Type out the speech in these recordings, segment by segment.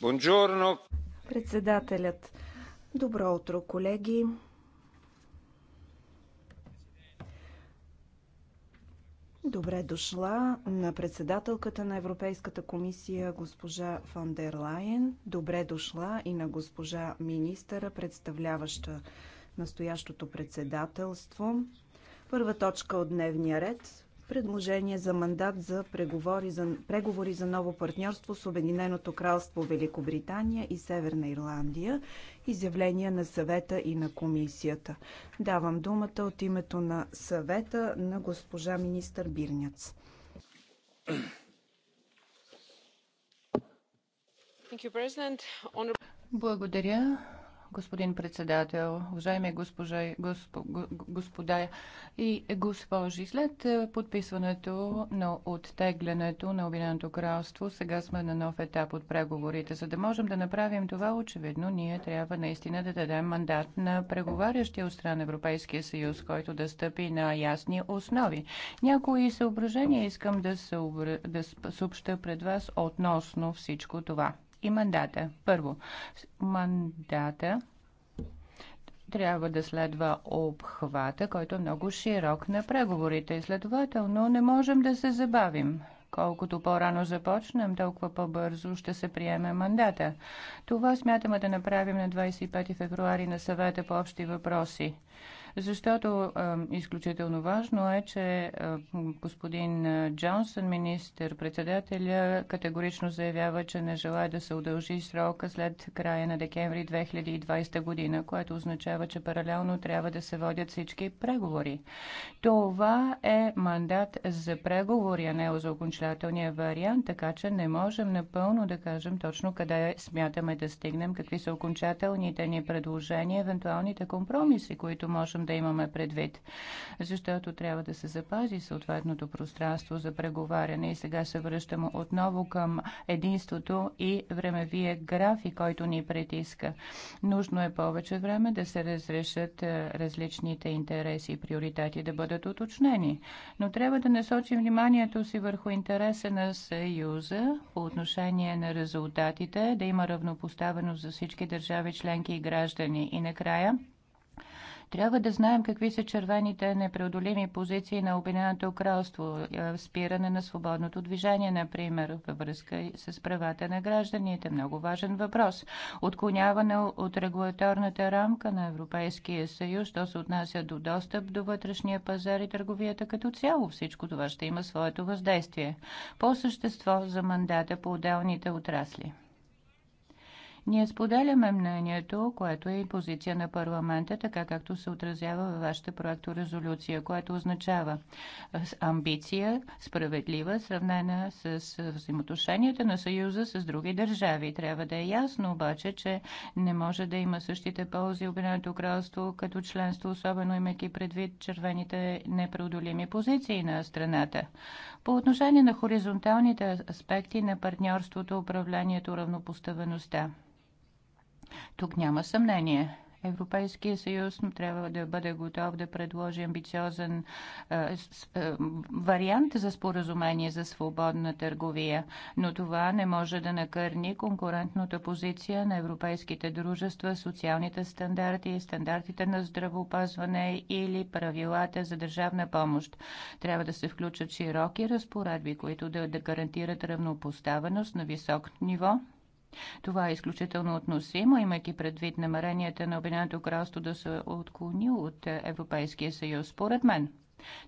Бонжорно! Председателят. Добро утро, колеги! Добре дошла на председателката на Европейската комисия госпожа Фон дер Лайен. Добре дошла и на госпожа министъра, представляваща настоящото председателство. Първа точка от дневния ред предложение за мандат за преговори за, преговори за ново партньорство с Обединеното кралство Великобритания и Северна Ирландия, изявления на съвета и на комисията. Давам думата от името на съвета на госпожа министър Бирняц. Благодаря, господин председател, уважаеми госпожа, госп, господа и госпожи. След е, подписването на оттеглянето на Обединеното кралство, сега сме на нов етап от преговорите. За да можем да направим това, очевидно, ние трябва наистина да дадем мандат на преговарящия от страна Европейския съюз, който да стъпи на ясни основи. Някои съображения искам да, съобр... да съобща пред вас относно всичко това и мандата. Първо, мандата трябва да следва обхвата, който е много широк на преговорите и следователно не можем да се забавим. Колкото по-рано започнем, толкова по-бързо ще се приеме мандата. Това смятаме да направим на 25 февруари на съвета по общи въпроси. Защото изключително важно е, че господин Джонсън, министър-председателя, категорично заявява, че не желая да се удължи срока след края на декември 2020 година, което означава, че паралелно трябва да се водят всички преговори. Това е мандат за преговори, а не за окончателния вариант, така че не можем напълно да кажем точно къде смятаме да стигнем, какви са окончателните ни предложения, евентуалните компромиси, които можем да имаме предвид, защото трябва да се запази съответното пространство за преговаряне и сега се връщам отново към единството и времевия график, който ни притиска. Нужно е повече време да се разрешат е, различните интереси и приоритети да бъдат уточнени, но трябва да насочим вниманието си върху интереса на Съюза по отношение на резултатите, да има равнопоставеност за всички държави членки и граждани. И накрая, трябва да знаем какви са червените непреодолими позиции на Обединеното кралство. Е, спиране на свободното движение, например, във връзка с правата на гражданите. Много важен въпрос. Отклоняване от регулаторната рамка на Европейския съюз, що се отнася до достъп до вътрешния пазар и търговията като цяло. Всичко това ще има своето въздействие. По същество за мандата по отделните отрасли. Ние споделяме мнението, което е и позиция на парламента, така както се отразява във вашата проекторезолюция, което означава амбиция, справедлива, сравнена с взаимоотношенията на Съюза с други държави. Трябва да е ясно обаче, че не може да има същите ползи Обединеното кралство като членство, особено имайки предвид червените непреодолими позиции на страната. По отношение на хоризонталните аспекти на партньорството, управлението, равнопоставеността. Тук няма съмнение. Европейския съюз трябва да бъде готов да предложи амбициозен е, с, е, вариант за споразумение за свободна търговия, но това не може да накърни конкурентната позиция на европейските дружества, социалните стандарти, стандартите на здравоопазване или правилата за държавна помощ. Трябва да се включат широки разпоредби, които да, да гарантират равнопоставеност на висок ниво това е изключително относимо, имайки предвид намеренията на Обединеното кралство да се отклони от Европейския съюз, според мен.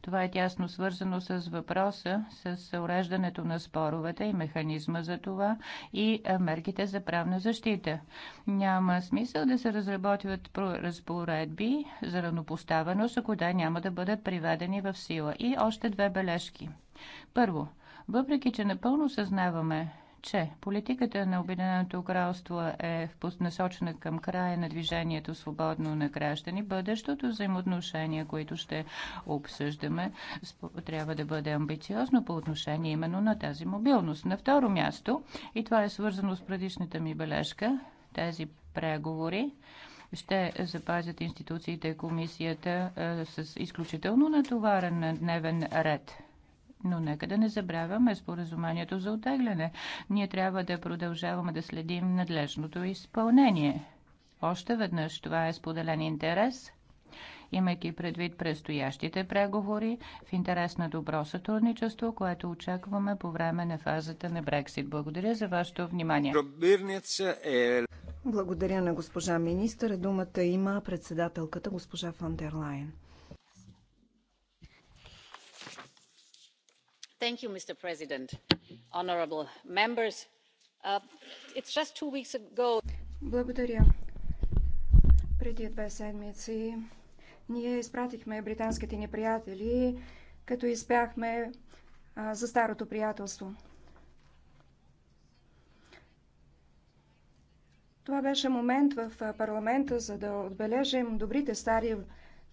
Това е тясно свързано с въпроса с уреждането на споровете и механизма за това и мерките за правна защита. Няма смисъл да се разработват разпоредби за равнопоставеност, ако да няма да бъдат приведени в сила. И още две бележки. Първо, въпреки че напълно съзнаваме, че политиката на Обединеното кралство е насочена към края на движението свободно на граждани, бъдещото взаимоотношение, които ще обсъждаме, трябва да бъде амбициозно по отношение именно на тази мобилност. На второ място, и това е свързано с предишната ми бележка, тези преговори, ще запазят институциите и комисията с изключително натоварен дневен ред но нека да не забравяме споразумението за отегляне. Ние трябва да продължаваме да следим надлежното изпълнение. Още веднъж това е споделен интерес – имайки предвид предстоящите преговори в интерес на добро сътрудничество, което очакваме по време на фазата на Брексит. Благодаря за вашето внимание. Благодаря на госпожа министър. Думата има председателката госпожа Фандерлайн. mr president honourable members uh, it's just two weeks ago. Благодаря. Преди две седмици ние изпратихме британските ни приятели, като изпяхме а, за старото приятелство. Това беше момент в парламента, за да отбележим добрите стари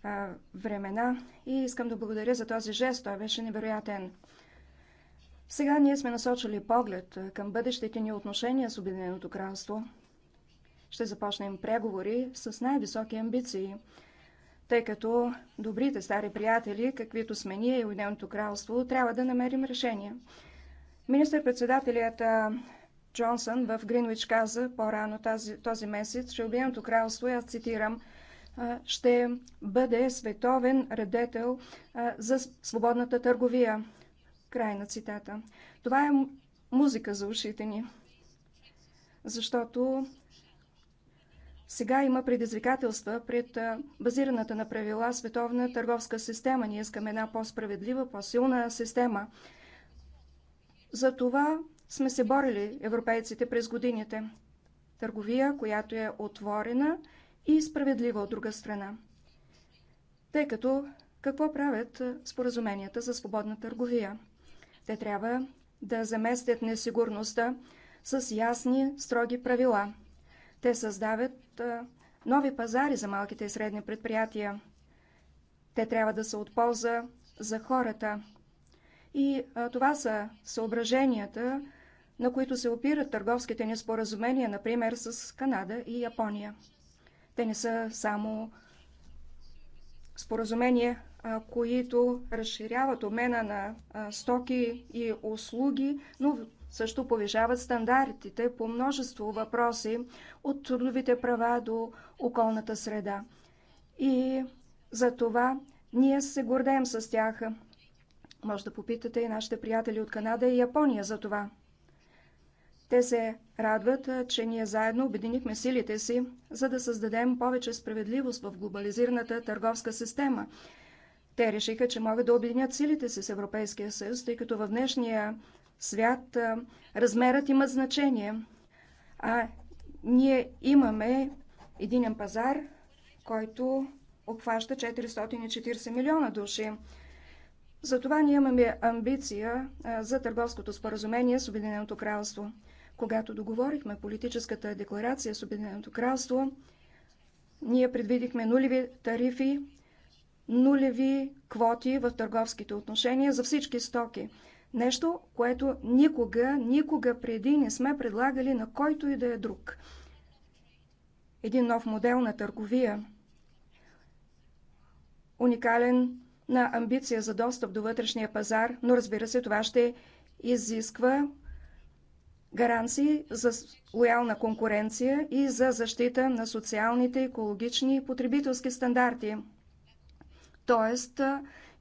а, времена и искам да благодаря за този жест. Той беше невероятен. Сега ние сме насочили поглед е, към бъдещите ни отношения с Обединеното кралство. Ще започнем преговори с най-високи амбиции, тъй като добрите стари приятели, каквито сме ние и Обединеното кралство, трябва да намерим решение. Министър-председателят Джонсън в Гринвич каза по-рано този месец, че Обединеното кралство, аз цитирам, ще бъде световен радетел за свободната търговия. Край на цитата. Това е музика за ушите ни, защото сега има предизвикателства пред базираната на правила световна търговска система. Ние искаме една по-справедлива, по-силна система. За това сме се борили европейците през годините. Търговия, която е отворена и справедлива от друга страна. Тъй като какво правят споразуменията за свободна търговия? Те трябва да заместят несигурността с ясни, строги правила. Те създават нови пазари за малките и средни предприятия. Те трябва да са от полза за хората. И а, това са съображенията, на които се опират търговските ни споразумения, например с Канада и Япония. Те не са само споразумения които разширяват обмена на стоки и услуги, но също повишават стандартите по множество въпроси от трудовите права до околната среда. И за това ние се гордеем с тях. Може да попитате и нашите приятели от Канада и Япония за това. Те се радват, че ние заедно обединихме силите си, за да създадем повече справедливост в глобализираната търговска система – те решиха, че могат да обединят силите си с Европейския съюз, тъй като в днешния свят размерът има значение. А ние имаме един пазар, който обхваща 440 милиона души. Затова ние имаме амбиция за търговското споразумение с Обединеното кралство. Когато договорихме политическата декларация с Обединеното кралство, ние предвидихме нулеви тарифи нулеви квоти в търговските отношения за всички стоки. Нещо, което никога, никога преди не сме предлагали на който и да е друг. Един нов модел на търговия, уникален на амбиция за достъп до вътрешния пазар, но разбира се, това ще изисква гаранции за лоялна конкуренция и за защита на социалните, екологични и потребителски стандарти. Тоест,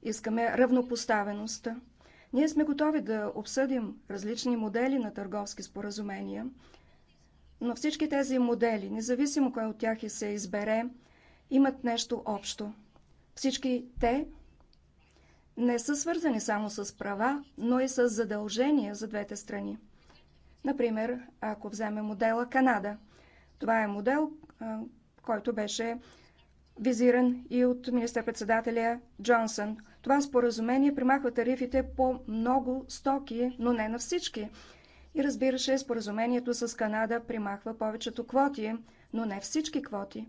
искаме равнопоставеност. Ние сме готови да обсъдим различни модели на търговски споразумения, но всички тези модели, независимо кой от тях и се избере, имат нещо общо. Всички те не са свързани само с права, но и с задължения за двете страни. Например, ако вземем модела Канада. Това е модел, който беше визиран и от министър-председателя Джонсън. Това споразумение примахва тарифите по много стоки, но не на всички. И разбира се, споразумението с Канада примахва повечето квоти, но не всички квоти.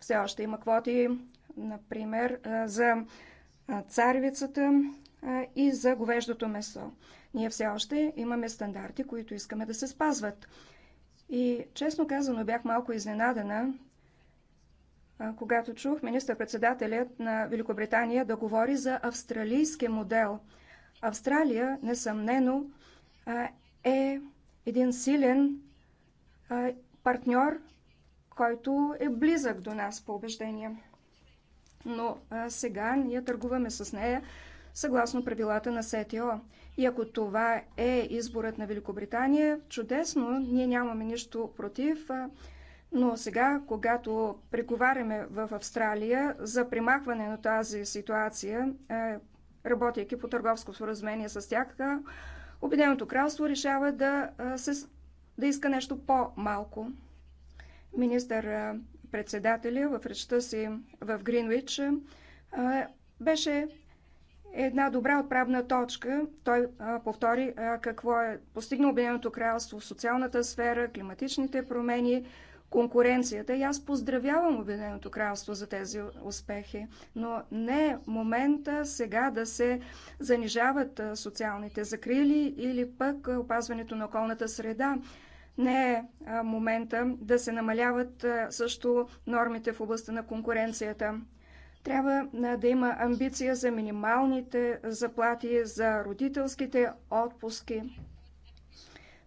Все още има квоти, например, за царевицата и за говеждото месо. Ние все още имаме стандарти, които искаме да се спазват. И честно казано бях малко изненадана, когато чух министър-председателят на Великобритания да говори за австралийски модел. Австралия, несъмнено, е един силен партньор, който е близък до нас по убеждение. Но сега ние търгуваме с нея съгласно правилата на СТО. И ако това е изборът на Великобритания, чудесно, ние нямаме нищо против. Но сега, когато преговаряме в Австралия за примахване на тази ситуация, е, работейки по търговско споразумение с тях, е, Обединеното кралство решава да, е, се, да иска нещо по-малко. Министър председателя в речта си в Гринвич беше една добра отправна точка. Той повтори какво е постигнал Обединеното кралство в социалната сфера, климатичните промени, конкуренцията. И аз поздравявам Обединеното кралство за тези успехи, но не е момента сега да се занижават социалните закрили или пък опазването на околната среда. Не е момента да се намаляват също нормите в областта на конкуренцията. Трябва да има амбиция за минималните заплати, за родителските отпуски.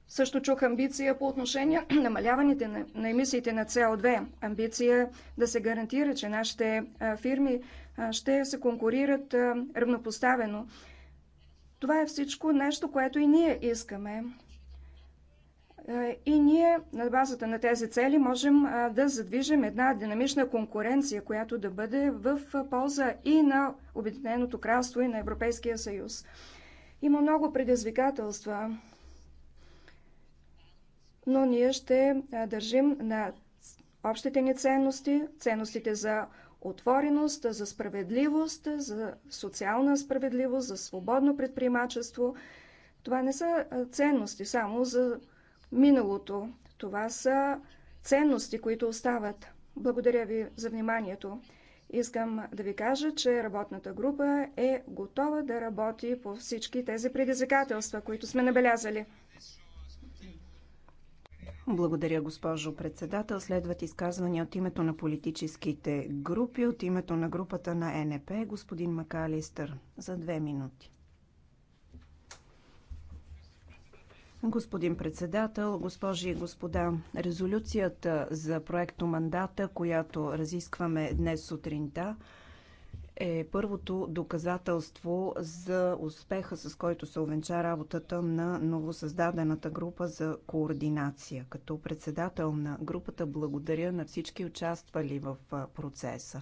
Също чух амбиция по отношение намаляването на, на емисиите на CO2. Амбиция да се гарантира, че нашите фирми ще се конкурират равнопоставено. Това е всичко нещо, което и ние искаме. И ние на базата на тези цели можем да задвижим една динамична конкуренция, която да бъде в полза и на Обединеното кралство, и на Европейския съюз. Има много предизвикателства но ние ще държим на общите ни ценности, ценностите за отвореност, за справедливост, за социална справедливост, за свободно предприемачество. Това не са ценности само за миналото. Това са ценности, които остават. Благодаря ви за вниманието. Искам да ви кажа, че работната група е готова да работи по всички тези предизвикателства, които сме набелязали. Благодаря, госпожо председател. Следват изказвания от името на политическите групи, от името на групата на НП, господин Макалистър, за две минути. Господин председател, госпожи и господа, резолюцията за проекто мандата, която разискваме днес сутринта, е първото доказателство за успеха, с който се увенча работата на новосъздадената група за координация. Като председател на групата благодаря на всички участвали в процеса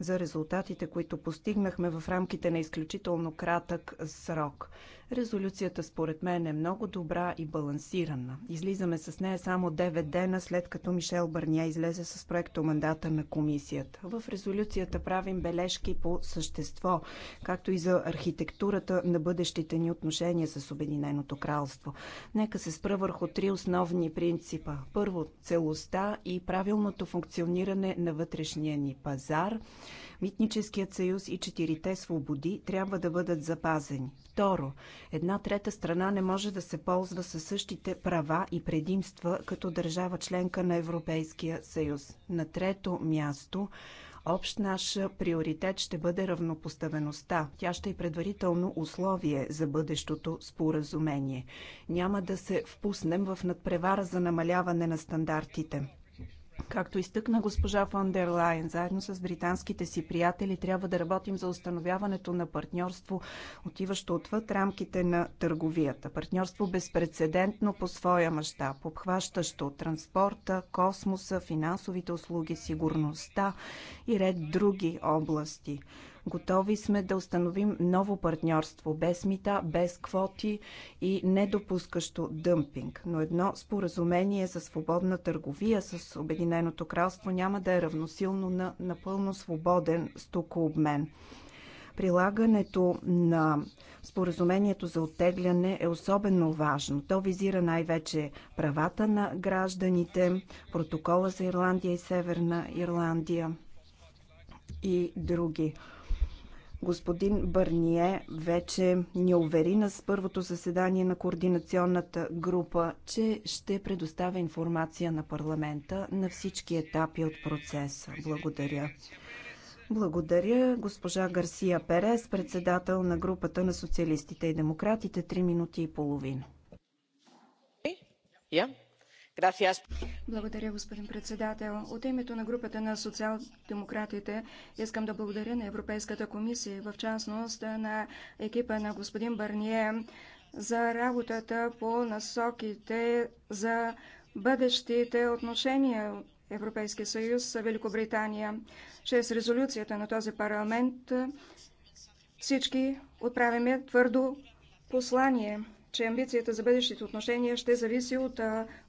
за резултатите, които постигнахме в рамките на изключително кратък срок. Резолюцията според мен е много добра и балансирана. Излизаме с нея само 9 дена след като Мишел Бърния излезе с проекто мандата на комисията. В резолюцията правим бележки по същество, както и за архитектурата на бъдещите ни отношения с Обединеното кралство. Нека се спра върху три основни принципа. Първо, целостта и правилното функциониране на вътрешния ни пазар – Митническият съюз и четирите свободи трябва да бъдат запазени. Второ, една трета страна не може да се ползва със същите права и предимства като държава членка на Европейския съюз. На трето място, Общ наш приоритет ще бъде равнопоставеността. Тя ще е предварително условие за бъдещото споразумение. Няма да се впуснем в надпревара за намаляване на стандартите. Както изтъкна госпожа фон дер Лайен, заедно с британските си приятели трябва да работим за установяването на партньорство, отиващо отвъд рамките на търговията. Партньорство безпредседентно по своя мащаб, обхващащо транспорта, космоса, финансовите услуги, сигурността и ред други области. Готови сме да установим ново партньорство без мита, без квоти и недопускащо дъмпинг. Но едно споразумение за свободна търговия с Обединеното кралство няма да е равносилно на напълно свободен стокообмен. Прилагането на споразумението за оттегляне е особено важно. То визира най-вече правата на гражданите, протокола за Ирландия и Северна Ирландия и други. Господин Бърние вече ни увери на първото заседание на координационната група, че ще предоставя информация на парламента на всички етапи от процеса. Благодаря. Благодаря, госпожа Гарсия Перес, председател на групата на социалистите и демократите, три минути и половина. Yeah. Благодаря, господин председател. От името на групата на социал-демократите искам да благодаря на Европейската комисия, в частност на екипа на господин Барние за работата по насоките за бъдещите отношения Европейския съюз с Великобритания. Чрез резолюцията на този парламент всички отправяме твърдо послание – че амбицията за бъдещите отношения ще зависи от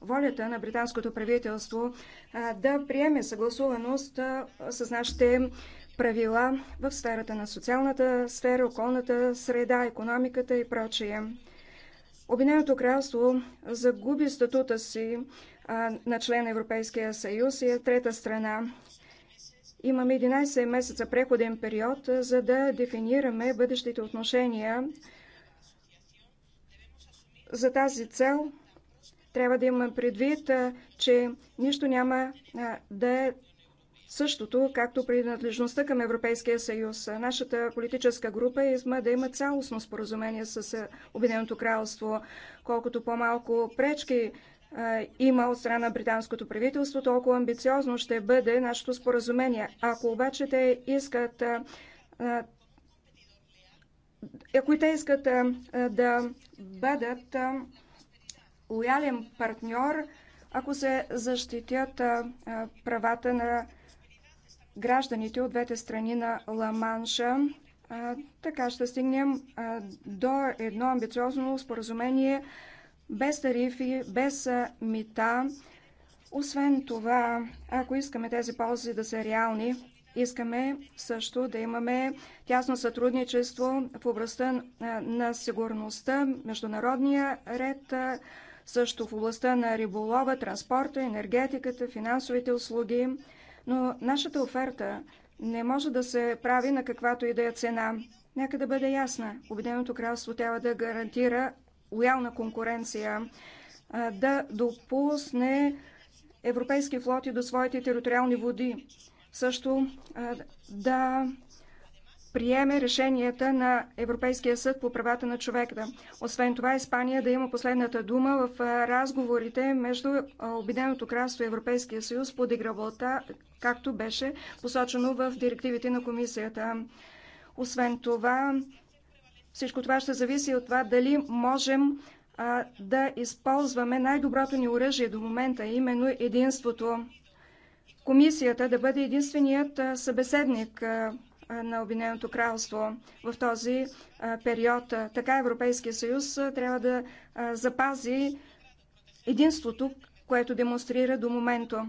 волята на британското правителство да приеме съгласуваност с нашите правила в сферата на социалната сфера, околната среда, економиката и прочие. Обединеното кралство загуби статута си на член Европейския съюз и е трета страна. Имаме 11 месеца преходен период, за да дефинираме бъдещите отношения за тази цел трябва да имаме предвид, че нищо няма да е същото, както принадлежността към Европейския съюз. Нашата политическа група има да има цялостно споразумение с Обединеното кралство. Колкото по-малко пречки има от страна на британското правителство, толкова амбициозно ще бъде нашето споразумение. Ако обаче те искат ако те искат да бъдат лоялен партньор, ако се защитят правата на гражданите от двете страни на Ла-Манша. Така ще стигнем до едно амбициозно споразумение без тарифи, без мита. Освен това, ако искаме тези ползи да са реални, Искаме също да имаме тясно сътрудничество в областта на сигурността, международния ред, също в областта на риболова, транспорта, енергетиката, финансовите услуги. Но нашата оферта не може да се прави на каквато и да е цена. Нека да бъде ясна. Обединеното кралство трябва да гарантира лоялна конкуренция, да допусне европейски флоти до своите териториални води също да приеме решенията на Европейския съд по правата на човека. Освен това, Испания да има последната дума в разговорите между Обединеното кралство и Европейския съюз по деграбълта, както беше посочено в директивите на комисията. Освен това, всичко това ще зависи от това дали можем да използваме най-доброто ни оръжие до момента, именно единството комисията да бъде единственият събеседник на Обединеното кралство в този период. Така Европейския съюз трябва да запази единството, което демонстрира до момента.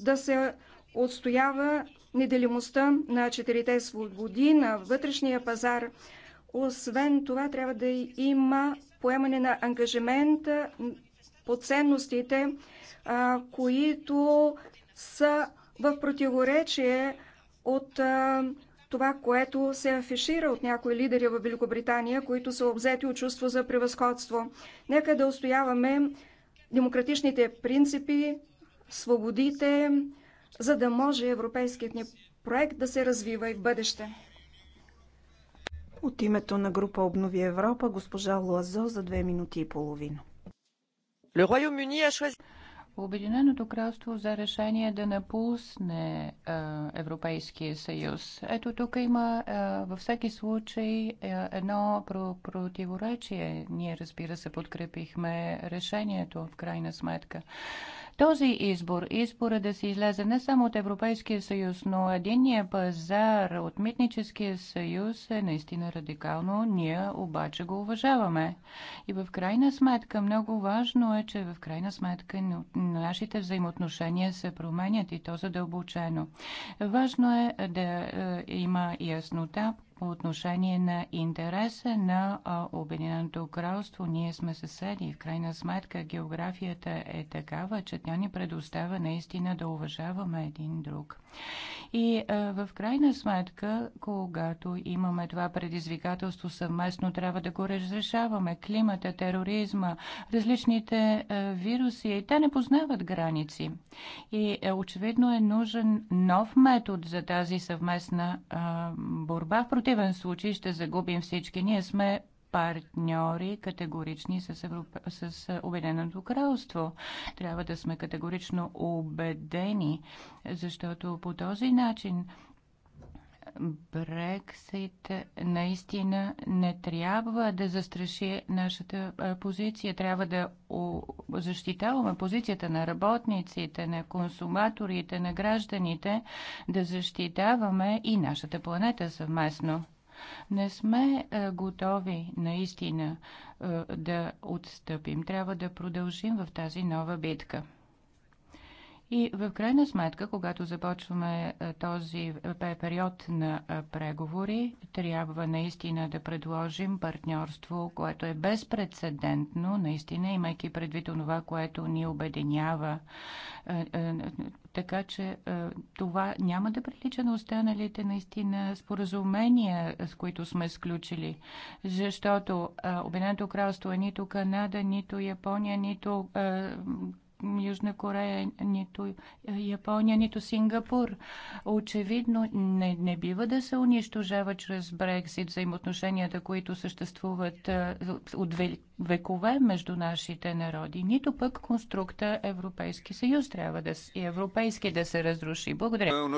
Да се отстоява неделимостта на четирите свободи, на вътрешния пазар. Освен това, трябва да има поемане на ангажимент по ценностите, а, които са в противоречие от а, това, което се афишира от някои лидери в Великобритания, които са обзети от чувство за превъзходство. Нека да устояваме демократичните принципи, свободите, за да може европейският ни проект да се развива и в бъдеще. От името на група Обнови Европа, госпожа Лазо за две минути и половина. Обединеното кралство за решение да напусне е, Европейския съюз. Ето тук има е, във всеки случай е, едно про- противоречие. Ние, разбира се, подкрепихме решението в крайна сметка. Този избор, избора е да се излезе не само от Европейския съюз, но единния пазар от Митническия съюз е наистина радикално. Ние обаче го уважаваме. И в крайна сметка, много важно е, че в крайна сметка нашите взаимоотношения се променят и то задълбочено. Важно е да е, има яснота по отношение на интереса на Обединеното кралство. Ние сме съседи. В крайна сметка географията е такава, че тя ни предоставя наистина да уважаваме един друг. И в крайна сметка, когато имаме това предизвикателство съвместно, трябва да го разрешаваме. Климата, тероризма, различните вируси, и те не познават граници. И очевидно е нужен нов метод за тази съвместна борба. В противен случай ще загубим всички. Ние сме партньори категорични с, Европа, с Обединеното кралство. Трябва да сме категорично убедени, защото по този начин Брексит наистина не трябва да застраши нашата позиция. Трябва да защитаваме позицията на работниците, на консуматорите, на гражданите, да защитаваме и нашата планета съвместно. Не сме е, готови наистина е, да отстъпим. Трябва да продължим в тази нова битка. И в крайна сметка, когато започваме е, този е, период на е, преговори, трябва наистина да предложим партньорство, което е безпредседентно, наистина, имайки предвид това, което ни обединява. Така че това няма да прилича на останалите наистина споразумения, с които сме сключили. Защото Обединеното кралство е нито Канада, нито Япония, нито Южна Корея, нито Япония, нито Сингапур. Очевидно не, не бива да се унищожава чрез Брексит взаимоотношенията, които съществуват е, от векове между нашите народи. Нито пък конструкта Европейски съюз трябва да и европейски да се разруши. Благодаря.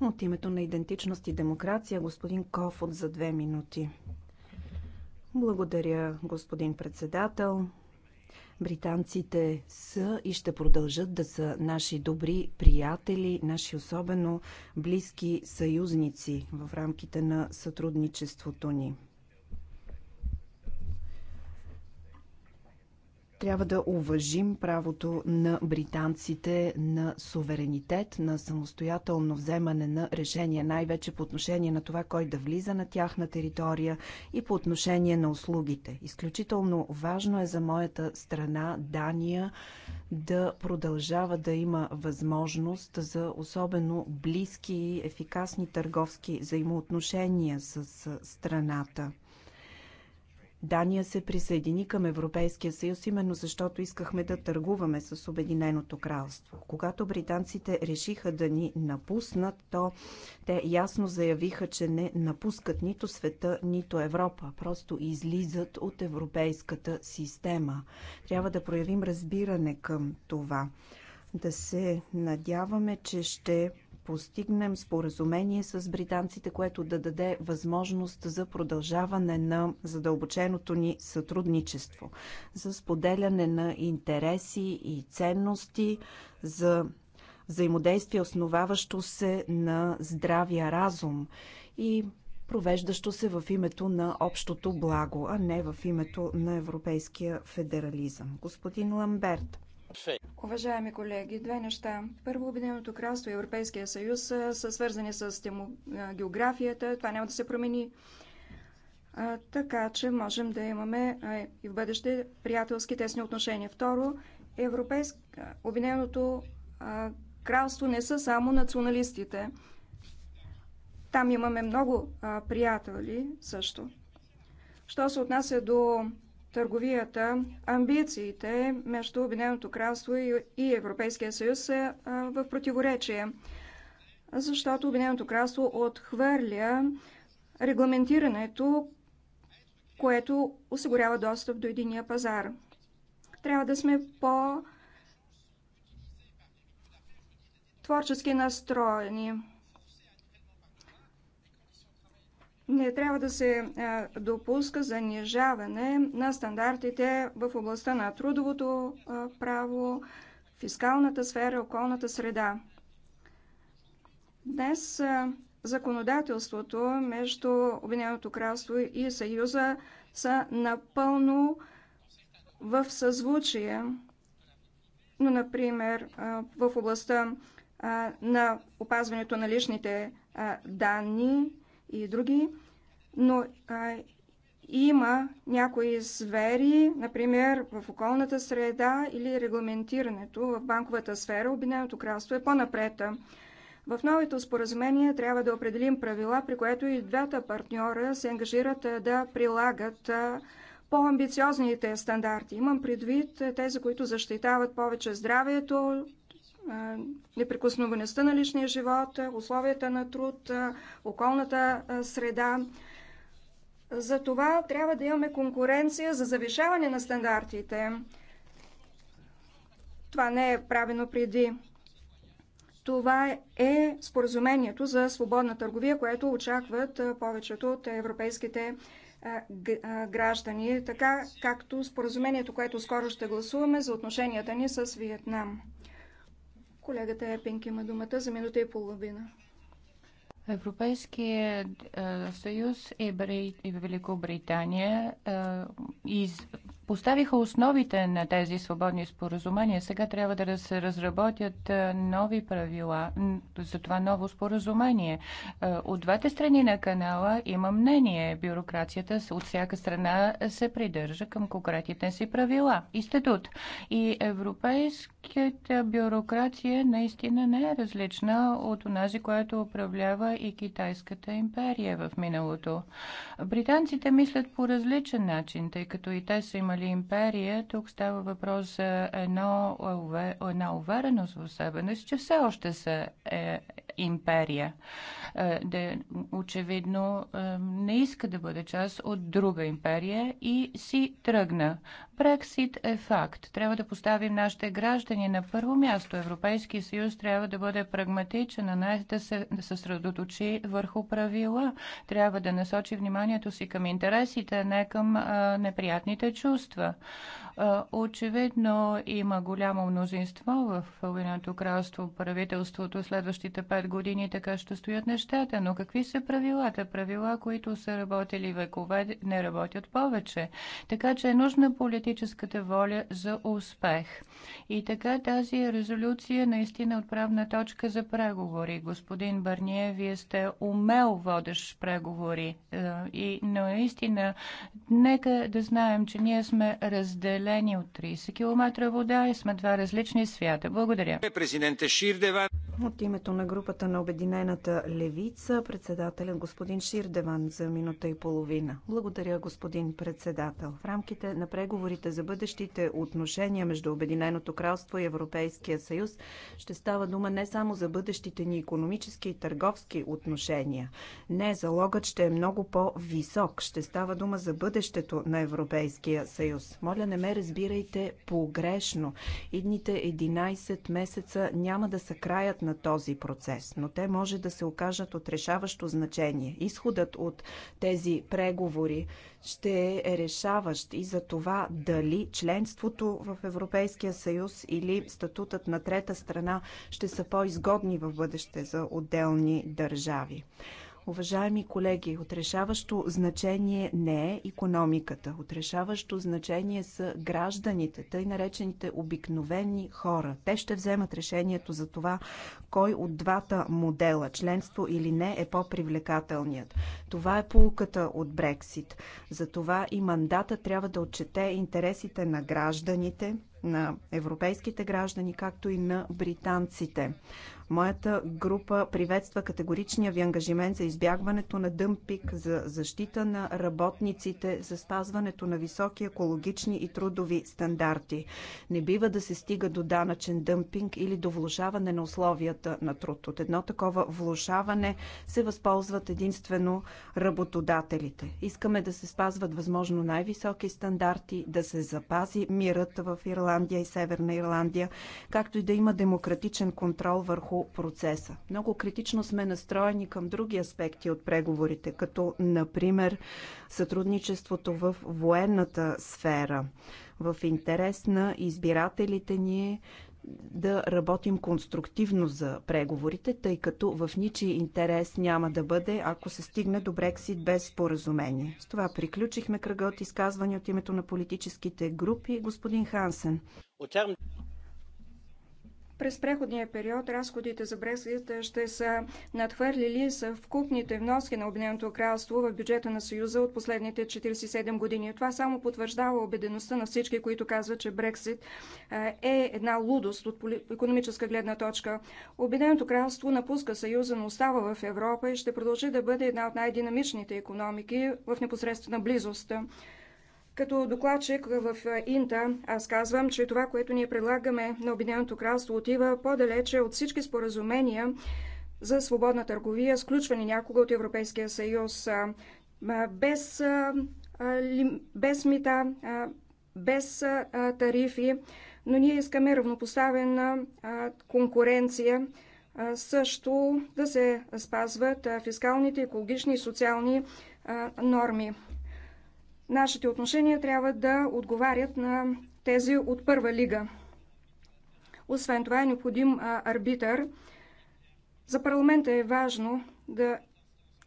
От името на идентичност и демокрация, господин Кофот за две минути. Благодаря, господин председател. Британците са и ще продължат да са наши добри приятели, наши особено близки съюзници в рамките на сътрудничеството ни. Трябва да уважим правото на британците на суверенитет, на самостоятелно вземане на решения, най-вече по отношение на това кой да влиза на тяхна територия и по отношение на услугите. Изключително важно е за моята страна, Дания, да продължава да има възможност за особено близки и ефикасни търговски взаимоотношения с страната. Дания се присъедини към Европейския съюз именно защото искахме да търгуваме с Обединеното кралство. Когато британците решиха да ни напуснат, то те ясно заявиха, че не напускат нито света, нито Европа. Просто излизат от европейската система. Трябва да проявим разбиране към това. Да се надяваме, че ще постигнем споразумение с британците, което да даде възможност за продължаване на задълбоченото ни сътрудничество, за споделяне на интереси и ценности, за взаимодействие, основаващо се на здравия разум и провеждащо се в името на общото благо, а не в името на европейския федерализъм. Господин Ламберт, Уважаеми колеги, две неща. Първо, Обединеното кралство и Европейския съюз са свързани с географията. Това няма да се промени. Така че можем да имаме и в бъдеще приятелски тесни отношения. Второ, Европейск... Обединеното кралство не са само националистите. Там имаме много приятели също. Що се отнася до търговията, амбициите между Обединеното кралство и Европейския съюз са в противоречие, защото Обединеното кралство отхвърля регламентирането, което осигурява достъп до единия пазар. Трябва да сме по творчески настроени. не трябва да се допуска занижаване на стандартите в областта на трудовото право, фискалната сфера, околната среда. Днес законодателството между Обединеното кралство и Съюза са напълно в съзвучие. Но, например, в областта на опазването на личните данни и други но а, има някои звери, например в околната среда или регламентирането в банковата сфера, Обединеното кралство е по-напред. В новите споразумения трябва да определим правила, при което и двата партньора се ангажират да прилагат по-амбициозните стандарти. Имам предвид тези, които защитават повече здравието, неприкосновеността на личния живот, условията на труд, околната среда. За това трябва да имаме конкуренция за завишаване на стандартите. Това не е правено преди. Това е споразумението за свободна търговия, което очакват повечето от европейските граждани, така както споразумението, което скоро ще гласуваме за отношенията ни с Виетнам. Колегата Епинг има думата за минута и половина. Европейския съюз и Великобритания из... поставиха основите на тези свободни споразумения. Сега трябва да се разработят нови правила за това ново споразумение. От двете страни на канала има мнение. Бюрокрацията от всяка страна се придържа към конкретните си правила и И Европейския китайската бюрокрация наистина не е различна от онази, която управлява и Китайската империя в миналото. Британците мислят по различен начин, тъй като и те са имали империя. Тук става въпрос за едно, една увереност в себе си, че все още са е, империя. Е, де, очевидно е, не иска да бъде част от друга империя и си тръгна. Брексит е факт. Трябва да поставим нашите граждани на първо място. Европейски съюз трябва да бъде прагматичен, а не да се съсредоточи върху правила. Трябва да насочи вниманието си към интересите, а не към а, неприятните чувства. Очевидно има голямо мнозинство в Обединеното кралство, правителството следващите пет години така ще стоят нещата. Но какви са правилата? Правила, които са работили векове, не работят повече. Така че е нужна политическата воля за успех. И така тази резолюция наистина отправна точка за преговори. Господин Барние, вие сте умел водещ преговори. Е, и наистина, нека да знаем, че ние сме разделени разделени от 30 км вода и сме два различни свята. Благодаря. От името на групата на Обединената левица, председателят господин Ширдеван за минута и половина. Благодаря, господин председател. В рамките на преговорите за бъдещите отношения между Обединеното кралство и Европейския съюз ще става дума не само за бъдещите ни економически и търговски отношения. Не, залогът ще е много по-висок. Ще става дума за бъдещето на Европейския съюз. Моля, не ме разбирайте погрешно. Идните 11 месеца няма да са краят на този процес, но те може да се окажат от решаващо значение. Изходът от тези преговори ще е решаващ и за това дали членството в Европейския съюз или статутът на трета страна ще са по-изгодни в бъдеще за отделни държави. Уважаеми колеги, отрешаващо значение не е економиката. Отрешаващо значение са гражданите, тъй наречените обикновени хора. Те ще вземат решението за това кой от двата модела, членство или не, е по-привлекателният. Това е полуката от Брексит. За това и мандата трябва да отчете интересите на гражданите, на европейските граждани, както и на британците. Моята група приветства категоричния ви ангажимент за избягването на дъмпик, за защита на работниците, за спазването на високи екологични и трудови стандарти. Не бива да се стига до данъчен дъмпинг или до влушаване на условията на труд. От едно такова влушаване се възползват единствено работодателите. Искаме да се спазват възможно най-високи стандарти, да се запази мирът в Ирландия и Северна Ирландия, както и да има демократичен контрол върху процеса. Много критично сме настроени към други аспекти от преговорите, като например сътрудничеството в военната сфера. В интерес на избирателите ни е да работим конструктивно за преговорите, тъй като в ничи интерес няма да бъде, ако се стигне до Брексит без споразумение. С това приключихме кръга от изказвания от името на политическите групи. Господин Хансен. През преходния период разходите за Брексит ще са надхвърлили съвкупните вноски на Обединеното кралство в бюджета на Съюза от последните 47 години. Това само потвърждава обедеността на всички, които казват, че Брексит е една лудост от економическа гледна точка. Обединеното кралство напуска Съюза, но остава в Европа и ще продължи да бъде една от най-динамичните економики в непосредствена близост. Като докладчик в е, Инта, аз казвам, че това, което ние предлагаме на Обединеното кралство, отива по-далече от всички споразумения за свободна търговия, сключвани някога от Европейския съюз, без, без мита, без тарифи, но ние искаме равнопоставена конкуренция, също да се спазват фискалните, екологични и социални норми. Нашите отношения трябва да отговарят на тези от първа лига. Освен това е необходим арбитър. За парламента е важно да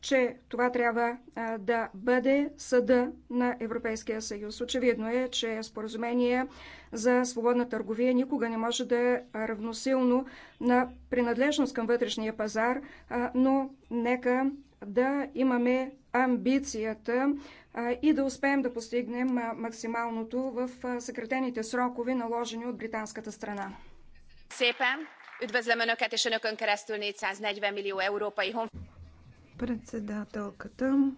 че това трябва да бъде съда на Европейския съюз. Очевидно е, че споразумение за свободна търговия никога не може да е равносилно на принадлежност към вътрешния пазар, но нека да имаме амбицията и да успеем да постигнем максималното в съкратените срокове, наложени от британската страна. Председателката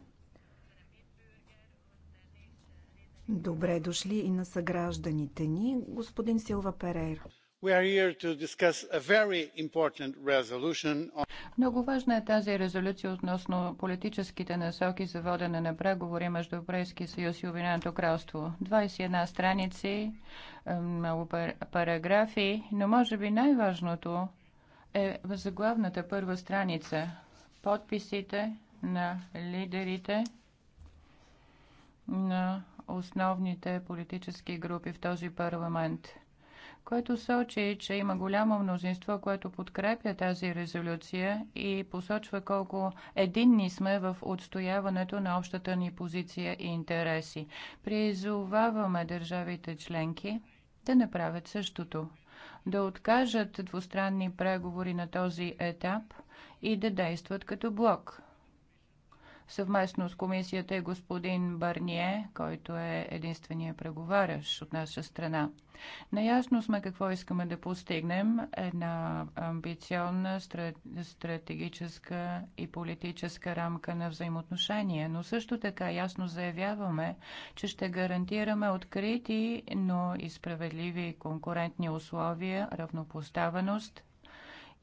Добре дошли и на съгражданите ни, господин Силва Перейра. Много важна е тази резолюция относно политическите насоки за водене на преговори между Европейския съюз и Обединеното кралство. 21 страници, е, много параграфи, но може би най-важното е в заглавната първа страница. Подписите на лидерите на основните политически групи в този парламент – който сочи, че има голямо мнозинство, което подкрепя тази резолюция и посочва колко единни сме в отстояването на общата ни позиция и интереси. Призоваваме държавите членки да направят същото, да откажат двустранни преговори на този етап и да действат като блок съвместно с комисията и е господин Барние, който е единствения преговарящ от наша страна. Наясно сме какво искаме да постигнем. Една амбициозна стратегическа и политическа рамка на взаимоотношения, но също така ясно заявяваме, че ще гарантираме открити, но и справедливи конкурентни условия, равнопоставеност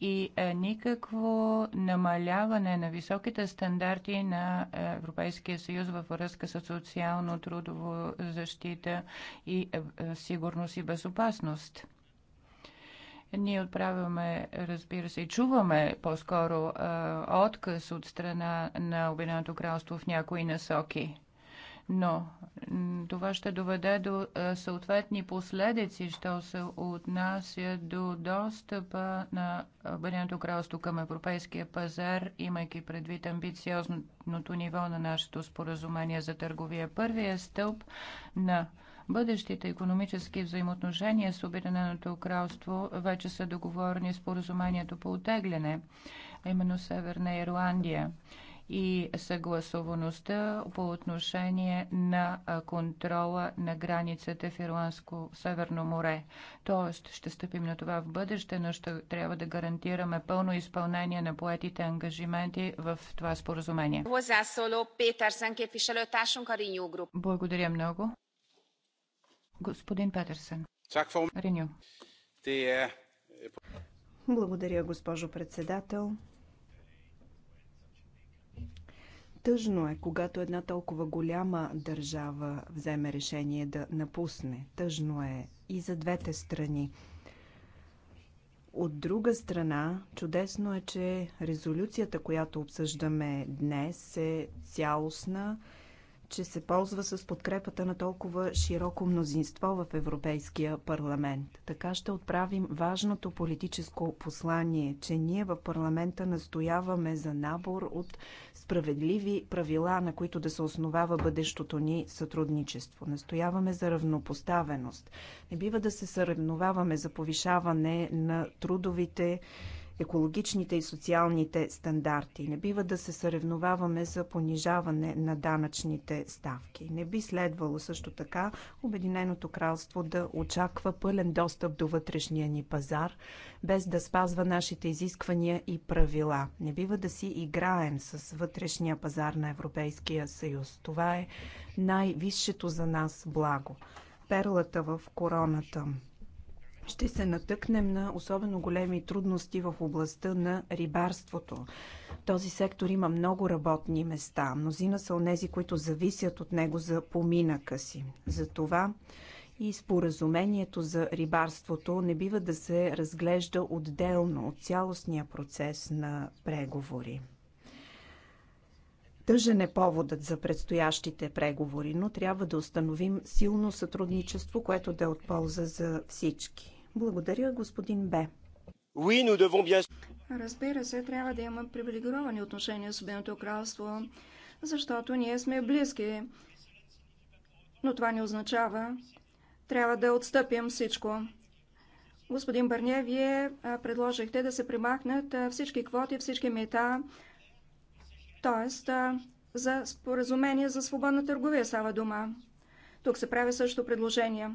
и е, никакво намаляване на високите стандарти на е, Европейския съюз във връзка с социално-трудово защита и е, сигурност и безопасност. Ние отправяме, разбира се, и чуваме по-скоро отказ от страна на Обединеното кралство в някои насоки но това ще доведе до е, съответни последици, що се отнася до достъпа на е, Обединеното кралство към европейския пазар, имайки предвид амбициозното ниво на нашето споразумение за търговия. Първият стълб на бъдещите економически взаимоотношения с Обединеното кралство вече са договорени споразумението по отегляне, именно Северна Ирландия и съгласуваността по отношение на контрола на границата в Ирландско Северно море. Тоест, ще стъпим на това в бъдеще, но ще трябва да гарантираме пълно изпълнение на поетите ангажименти в това споразумение. Благодаря много. Господин Петърсен. Реню. Е- Благодаря, госпожо председател. Тъжно е, когато една толкова голяма държава вземе решение да напусне. Тъжно е и за двете страни. От друга страна, чудесно е, че резолюцията, която обсъждаме днес, е цялостна че се ползва с подкрепата на толкова широко мнозинство в Европейския парламент. Така ще отправим важното политическо послание, че ние в парламента настояваме за набор от справедливи правила, на които да се основава бъдещото ни сътрудничество. Настояваме за равнопоставеност. Не бива да се съревноваваме за повишаване на трудовите екологичните и социалните стандарти. Не бива да се съревноваваме за понижаване на данъчните ставки. Не би следвало също така Обединеното кралство да очаква пълен достъп до вътрешния ни пазар, без да спазва нашите изисквания и правила. Не бива да си играем с вътрешния пазар на Европейския съюз. Това е най-висшето за нас благо. Перлата в короната ще се натъкнем на особено големи трудности в областта на рибарството. Този сектор има много работни места. Мнозина са онези, които зависят от него за поминъка си. Затова и споразумението за рибарството не бива да се разглежда отделно от цялостния процес на преговори. Тъжен е поводът за предстоящите преговори, но трябва да установим силно сътрудничество, което да е от полза за всички. Благодаря, господин Б. Разбира се, трябва да има привилегировани отношения с Обединеното кралство, защото ние сме близки. Но това не означава, трябва да отстъпим всичко. Господин Бърне, вие предложихте да се примахнат всички квоти, всички мета, т.е. за споразумение за свободна търговия става дума. Тук се прави също предложение.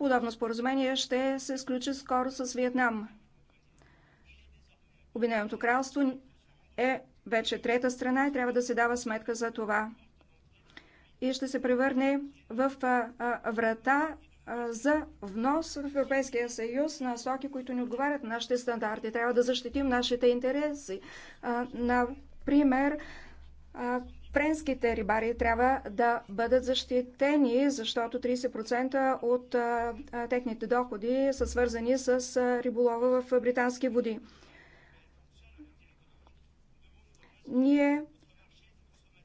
Подобно споразумение ще се сключи скоро с Виетнам. Обединеното кралство е вече трета страна и трябва да се дава сметка за това. И ще се превърне в врата за внос в Европейския съюз на стоки, които не отговарят на нашите стандарти. Трябва да защитим нашите интереси. Например, френските рибари трябва да бъдат защитени, защото 30% от а, а, техните доходи са свързани с а, риболова в британски води. Ние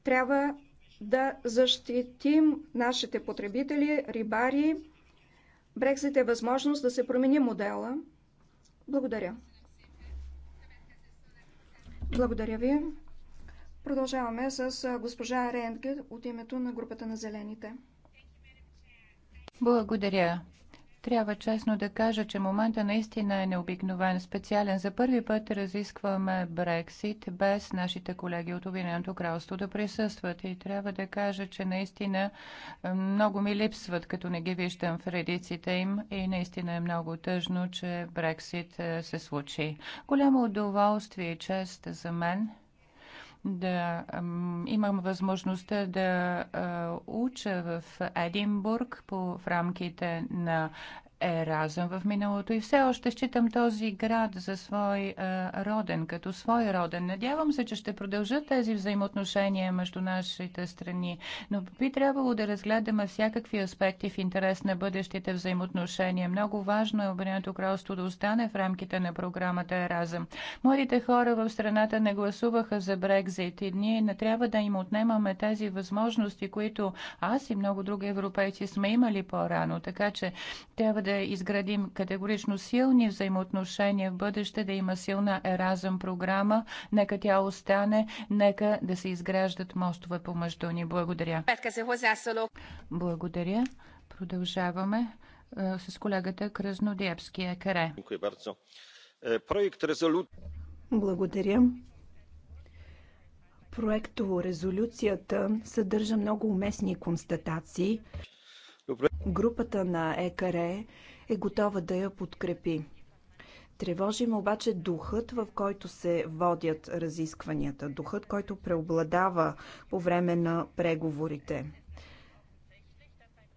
трябва да защитим нашите потребители, рибари. Брексит е възможност да се промени модела. Благодаря. Благодаря ви. Продължаваме с госпожа Ренке от името на групата на зелените. Благодаря. Трябва честно да кажа, че момента наистина е необикновен, специален. За първи път разискваме Брексит без нашите колеги от Обединеното кралство да присъстват. И трябва да кажа, че наистина много ми липсват, като не ги виждам в редиците им. И наистина е много тъжно, че Брексит се случи. Голямо удоволствие и чест за мен – да имам възможността да уча в Единбург по, в рамките на Еразъм в миналото и все още считам този град за свой а, е, роден, като свой роден. Надявам се, че ще продължат тези взаимоотношения между нашите страни, но би трябвало да разгледаме всякакви аспекти в интерес на бъдещите взаимоотношения. Много важно е Обединеното кралство да остане в рамките на програмата Еразъм. Младите хора в страната не гласуваха за Брекзит и ние не трябва да им отнемаме тези възможности, които аз и много други европейци сме имали по-рано, така че трябва да изградим категорично силни взаимоотношения в бъдеще, да има силна еразъм програма, нека тя остане, нека да се изграждат мостове помежду ни. Благодаря. Благодаря. Продължаваме с колегата Кръзнодиепски каре. Благодаря. Проектово резолюцията съдържа много уместни констатации. Групата на ЕКРЕ е готова да я подкрепи. Тревожим обаче духът, в който се водят разискванията, духът, който преобладава по време на преговорите.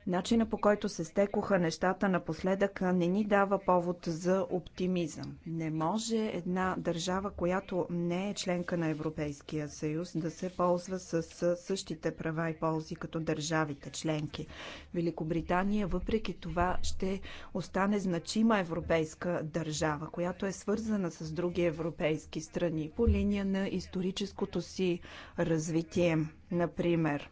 Начина по който се стекоха нещата напоследък не ни дава повод за оптимизъм. Не може една държава, която не е членка на Европейския съюз, да се ползва с същите права и ползи като държавите членки. Великобритания, въпреки това, ще остане значима европейска държава, която е свързана с други европейски страни по линия на историческото си развитие, например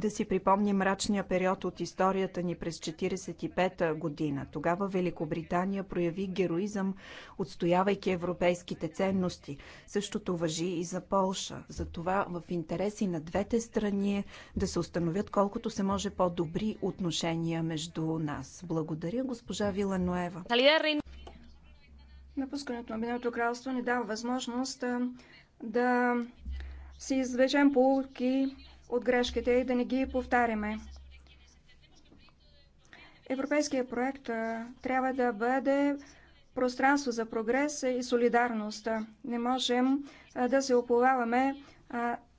да си припомним мрачния период от историята ни през 1945 та година. Тогава Великобритания прояви героизъм, отстоявайки европейските ценности. Същото въжи и за Полша. Затова в интереси на двете страни е да се установят колкото се може по-добри отношения между нас. Благодаря, госпожа Виланоева. Напускането на Обединеното кралство ни дава възможност да си извлечем полуки от грешките и да не ги повтаряме. Европейския проект трябва да бъде пространство за прогрес и солидарност. Не можем да се оплуваваме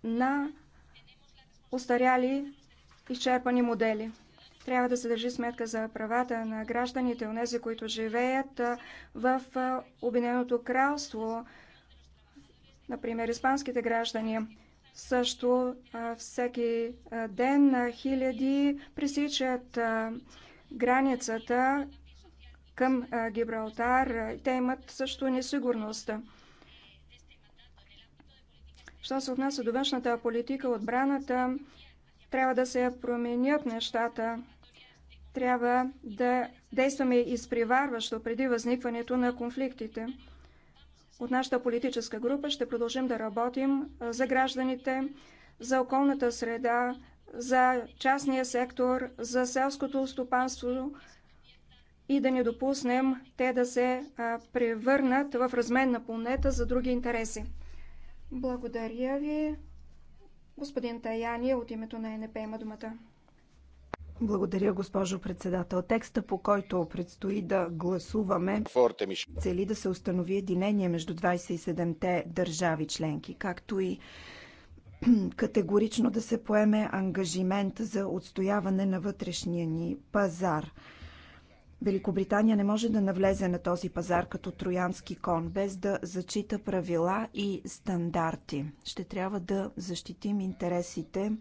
на устаряли, изчерпани модели. Трябва да се държи сметка за правата на гражданите, онези, които живеят в Обединеното кралство, например, испанските граждани. Също всеки ден хиляди пресичат границата към Гибралтар. Те имат също несигурност. Що се отнася до външната политика, отбраната, трябва да се променят нещата. Трябва да действаме изпреварващо преди възникването на конфликтите. От нашата политическа група ще продължим да работим за гражданите, за околната среда, за частния сектор, за селското стопанство и да не допуснем те да се превърнат в размен на планета за други интереси. Благодаря ви. Господин Таяни от името на НП има думата. Благодаря, госпожо председател. Текста, по който предстои да гласуваме, цели да се установи единение между 27-те държави членки, както и категорично да се поеме ангажимент за отстояване на вътрешния ни пазар. Великобритания не може да навлезе на този пазар като троянски кон, без да зачита правила и стандарти. Ще трябва да защитим интересите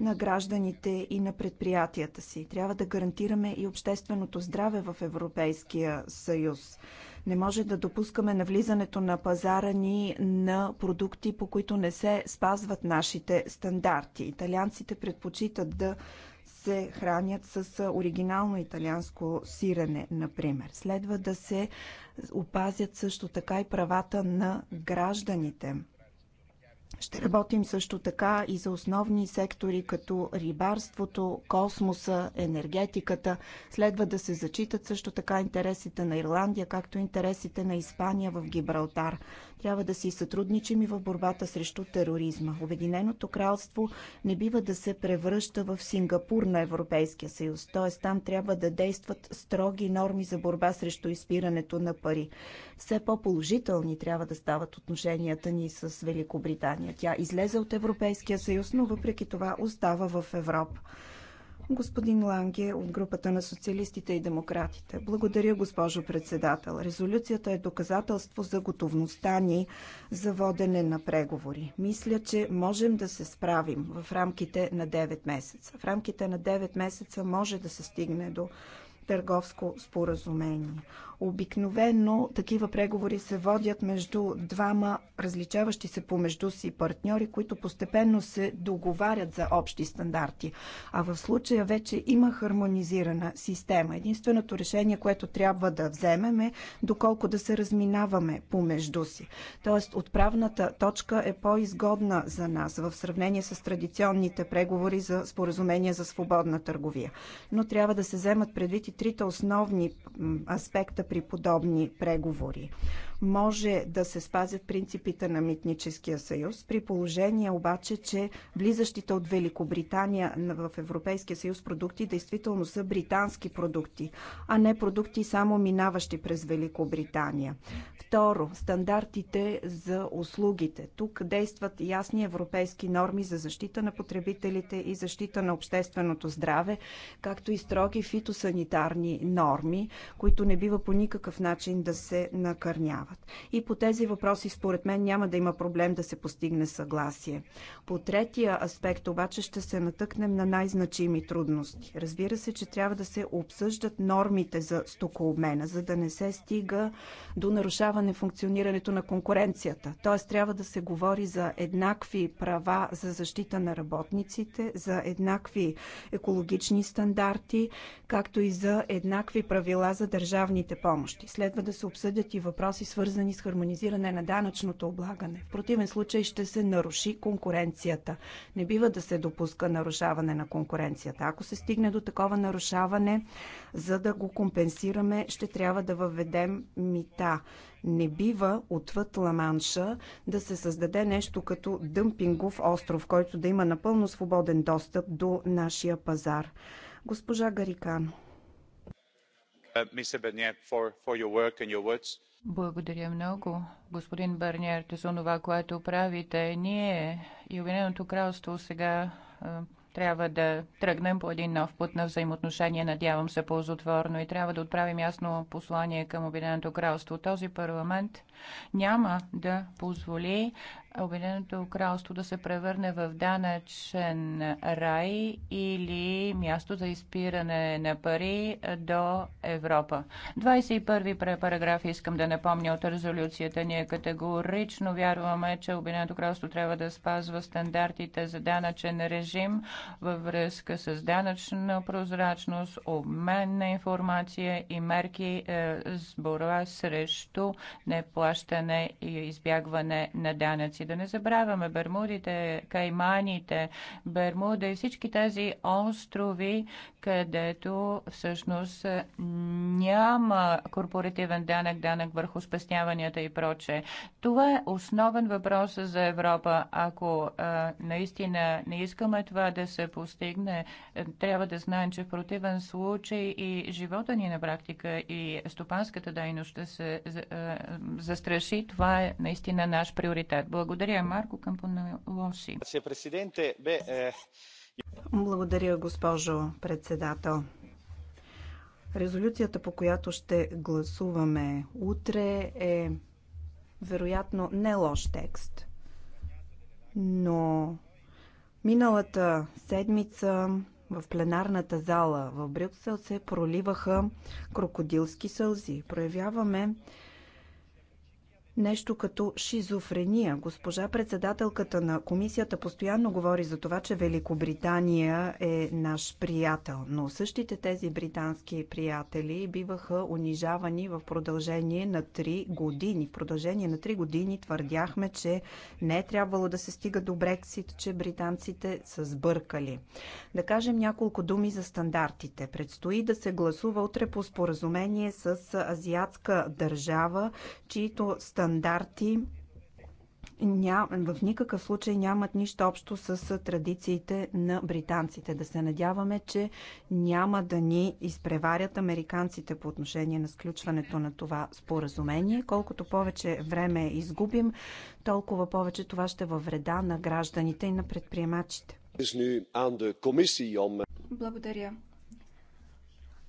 на гражданите и на предприятията си. Трябва да гарантираме и общественото здраве в Европейския съюз. Не може да допускаме навлизането на пазара ни на продукти, по които не се спазват нашите стандарти. Италианците предпочитат да се хранят с оригинално италианско сирене, например. Следва да се опазят също така и правата на гражданите. Ще работим също така и за основни сектори като рибарството, космоса, енергетиката. Следва да се зачитат също така интересите на Ирландия, както интересите на Испания в Гибралтар. Трябва да си сътрудничим и в борбата срещу тероризма. Обединеното кралство не бива да се превръща в Сингапур на Европейския съюз, т.е. там трябва да действат строги норми за борба срещу изпирането на пари. Все по-положителни трябва да стават отношенията ни с Великобритания. Тя излезе от Европейския съюз, но въпреки това остава в Европа. Господин Ланге от групата на социалистите и демократите. Благодаря, госпожо председател. Резолюцията е доказателство за готовността ни за водене на преговори. Мисля, че можем да се справим в рамките на 9 месеца. В рамките на 9 месеца може да се стигне до търговско споразумение. Обикновено такива преговори се водят между двама различаващи се помежду си партньори, които постепенно се договарят за общи стандарти. А в случая вече има хармонизирана система. Единственото решение, което трябва да вземем е доколко да се разминаваме помежду си. Тоест отправната точка е по-изгодна за нас в сравнение с традиционните преговори за споразумение за свободна търговия. Но трябва да се вземат предвид и трите основни аспекта при подобни преговори може да се спазят принципите на митническия съюз, при положение обаче, че влизащите от Великобритания в Европейския съюз продукти действително са британски продукти, а не продукти само минаващи през Великобритания. Второ, стандартите за услугите. Тук действат ясни европейски норми за защита на потребителите и защита на общественото здраве, както и строги фитосанитарни норми, които не бива по никакъв начин да се накърняват решават. И по тези въпроси, според мен, няма да има проблем да се постигне съгласие. По третия аспект обаче ще се натъкнем на най-значими трудности. Разбира се, че трябва да се обсъждат нормите за стокообмена, за да не се стига до нарушаване функционирането на конкуренцията. Тоест трябва да се говори за еднакви права за защита на работниците, за еднакви екологични стандарти, както и за еднакви правила за държавните помощи. Следва да се обсъдят и въпроси, свързани с хармонизиране на данъчното облагане. В противен случай ще се наруши конкуренцията. Не бива да се допуска нарушаване на конкуренцията. Ако се стигне до такова нарушаване, за да го компенсираме, ще трябва да въведем мита. Не бива отвъд Ламанша да се създаде нещо като дъмпингов остров, който да има напълно свободен достъп до нашия пазар. Госпожа Гарикано. Uh, Mr. Barnier, for, for your work and your words. Благодаря много, господин Барниер, за това, което правите. Ние и Обединеното кралство сега трябва да тръгнем по един нов път на взаимоотношение, надявам се ползотворно и трябва да отправим ясно послание към Обединеното кралство. Този парламент няма да позволи Обединеното кралство да се превърне в данъчен рай или място за изпиране на пари до Европа. 21 параграф искам да напомня от резолюцията. Ние категорично вярваме, че Обединеното кралство трябва да спазва стандартите за данъчен режим във връзка с данъчна прозрачност, обмен на информация и мерки е, с борба срещу неплащане и избягване на данъци източници. Да не забравяме Бермудите, Кайманите, Бермуда и всички тези острови, където всъщност няма корпоративен данък, данък върху спестяванията и проче. Това е основен въпрос за Европа. Ако а, наистина не искаме това да се постигне, е, трябва да знаем, че в противен случай и живота ни на практика и стопанската дейност ще се а, е, е, застраши. Това е наистина наш приоритет. Благодаря. Благодаря, Марко Кампонелоси. Eh, Благодаря, госпожо председател. Резолюцията, по която ще гласуваме утре, е вероятно не лош текст. Но миналата седмица в пленарната зала в Брюксел се проливаха крокодилски сълзи. Проявяваме нещо като шизофрения. Госпожа председателката на комисията постоянно говори за това, че Великобритания е наш приятел, но същите тези британски приятели биваха унижавани в продължение на 3 години. В продължение на 3 години твърдяхме, че не е трябвало да се стига до Брексит, че британците са сбъркали. Да кажем няколко думи за стандартите. Предстои да се гласува утре по споразумение с азиатска държава, чието стандарт стандарти ням, в никакъв случай нямат нищо общо с традициите на британците. Да се надяваме, че няма да ни изпреварят американците по отношение на сключването на това споразумение. Колкото повече време изгубим, толкова повече това ще във вреда на гражданите и на предприемачите. Благодаря.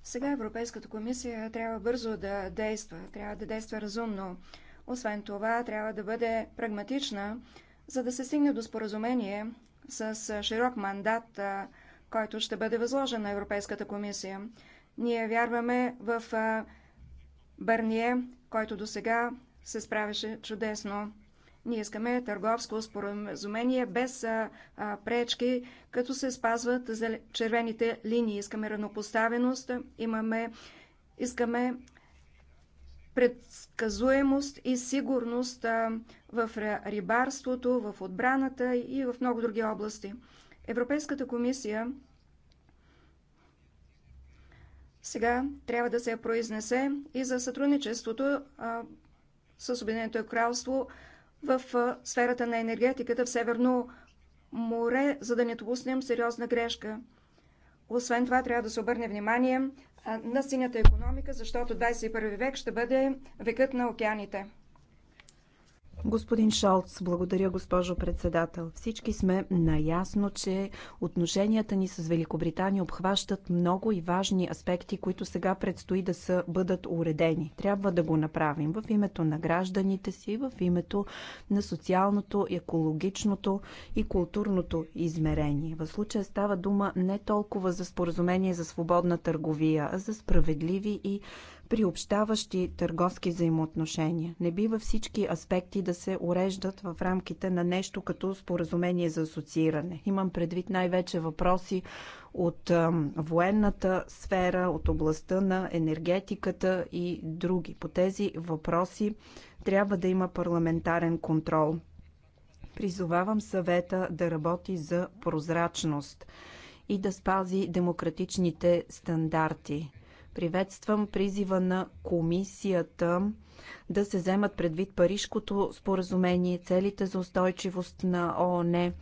Сега Европейската комисия трябва бързо да действа, трябва да действа разумно. Освен това, трябва да бъде прагматична, за да се стигне до споразумение с широк мандат, който ще бъде възложен на Европейската комисия. Ние вярваме в Бърние, който до сега се справяше чудесно. Ние искаме търговско споразумение без а, а, пречки, като се спазват за червените линии. Искаме равнопоставеност, имаме, искаме предсказуемост и сигурност в рибарството, в отбраната и в много други области. Европейската комисия сега трябва да се произнесе и за сътрудничеството а, с Обединеното кралство в а, сферата на енергетиката в Северно море, за да не допуснем сериозна грешка. Освен това, трябва да се обърне внимание на синята економика, защото 21 век ще бъде векът на океаните. Господин Шолц, благодаря, госпожо председател. Всички сме наясно, че отношенията ни с Великобритания обхващат много и важни аспекти, които сега предстои да са, бъдат уредени. Трябва да го направим в името на гражданите си, в името на социалното, екологичното и културното измерение. В случая става дума не толкова за споразумение за свободна търговия, а за справедливи и приобщаващи търговски взаимоотношения. Не бива всички аспекти да се уреждат в рамките на нещо като споразумение за асоцииране. Имам предвид най-вече въпроси от военната сфера, от областта на енергетиката и други. По тези въпроси трябва да има парламентарен контрол. Призовавам съвета да работи за прозрачност и да спази демократичните стандарти Приветствам призива на комисията да се вземат предвид Парижкото споразумение, целите за устойчивост на ООН,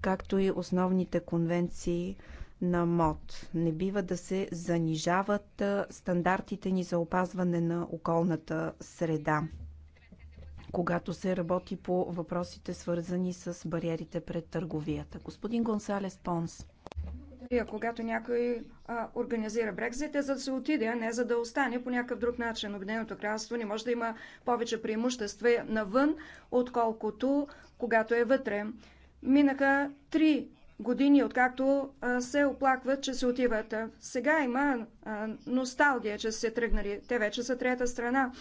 както и основните конвенции на МОД. Не бива да се занижават стандартите ни за опазване на околната среда когато се работи по въпросите свързани с бариерите пред търговията. Господин Гонсалес Понс. Благодаря. Когато някой организира Брекзит, е за да се отиде, а не за да остане по някакъв друг начин. Обединеното кралство не може да има повече преимущества навън, отколкото когато е вътре. Минаха три години, откакто се оплакват, че се отиват. Сега има носталгия, че са се тръгнали. Те вече са трета страна.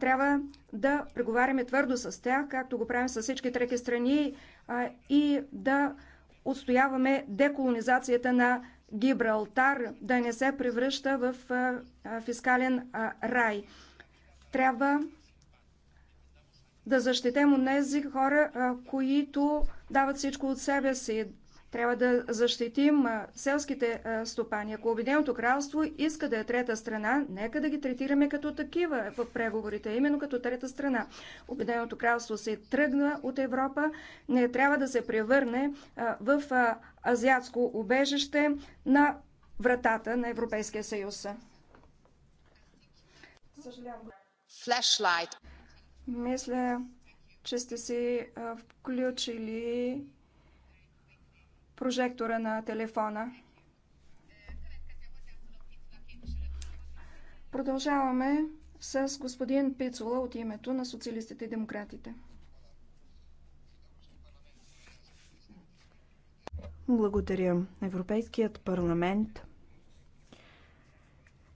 Трябва да преговаряме твърдо с тях, както го правим с всички трети страни и да отстояваме деколонизацията на Гибралтар да не се превръща в фискален рай. Трябва да защитем от тези хора, които дават всичко от себе си, трябва да защитим селските стопани. Ако Обединеното кралство иска да е трета страна, нека да ги третираме като такива в преговорите, именно като трета страна. Обединеното кралство се тръгна от Европа, не трябва да се превърне в азиатско убежище на вратата на Европейския съюз. Съжалявам. Мисля, че сте си включили прожектора на телефона. Продължаваме с господин Пицула от името на социалистите и демократите. Благодаря. Европейският парламент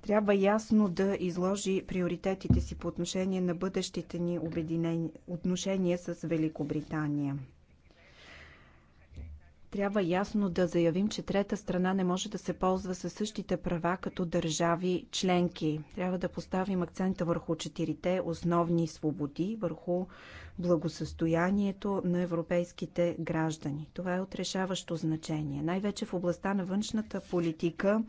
трябва ясно да изложи приоритетите си по отношение на бъдещите ни обединени отношения с Великобритания. Трябва ясно да заявим, че трета страна не може да се ползва със същите права като държави членки. Трябва да поставим акцента върху четирите основни свободи, върху благосъстоянието на европейските граждани. Това е отрешаващо значение. Най-вече в областта на външната политика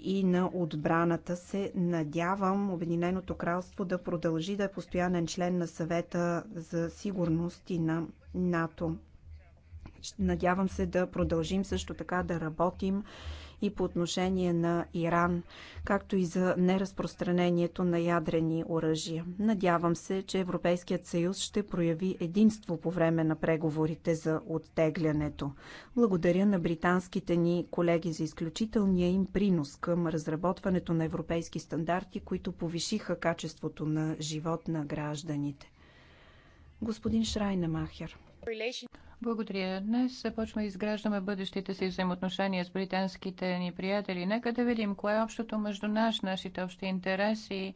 и на отбраната се надявам Обединеното кралство да продължи да е постоянен член на съвета за сигурност и на НАТО. Надявам се да продължим също така да работим и по отношение на Иран, както и за неразпространението на ядрени оръжия. Надявам се, че Европейският съюз ще прояви единство по време на преговорите за оттеглянето. Благодаря на британските ни колеги за изключителния им принос към разработването на европейски стандарти, които повишиха качеството на живот на гражданите. Господин Шрайнемахер. Благодаря. Днес започваме изграждаме бъдещите си взаимоотношения с британските ни приятели. Нека да видим кое е общото между нас, нашите общи интереси.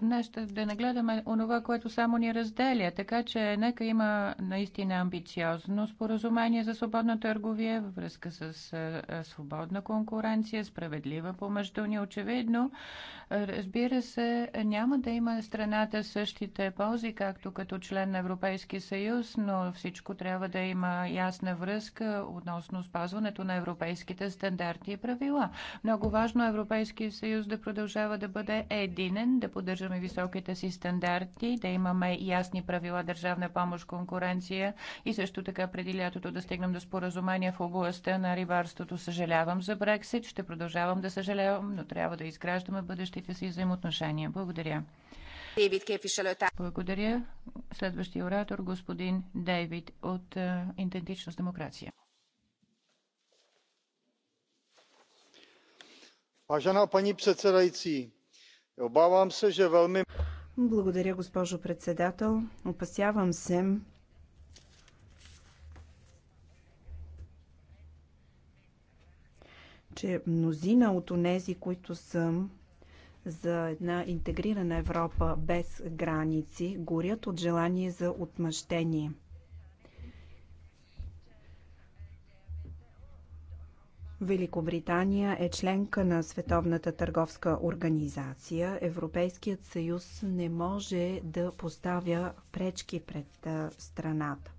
Днес е, да не гледаме онова, което само ни разделя. Така че нека има наистина амбициозно споразумение за свободна търговия във връзка с е, е, свободна конкуренция, справедлива помежду ни. Очевидно, разбира се, няма да има страната същите ползи, както като член на Европейски съюз, но всичко трябва да е има ясна връзка относно спазването на европейските стандарти и правила. Много важно е Европейския съюз да продължава да бъде единен, да поддържаме високите си стандарти, да имаме ясни правила държавна помощ, конкуренция и също така преди лятото да стигнем до споразумение в областта на рибарството. Съжалявам за Брексит, ще продължавам да съжалявам, но трябва да изграждаме бъдещите си взаимоотношения. Благодаря. Благодаря. Следващия оратор господин Дейвид от е, Интентичност демокрация. Vážená пани председайци, обавам се, че вълми... Благодаря, госпожо председател. Опасявам се, че мнозина от онези, които съм за една интегрирана Европа без граници горят от желание за отмъщение. Великобритания е членка на Световната търговска организация. Европейският съюз не може да поставя пречки пред страната.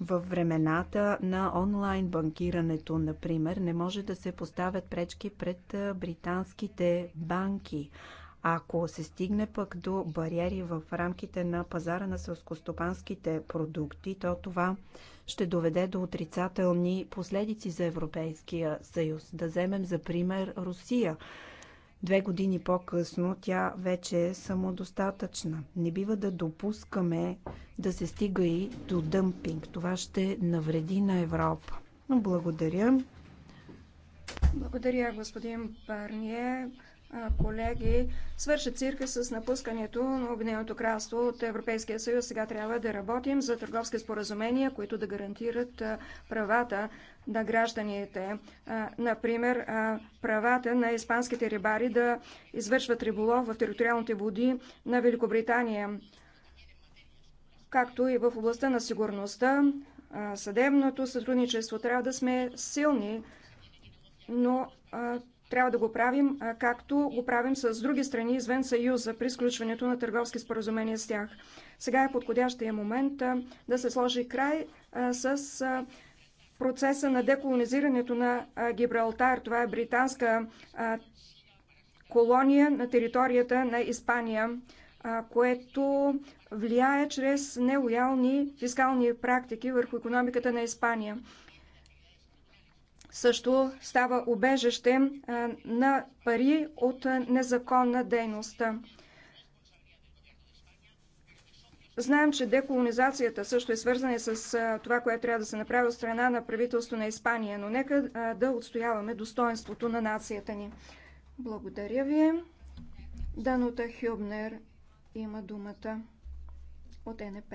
Във времената на онлайн банкирането, например, не може да се поставят пречки пред британските банки. Ако се стигне пък до бариери в рамките на пазара на селскостопанските продукти, то това ще доведе до отрицателни последици за Европейския съюз. Да вземем за пример Русия. Две години по-късно тя вече е самодостатъчна. Не бива да допускаме да се стига и до дъмпинг. Това ще навреди на Европа. Благодаря. Благодаря, господин Парние колеги свърша цирка с напускането на Обединеното кралство от Европейския съюз. Сега трябва да работим за търговски споразумения, които да гарантират правата на гражданите. Например, правата на испанските рибари да извършват риболов в териториалните води на Великобритания, както и в областта на сигурността, съдебното сътрудничество. Трябва да сме силни, но трябва да го правим, както го правим с други страни извън Съюза при сключването на търговски споразумения с тях. Сега е подходящия момент да се сложи край с процеса на деколонизирането на Гибралтар. Това е британска колония на територията на Испания, което влияе чрез нелоялни фискални практики върху економиката на Испания също става убежище на пари от незаконна дейност. Знаем, че деколонизацията също е свързана с това, което трябва да се направи от страна на правителство на Испания, но нека да отстояваме достоинството на нацията ни. Благодаря ви. Данута Хюбнер има думата от НП.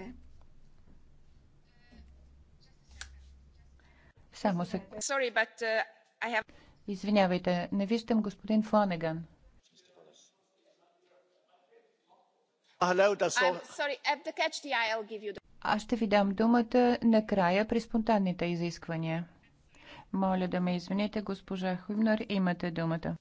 Само се... Uh, Извинявайте, не виждам господин Фланеган. Аз ще ви дам думата накрая при спонтанните изисквания. Моля да ме извините, госпожа Хуйнар, имате думата.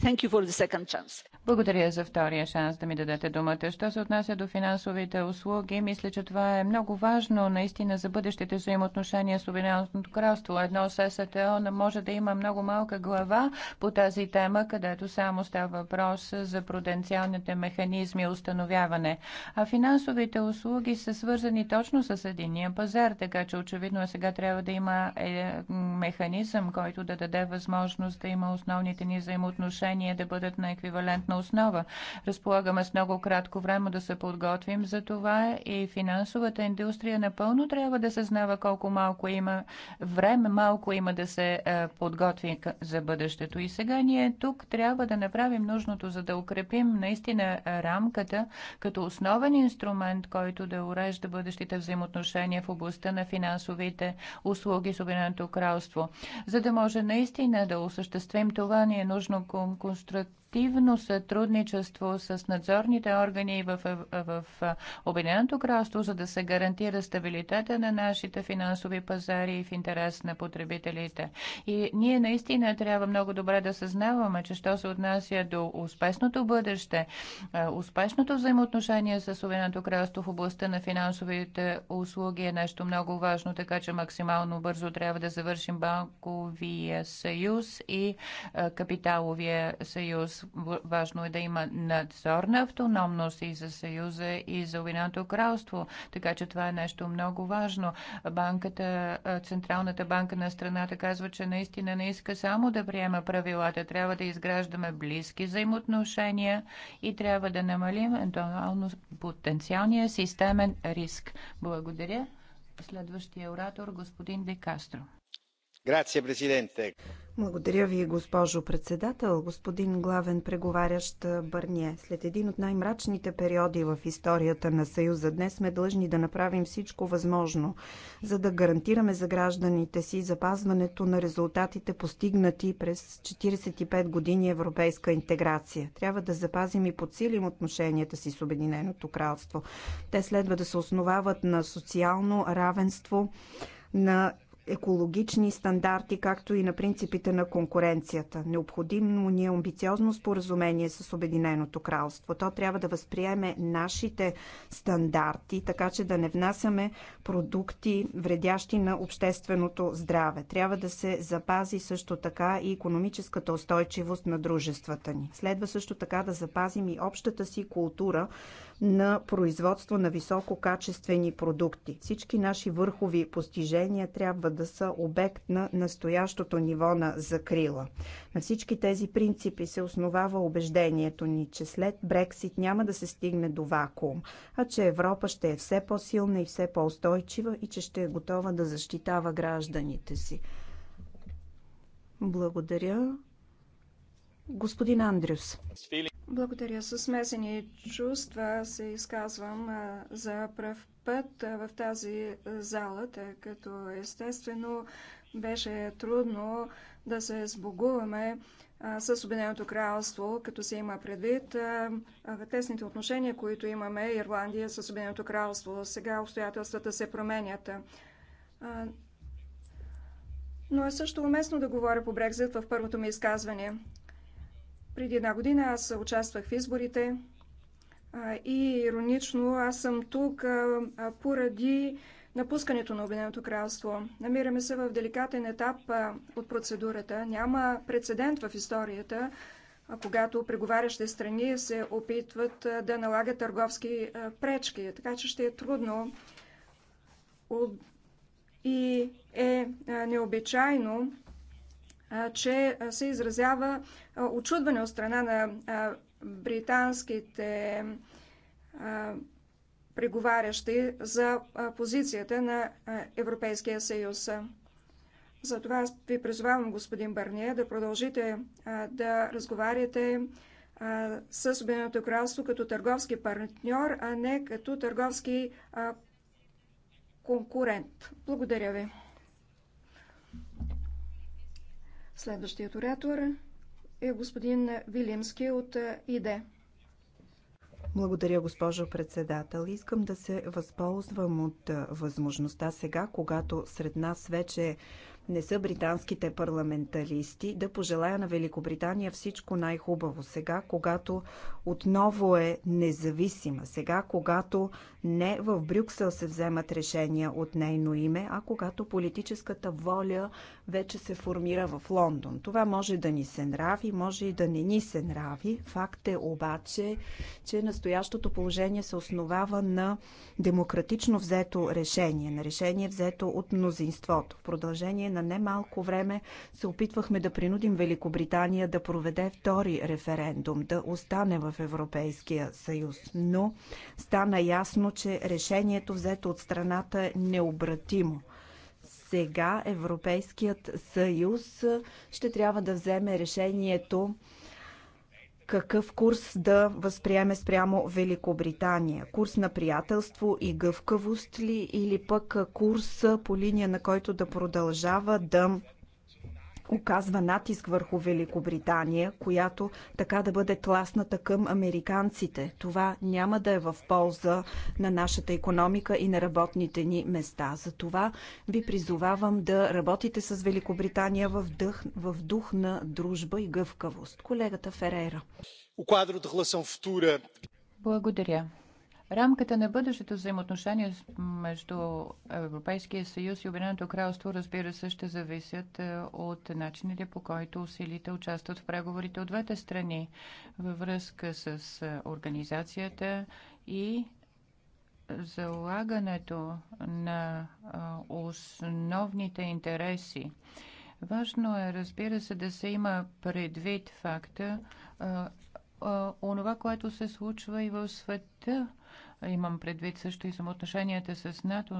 Thank you for the second chance. Благодаря за втория шанс да ми дадете думата. Що се отнася до финансовите услуги, мисля, че това е много важно наистина за бъдещите взаимоотношения с Обединеното кралство. Едно с СТО може да има много малка глава по тази тема, където само става въпрос за пруденциалните механизми установяване. А финансовите услуги са свързани точно с единия пазар, така че очевидно е сега трябва да има е, механизъм, който да даде възможност да има основните ни взаимоотношения решения да бъдат на еквивалентна основа. Разполагаме с много кратко време да се подготвим за това и финансовата индустрия напълно трябва да съзнава колко малко има време, малко има да се е, подготви за бъдещето. И сега ние тук трябва да направим нужното, за да укрепим наистина рамката като основен инструмент, който да урежда бъдещите взаимоотношения в областта на финансовите услуги с Обединеното кралство. За да може наистина да осъществим това, ни е нужно Конструкт активно сътрудничество с надзорните органи в, в, в Обединеното кралство, за да се гарантира стабилитета на нашите финансови пазари и в интерес на потребителите. И ние наистина трябва много добре да съзнаваме, че що се отнася до успешното бъдеще, успешното взаимоотношение с Обединеното кралство в областта на финансовите услуги е нещо много важно, така че максимално бързо трябва да завършим банковия съюз и капиталовия съюз. Важно е да има надзорна автономност и за Съюза, и за Обединеното кралство. Така че това е нещо много важно. Банката, Централната банка на страната казва, че наистина не иска само да приема правилата. Трябва да изграждаме близки взаимоотношения и трябва да намалим евентуално потенциалния системен риск. Благодаря. Следващия оратор господин Де Кастро. Благодаря ви, госпожо председател, господин главен преговарящ Бърние. След един от най-мрачните периоди в историята на Съюза, днес сме длъжни да направим всичко възможно, за да гарантираме за гражданите си запазването на резултатите, постигнати през 45 години европейска интеграция. Трябва да запазим и подсилим отношенията си с Обединеното кралство. Те следва да се основават на социално равенство, на екологични стандарти, както и на принципите на конкуренцията. Необходимо ни е амбициозно споразумение с Обединеното кралство. То трябва да възприеме нашите стандарти, така че да не внасяме продукти, вредящи на общественото здраве. Трябва да се запази също така и економическата устойчивост на дружествата ни. Следва също така да запазим и общата си култура, на производство на висококачествени продукти. Всички наши върхови постижения трябва да са обект на настоящото ниво на закрила. На всички тези принципи се основава убеждението ни, че след Брексит няма да се стигне до вакуум, а че Европа ще е все по-силна и все по-устойчива и че ще е готова да защитава гражданите си. Благодаря. Господин Андрюс. Благодаря. С смесени чувства се изказвам за пръв път в тази зала, тъй като естествено беше трудно да се сбогуваме с Обединеното кралство, като се има предвид тесните отношения, които имаме Ирландия с Обединеното кралство. Сега обстоятелствата се променят. Но е също уместно да говоря по Брекзит в първото ми изказване. Преди една година аз участвах в изборите и иронично аз съм тук поради напускането на Обединеното кралство. Намираме се в деликатен етап от процедурата. Няма прецедент в историята, когато преговарящи страни се опитват да налагат търговски пречки. Така че ще е трудно и е необичайно че се изразява очудване от страна на британските преговарящи за позицията на Европейския съюз. Затова аз ви призовавам, господин Барния, да продължите да разговаряте с Обединеното кралство като търговски партньор, а не като търговски конкурент. Благодаря ви. Следващият оратор е господин Вилимски от ИДЕ. Благодаря, госпожо председател. Искам да се възползвам от възможността сега, когато сред нас вече е не са британските парламентаристи, да пожелая на Великобритания всичко най-хубаво. Сега, когато отново е независима, сега, когато не в Брюксел се вземат решения от нейно име, а когато политическата воля вече се формира в Лондон. Това може да ни се нрави, може и да не ни се нрави. Факт е обаче, че настоящото положение се основава на демократично взето решение, на решение взето от мнозинството. В продължение на на немалко време се опитвахме да принудим Великобритания да проведе втори референдум, да остане в Европейския съюз. Но стана ясно, че решението взето от страната е необратимо сега Европейският съюз ще трябва да вземе решението какъв курс да възприеме спрямо Великобритания? Курс на приятелство и гъвкавост ли или пък курс по линия на който да продължава да оказва натиск върху Великобритания, която така да бъде тласната към американците. Това няма да е в полза на нашата економика и на работните ни места. За това ви призовавам да работите с Великобритания в, дух, в дух на дружба и гъвкавост. Колегата Ферейра. Благодаря. Рамката на бъдещето взаимоотношение между Европейския съюз и Обединеното кралство, разбира се, ще зависят е, от начините по който силите участват в преговорите от двете страни във връзка с е, организацията и залагането на е, основните интереси. Важно е, разбира се, да се има предвид факта онова, което се случва и в света Имам предвид също и самоотношенията с НАТО.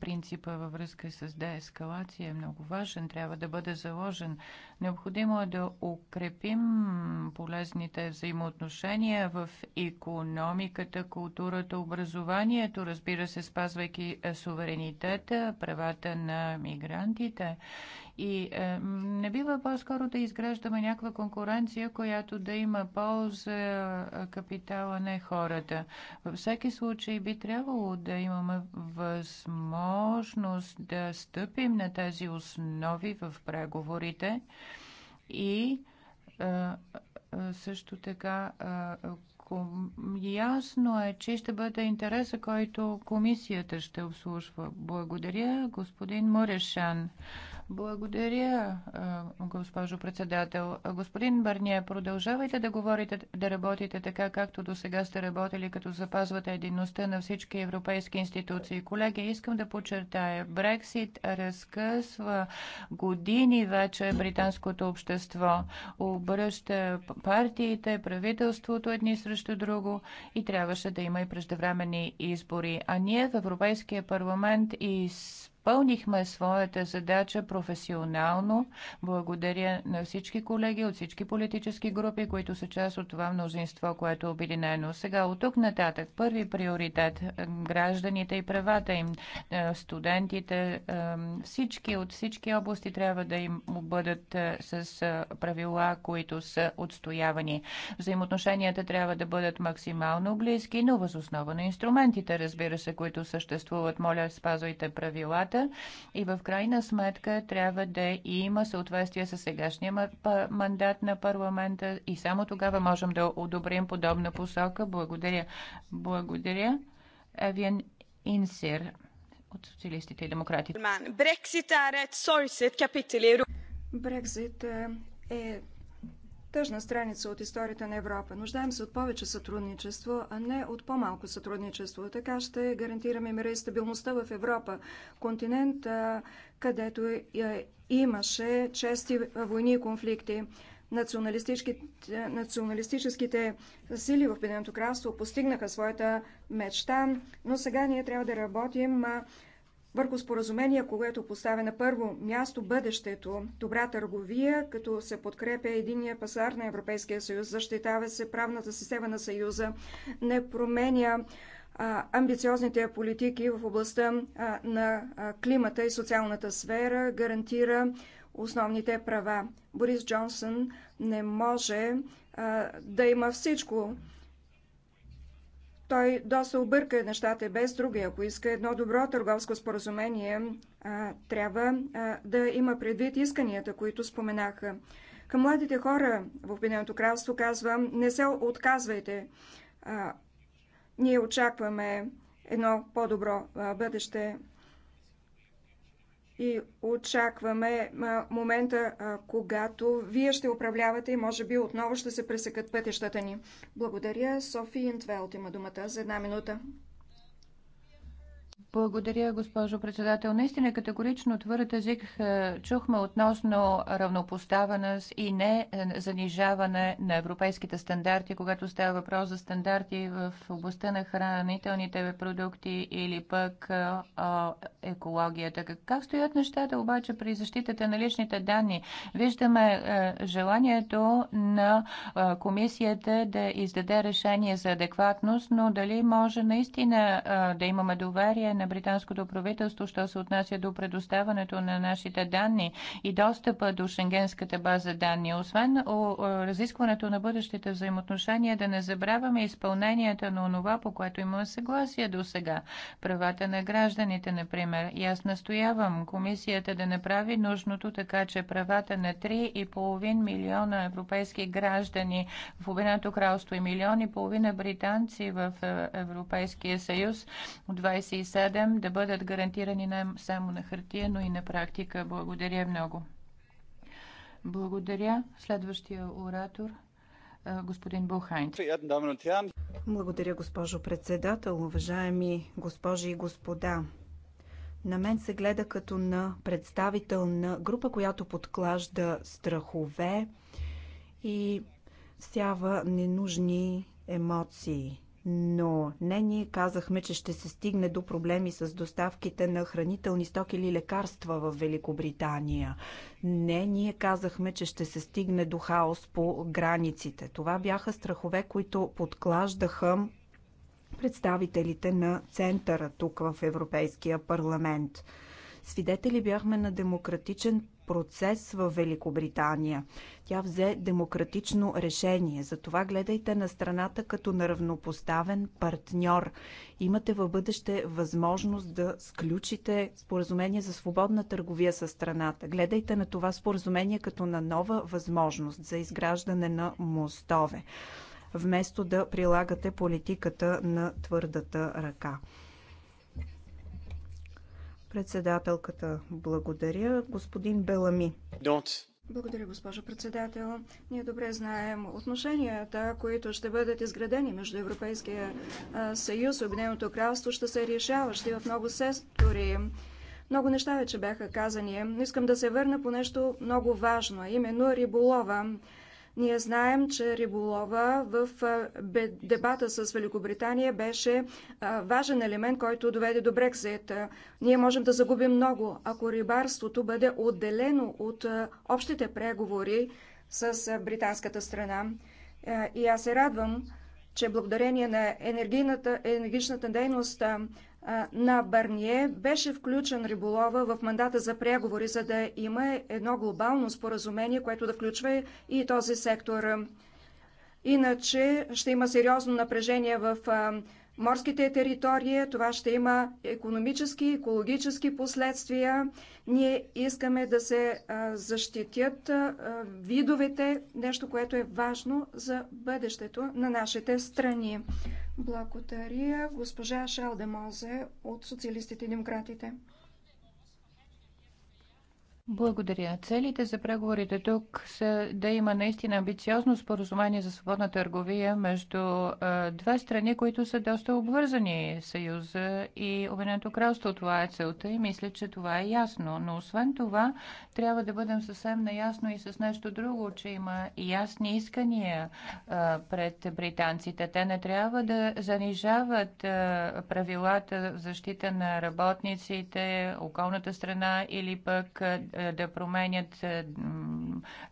Принципа във връзка с деескалация е много важен, трябва да бъде заложен. Необходимо е да укрепим полезните взаимоотношения в економиката, културата, образованието, разбира се, спазвайки суверенитета, правата на мигрантите и е, не бива по-скоро да изграждаме някаква конкуренция, която да има полза е, капитала, не хората. Във всеки случай би трябвало да имаме възможност да стъпим на тези основи в преговорите и е, е също така е, ясно е, че ще бъде интереса, който комисията ще обслужва. Благодаря, господин Морешан. Благодаря, госпожо председател. Господин Барния, продължавайте да говорите, да работите така, както до сега сте работили, като запазвате единността на всички европейски институции. Колеги, искам да подчертая, Брексит разкъсва години вече британското общество. Обръща партиите, правителството едни срещу друго и трябваше да има и преждевременни избори. А ние в Европейския парламент и изпълнихме своята задача професионално. Благодаря на всички колеги от всички политически групи, които са част от това мнозинство, което е обединено. Сега от тук нататък първи приоритет гражданите и правата им, е, студентите, е, всички от всички области трябва да им бъдат е, с правила, които са отстоявани. Взаимоотношенията трябва да бъдат максимално близки, но възоснова на инструментите, разбира се, които съществуват. Моля, спазвайте правилата правилата и в крайна сметка трябва да има съответствие с сегашния мандат на парламента и само тогава можем да одобрим подобна посока. Благодаря. Благодаря. Евиен Инсир от социалистите и демократите. Брексит е Брексит тъжна страница от историята на Европа. Нуждаем се от повече сътрудничество, а не от по-малко сътрудничество. Така ще гарантираме мира и стабилността в Европа, континент, където е, имаше чести войни и конфликти. Националистическите, националистическите сили в Обединеното кралство постигнаха своята мечта, но сега ние трябва да работим върху споразумение, което поставя на първо място бъдещето, добра търговия, като се подкрепя единия пазар на Европейския съюз, защитава се правната система на съюза, не променя а, амбициозните политики в областта а, на а, климата и социалната сфера, гарантира основните права. Борис Джонсън не може а, да има всичко, той доста обърка нещата без други. Ако иска едно добро търговско споразумение, трябва да има предвид исканията, които споменаха. Към младите хора в Обединеното кралство казвам, не се отказвайте. ние очакваме едно по-добро бъдеще и очакваме момента, когато вие ще управлявате и може би отново ще се пресекат пътищата ни. Благодаря. Софи Интвелт има думата за една минута. Благодаря, госпожо председател. Наистина е категорично твърд език е, чухме относно равнопоставеност и не е, занижаване на европейските стандарти, когато става въпрос за стандарти в областта на хранителните продукти или пък а, екологията. Как стоят нещата обаче при защитата на личните данни? Виждаме а, желанието на а, комисията да издаде решение за адекватност, но дали може наистина а, да имаме доверие на британското правителство, що се отнася до предоставането на нашите данни и достъпа до шенгенската база данни. Освен о разискването на бъдещите взаимоотношения, да не забравяме изпълненията на онова, по което имаме съгласие до сега. Правата на гражданите, например. И аз настоявам комисията да направи нужното така, че правата на 3,5 милиона европейски граждани в Обединеното кралство и милиони и половина британци в е, Европейския съюз, 27 7 да бъдат гарантирани не само на хартия, но и на практика. Благодаря много. Благодаря. Следващия оратор, господин Булхайнт. Благодаря, госпожо председател, уважаеми госпожи и господа. На мен се гледа като на представител на група, която подклажда страхове и сява ненужни емоции но не ние казахме, че ще се стигне до проблеми с доставките на хранителни стоки или лекарства в Великобритания. Не ние казахме, че ще се стигне до хаос по границите. Това бяха страхове, които подклаждаха представителите на центъра тук в Европейския парламент. Свидетели бяхме на демократичен процес в Великобритания. Тя взе демократично решение. Затова гледайте на страната като на равнопоставен партньор. Имате в бъдеще възможност да сключите споразумение за свободна търговия с страната. Гледайте на това споразумение като на нова възможност за изграждане на мостове вместо да прилагате политиката на твърдата ръка. Председателката благодаря. Господин Белами. Don't. Благодаря, госпожо председател. Ние добре знаем отношенията, които ще бъдат изградени между Европейския съюз и Обединеното кралство, ще са решаващи в много сектори. Много неща вече бяха казани, но искам да се върна по нещо много важно, именно риболова. Ние знаем, че риболова в дебата с Великобритания беше важен елемент, който доведе до Брекзит. Ние можем да загубим много, ако рибарството бъде отделено от общите преговори с британската страна. И аз се радвам, че благодарение на енергийната, енергичната дейност на Барние беше включен риболова в мандата за преговори, за да има едно глобално споразумение, което да включва и този сектор. Иначе ще има сериозно напрежение в морските територии. Това ще има економически, екологически последствия. Ние искаме да се защитят видовете, нещо, което е важно за бъдещето на нашите страни. Благодаря госпожа Шалдемозе от Социалистите и демократите. Благодаря. Целите за преговорите тук са да има наистина амбициозно споразумение за свободна търговия между две страни, които са доста обвързани Съюза и Обединеното кралство. Това е целта и мисля, че това е ясно. Но освен това, трябва да бъдем съвсем наясно и с нещо друго, че има ясни искания пред британците. Те не трябва да занижават правилата в защита на работниците, околната страна или пък да променят, е,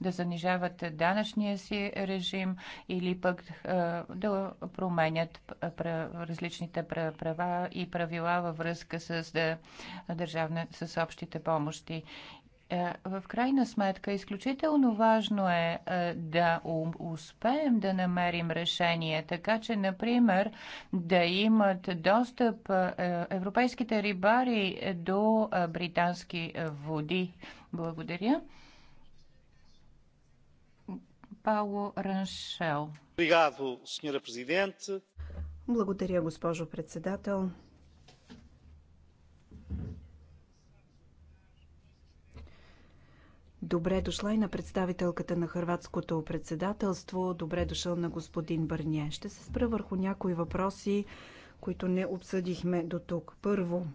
да занижават данъчния си режим или пък е, да променят различните права и правила във връзка с, държавна, с общите помощи. Е, в крайна сметка изключително важно е, е да успеем да намерим решение, така че, например, да имат достъп е, европейските рибари до британски води. Благодаря. Пауло Раншел. Благодаря, госпожо председател. Добре дошла и на представителката на Хрватското председателство. Добре дошъл на господин Бърние. Ще се спра върху някои въпроси, които не обсъдихме до тук. Първо,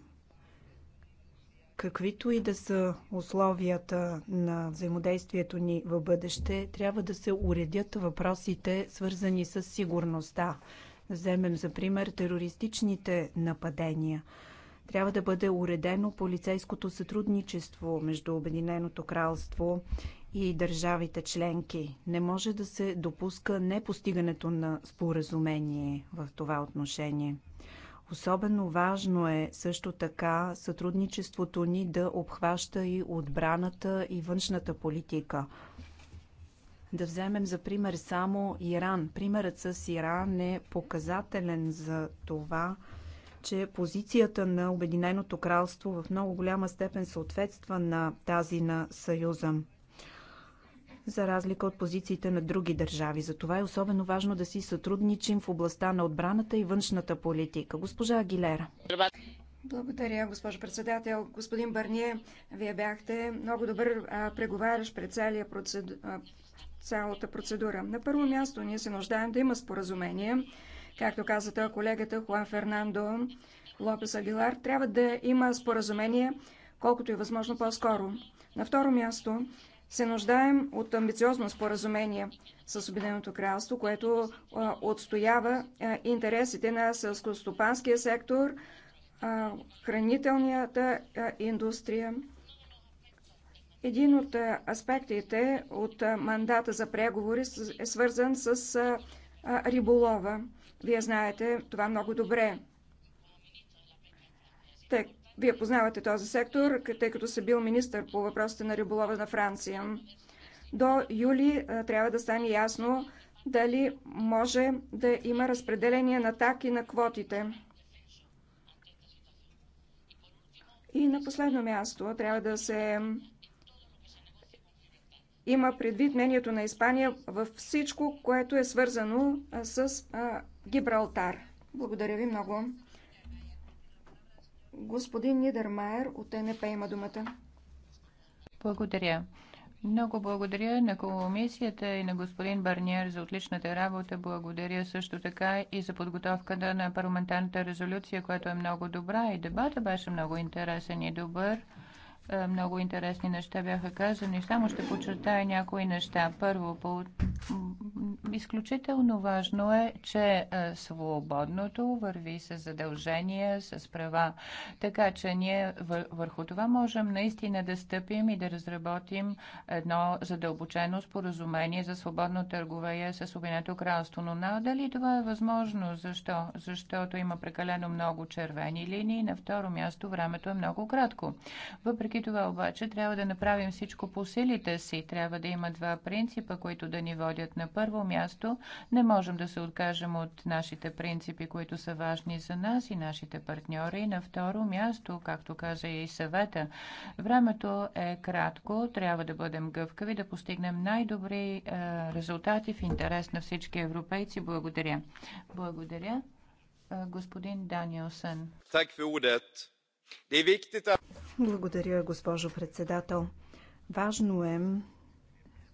каквито и да са условията на взаимодействието ни в бъдеще, трябва да се уредят въпросите, свързани с сигурността. Вземем за пример терористичните нападения – трябва да бъде уредено полицейското сътрудничество между Обединеното кралство и държавите членки. Не може да се допуска непостигането на споразумение в това отношение. Особено важно е също така сътрудничеството ни да обхваща и отбраната и външната политика. Да вземем за пример само Иран. Примерът с Иран е показателен за това, че позицията на Обединеното кралство в много голяма степен съответства на тази на Съюза за разлика от позициите на други държави. Затова е особено важно да си сътрудничим в областта на отбраната и външната политика. Госпожа Агилера. Благодаря, госпожо председател. Господин Барние, вие бяхте много добър а, преговарящ пред целия процеду... а, цялата процедура. На първо място ние се нуждаем да има споразумение Както каза колегата Хуан Фернандо Лопес Агилар, трябва да има споразумение, колкото е възможно по-скоро. На второ място се нуждаем от амбициозно споразумение с Обединеното кралство, което а, отстоява а, интересите на селскостопанския сектор, а, хранителната индустрия. Един от аспектите от мандата за преговори е свързан с риболова. Вие знаете това много добре. Так, вие познавате този сектор, тъй като съм бил министър по въпросите на риболова на Франция. До юли а, трябва да стане ясно дали може да има разпределение на так и на квотите. И на последно място трябва да се има предвид мнението на Испания във всичко, което е свързано с Гибралтар. Благодаря ви много. Господин Нидермайер от НП има думата. Благодаря. Много благодаря на комисията и на господин Барниер за отличната работа. Благодаря също така и за подготовката на парламентарната резолюция, която е много добра и дебата беше много интересен и добър. Е, много интересни неща бяха казани. Само ще подчертая някои неща. Първо, по Изключително важно е, че е, свободното върви с задължения, с права, така че ние върху това можем наистина да стъпим и да разработим едно задълбочено споразумение за свободно търговия с Обединеното кралство. Но надали това е възможно? Защо? Защото има прекалено много червени линии. На второ място времето е много кратко. Въпреки това обаче трябва да направим всичко по силите си. Трябва да има два принципа, които да ни водят на първо място място, не можем да се откажем от нашите принципи, които са важни за нас и нашите партньори. На второ място, както каза и съвета, времето е кратко, трябва да бъдем гъвкави, да постигнем най-добри е, резултати в интерес на всички европейци. Благодаря. Благодаря. Е, господин Даниелсън. Er Благодаря, госпожо председател. Важно е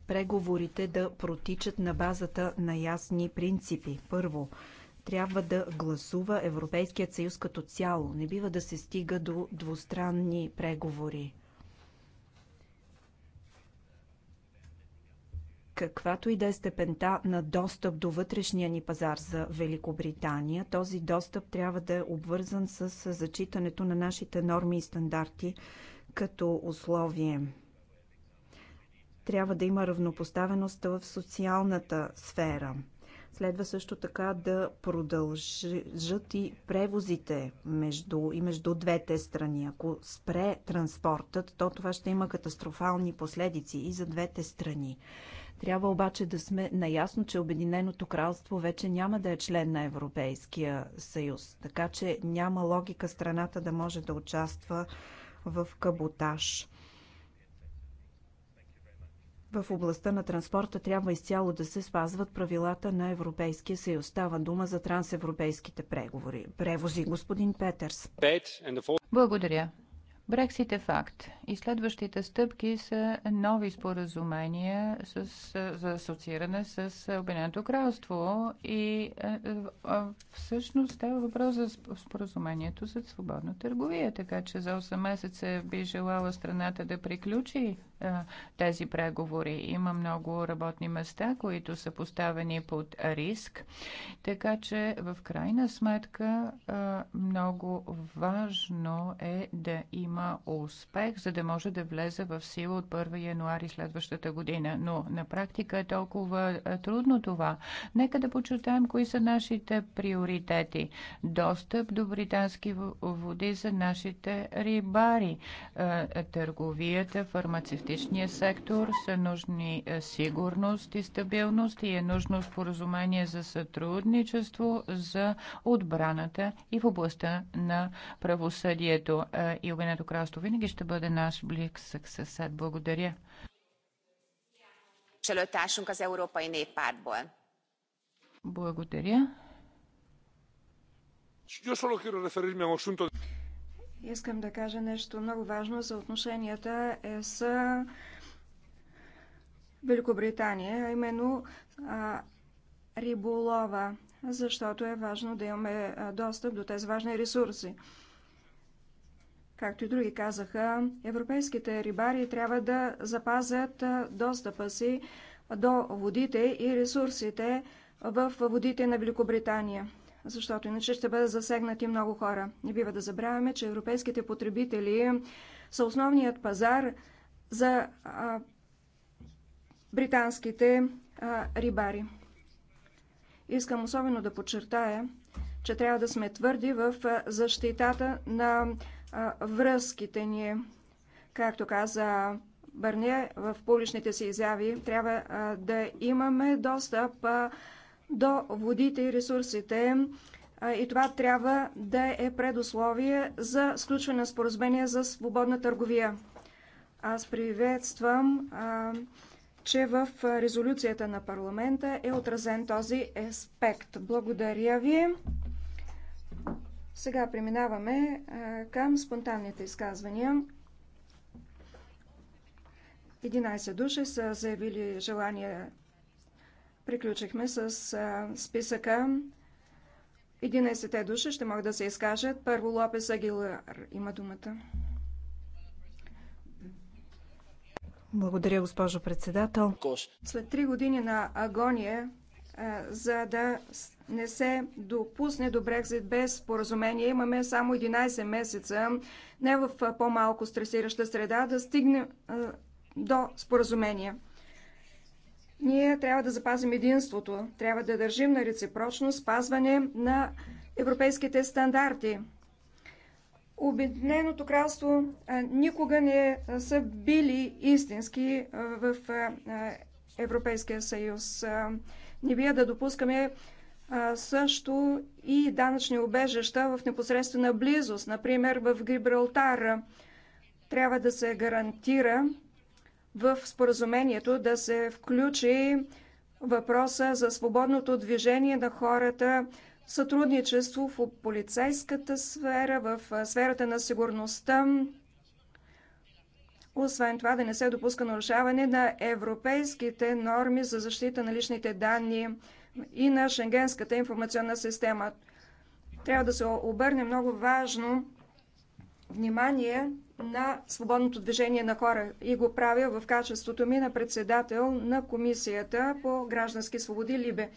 преговорите да протичат на базата на ясни принципи. Първо, трябва да гласува Европейският съюз като цяло. Не бива да се стига до двустранни преговори. каквато и да е степента на достъп до вътрешния ни пазар за Великобритания, този достъп трябва да е обвързан с зачитането на нашите норми и стандарти като условие. Трябва да има равнопоставеност в социалната сфера. Следва също така да продължат и превозите между, и между двете страни. Ако спре транспортът, то това ще има катастрофални последици и за двете страни. Трябва обаче да сме наясно, че Обединеното кралство вече няма да е член на Европейския съюз. Така че няма логика страната да може да участва в каботаж. В областта на транспорта трябва изцяло да се спазват правилата на Европейския съюз. Става дума за трансевропейските преговори. Превози, господин Петърс. Благодаря. Брексит е факт и следващите стъпки са нови споразумения с, за асоцииране с Обединеното кралство и е, е, е, всъщност става въпрос за споразумението за свободна търговия, така че за 8 месеца би желала страната да приключи е, тези преговори. Има много работни места, които са поставени под риск. Така че в крайна сметка е, много важно е да има успех, за да може да влезе в сила от 1 януари следващата година. Но на практика е толкова е, трудно това. Нека да почетаем кои са нашите приоритети. Достъп до британски води за нашите рибари, търговията, фармацевтичната енергетичния сектор са нужни е, сигурност и стабилност и е нужно споразумение за сътрудничество за отбраната и в областта на правосъдието. Е, и Обединеното кралство винаги ще бъде наш блик съсед. Благодаря. Благодаря. Искам да кажа нещо много важно за отношенията е с Великобритания, а именно а, риболова, защото е важно да имаме достъп до тези важни ресурси. Както и други казаха, европейските рибари трябва да запазят достъпа си до водите и ресурсите в водите на Великобритания защото иначе ще бъдат засегнати много хора. Не бива да забравяме, че европейските потребители са основният пазар за а, британските а, рибари. Искам особено да подчертая, че трябва да сме твърди в защитата на а, връзките ни. Както каза Бърне в публичните си изяви, трябва а, да имаме достъп а, до водите и ресурсите и това трябва да е предусловие за сключване на споразумение за свободна търговия. Аз приветствам, че в резолюцията на парламента е отразен този аспект. Благодаря ви. Сега преминаваме към спонтанните изказвания. 11 души са заявили желание Приключихме с списъка. 11-те души ще могат да се изкажат. Първо Лопес Агилар има думата. Благодаря, госпожо председател. След три години на агония, за да не се допусне до Брекзит без споразумение, имаме само 11 месеца, не в по-малко стресираща среда, да стигне до споразумение. Ние трябва да запазим единството, трябва да държим на реципрочно спазване на европейските стандарти. Обединеното кралство никога не са били истински в Европейския съюз. Не бия да допускаме също и данъчни обежища в непосредствена близост, например в Гибралтар. Трябва да се гарантира в споразумението да се включи въпроса за свободното движение на хората, сътрудничество в полицейската сфера, в сферата на сигурността. Освен това да не се допуска нарушаване на европейските норми за защита на личните данни и на Шенгенската информационна система. Трябва да се обърне много важно внимание на свободното движение на хора и го правя в качеството ми на председател на Комисията по граждански свободи Либе.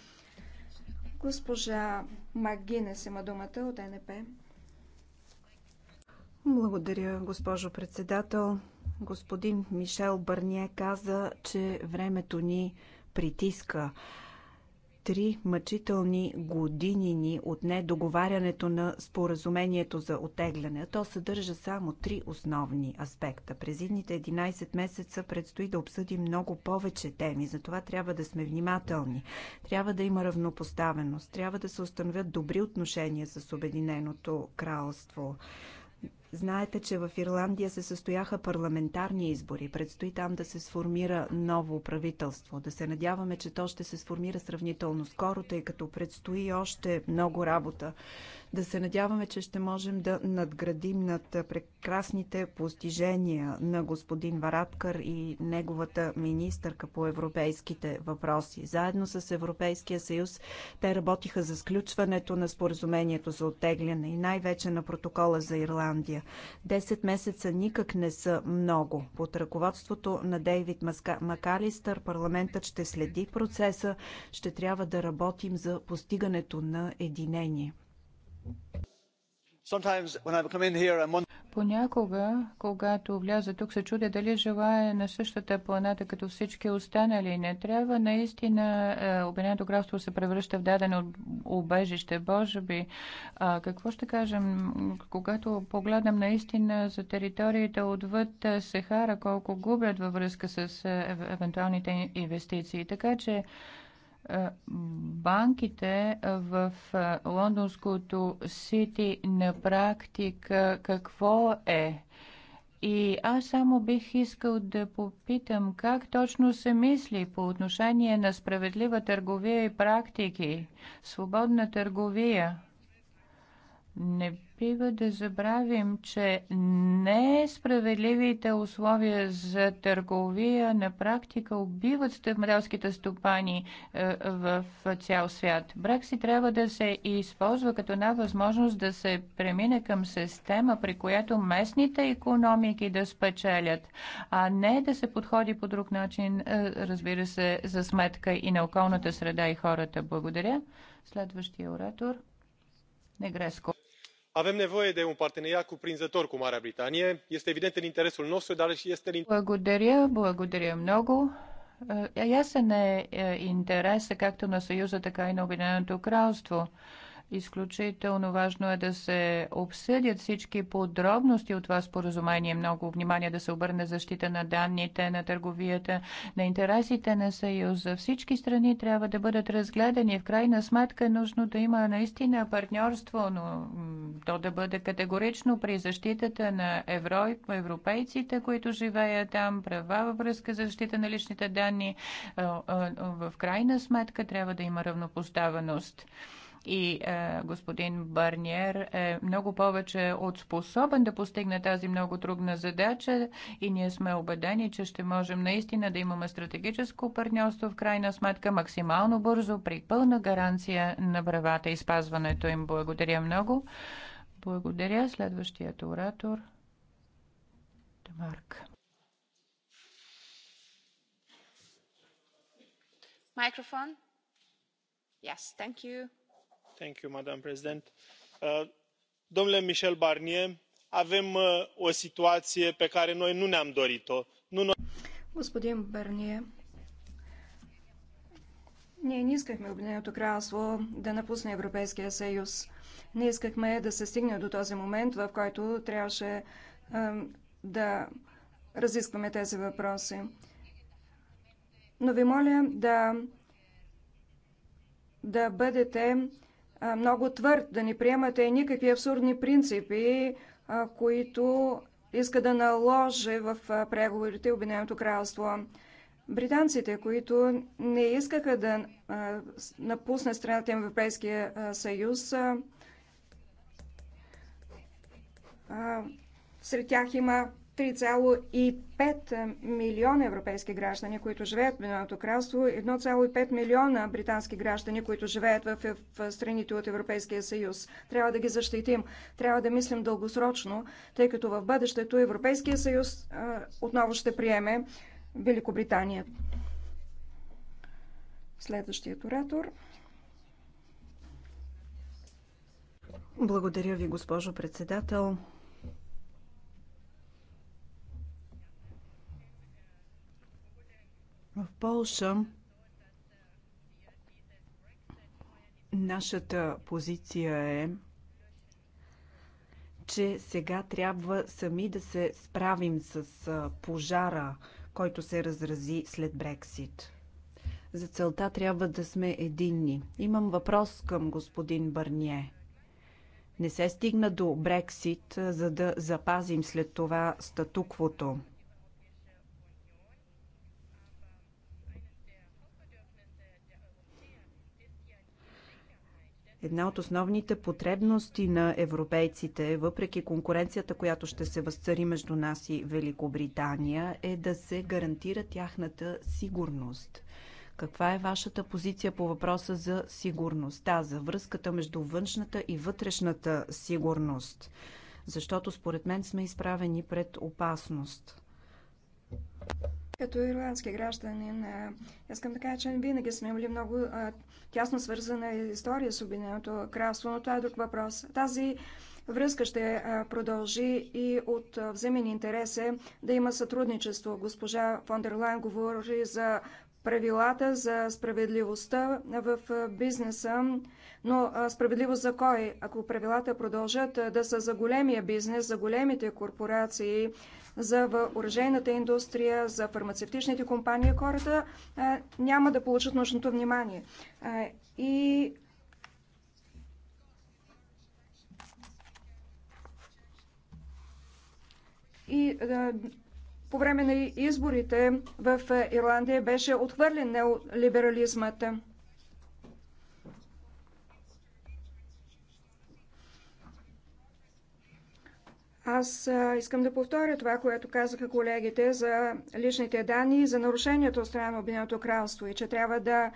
Госпожа Магинес има думата от НП. Благодаря, госпожо председател. Господин Мишел Бърния каза, че времето ни притиска. Три мъчителни години ни отне договарянето на споразумението за отегляне. То съдържа само три основни аспекта. През едните 11 месеца предстои да обсъдим много повече теми, затова трябва да сме внимателни. Трябва да има равнопоставеност, трябва да се установят добри отношения с Обединеното кралство. Знаете, че в Ирландия се състояха парламентарни избори. Предстои там да се сформира ново правителство. Да се надяваме, че то ще се сформира сравнително скоро, тъй като предстои още много работа да се надяваме, че ще можем да надградим над прекрасните постижения на господин Вараткър и неговата министърка по европейските въпроси. Заедно с Европейския съюз те работиха за сключването на споразумението за оттегляне и най-вече на протокола за Ирландия. Десет месеца никак не са много. Под ръководството на Дейвид Маска... Макалистър парламентът ще следи процеса, ще трябва да работим за постигането на единение. Понякога, когато вляза тук, се чудя дали желая на същата планета като всички останали. Не трябва наистина е, Обединеното кралство се превръща в дадено убежище. Боже би, а, какво ще кажем, когато погледнем наистина за териториите отвъд е, Сехара, колко губят във връзка с е, евентуалните инвестиции. Така че е, банките в е, лондонското Сити на практика какво е? И аз само бих искал да попитам как точно се мисли по отношение на справедлива търговия и практики, свободна търговия не бива да забравим, че несправедливите условия за търговия на практика убиват стъмрелските стопани е, в цял свят. Брекси трябва да се използва като една възможност да се премине към система, при която местните економики да спечелят, а не да се подходи по друг начин, е, разбира се, за сметка и на околната среда и хората. Благодаря. Следващия оратор. Негреско avem nevoie de un parteneriat cuprinzător cu Marea Britanie. Este evident în interesul nostru, dar și este în Благодаря, благодаря много. Ясен е интересът както на Съюза, така и на Обединеното кралство Изключително важно е да се обсъдят всички подробности от това споразумение. Много внимание да се обърне защита на данните, на търговията, на интересите на Съюза. Всички страни трябва да бъдат разгледани. В крайна сметка е нужно да има наистина партньорство, но то да бъде категорично при защитата на евро... европейците, които живеят там, права във връзка за защита на личните данни. Е, е, в крайна сметка трябва да има равнопоставеност. И е, господин Барниер е много повече от способен да постигне тази много трудна задача и ние сме убедени, че ще можем наистина да имаме стратегическо партньорство в крайна сметка максимално бързо при пълна гаранция на правата и спазването им. Благодаря много. Благодаря. Следващият оратор. Марк. Microphone? Yes, thank you doamnă președintă uh, domnule michel barnier avem uh, o situație pe care noi nu ne am dorit o. Господин Барние, ние не искахме Обединеното кралство да напусне Европейския съюз. Не искахме да се стигне до този момент, в който трябваше да разискваме тези въпроси. Но ви моля да, да бъдете много твърд, да не приемате никакви абсурдни принципи, които иска да наложи в преговорите Обединеното кралство. Британците, които не искаха да напуснат страната им Европейския съюз, сред тях има 3,5 е, милиона европейски граждани, които живеят в Обединеното кралство, 1,5 милиона британски граждани, които живеят в, в страните от Европейския съюз. Трябва да ги защитим. Трябва да мислим дългосрочно, тъй като в бъдещето Европейския съюз а, е, отново ще приеме Великобритания. Следващият оратор. Благодаря ви, госпожо председател. В Полша нашата позиция е, че сега трябва сами да се справим с пожара, който се разрази след Брексит. За целта трябва да сме единни. Имам въпрос към господин Барние. Не се стигна до Брексит, за да запазим след това статуквото. Една от основните потребности на европейците, въпреки конкуренцията, която ще се възцари между нас и Великобритания, е да се гарантира тяхната сигурност. Каква е вашата позиция по въпроса за сигурността, за връзката между външната и вътрешната сигурност? Защото според мен сме изправени пред опасност. Като ирландски гражданин, искам да кажа, че винаги сме имали много тясно свързана история с Обединеното кралство, но това е друг въпрос. Тази връзка ще продължи и от взаимен интерес е да има сътрудничество. Госпожа фон дер Лайн говори за правилата за справедливостта в бизнеса, но справедливост за кой? Ако правилата продължат да са за големия бизнес, за големите корпорации, за оръжейната индустрия, за фармацевтичните компании, хората няма да получат нужното внимание. И и по време на изборите в Ирландия беше отхвърлен неолиберализмата. Аз искам да повторя това, което казаха колегите за личните данни и за нарушението от страна на Обединеното кралство и че трябва да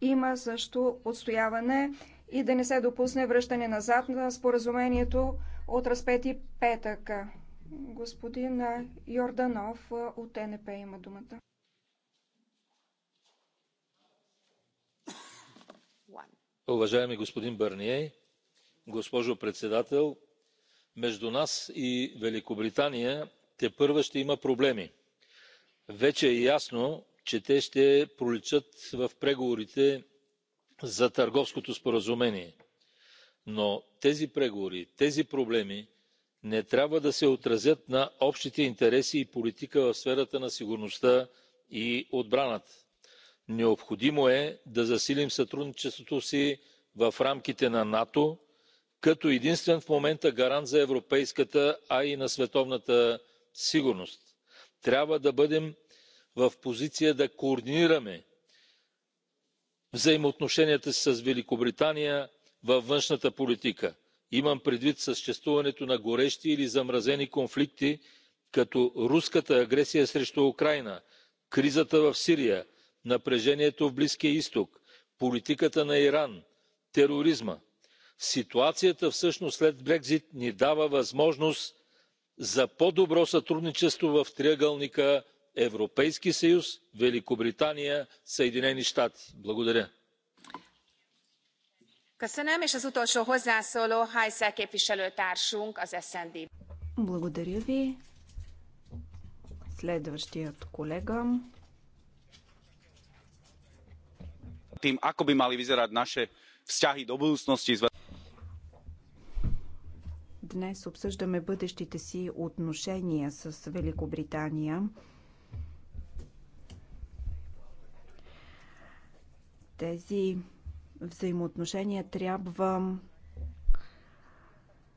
има също отстояване и да не се допусне връщане назад на споразумението от разпети петък. Господин Йорданов от НП има думата. Уважаеми господин Бърние, госпожо председател, между нас и великобритания тепърва ще има проблеми. вече е ясно че те ще проличат в преговорите за търговското споразумение но тези преговори тези проблеми не трябва да се отразят на общите интереси и политика в сферата на сигурността и отбраната. необходимо е да засилим сътрудничеството си в рамките на нато като единствен в момента гарант за европейската а и на световната сигурност. трябва да бъдем в позиция да координираме взаимоотношенията си с великобритания във външната политика. имам предвид съществуването на горещи или замразени конфликти като руската агресия срещу украйна кризата в сирия напрежението в близкия изток политиката на иран тероризма ситуацията всъщност след брекзит ни дава възможност за по добро сътрудничество в триъгълника европейски съюз великобритания съединени щати. благодаря. Благодаря ви. Следващият колега. Tým, ako by vzťahy do budúcnosti Днес обсъждаме бъдещите си отношения с Великобритания. Тези взаимоотношения трябва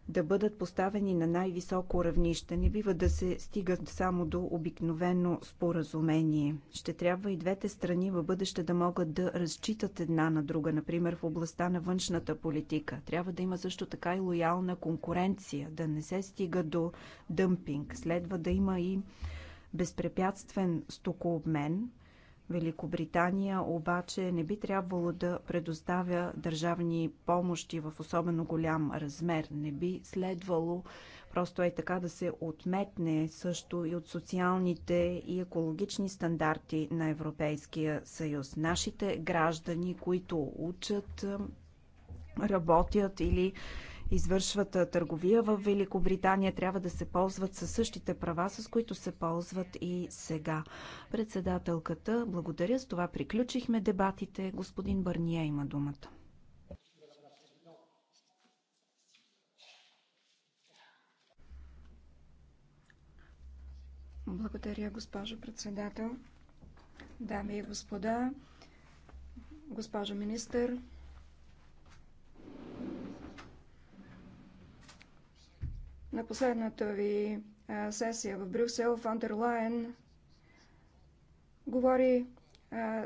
да бъдат поставени на най-високо равнище. Не бива да се стигат само до обикновено споразумение. Ще трябва и двете страни в бъдеще да могат да разчитат една на друга, например в областта на външната политика. Трябва да има също така и лоялна конкуренция, да не се стига до дъмпинг. Следва да има и безпрепятствен стокообмен – Великобритания обаче не би трябвало да предоставя държавни помощи в особено голям размер. Не би следвало просто е така да се отметне също и от социалните и екологични стандарти на Европейския съюз. Нашите граждани, които учат, работят или извършват търговия в Великобритания, трябва да се ползват със същите права, с които се ползват и сега. Председателката, благодаря. С това приключихме дебатите. Господин Бърния има думата. Благодаря, госпожо председател. Дами и господа, госпожо министър, На последната ви сесия в Брюксел фон дер Лайен говори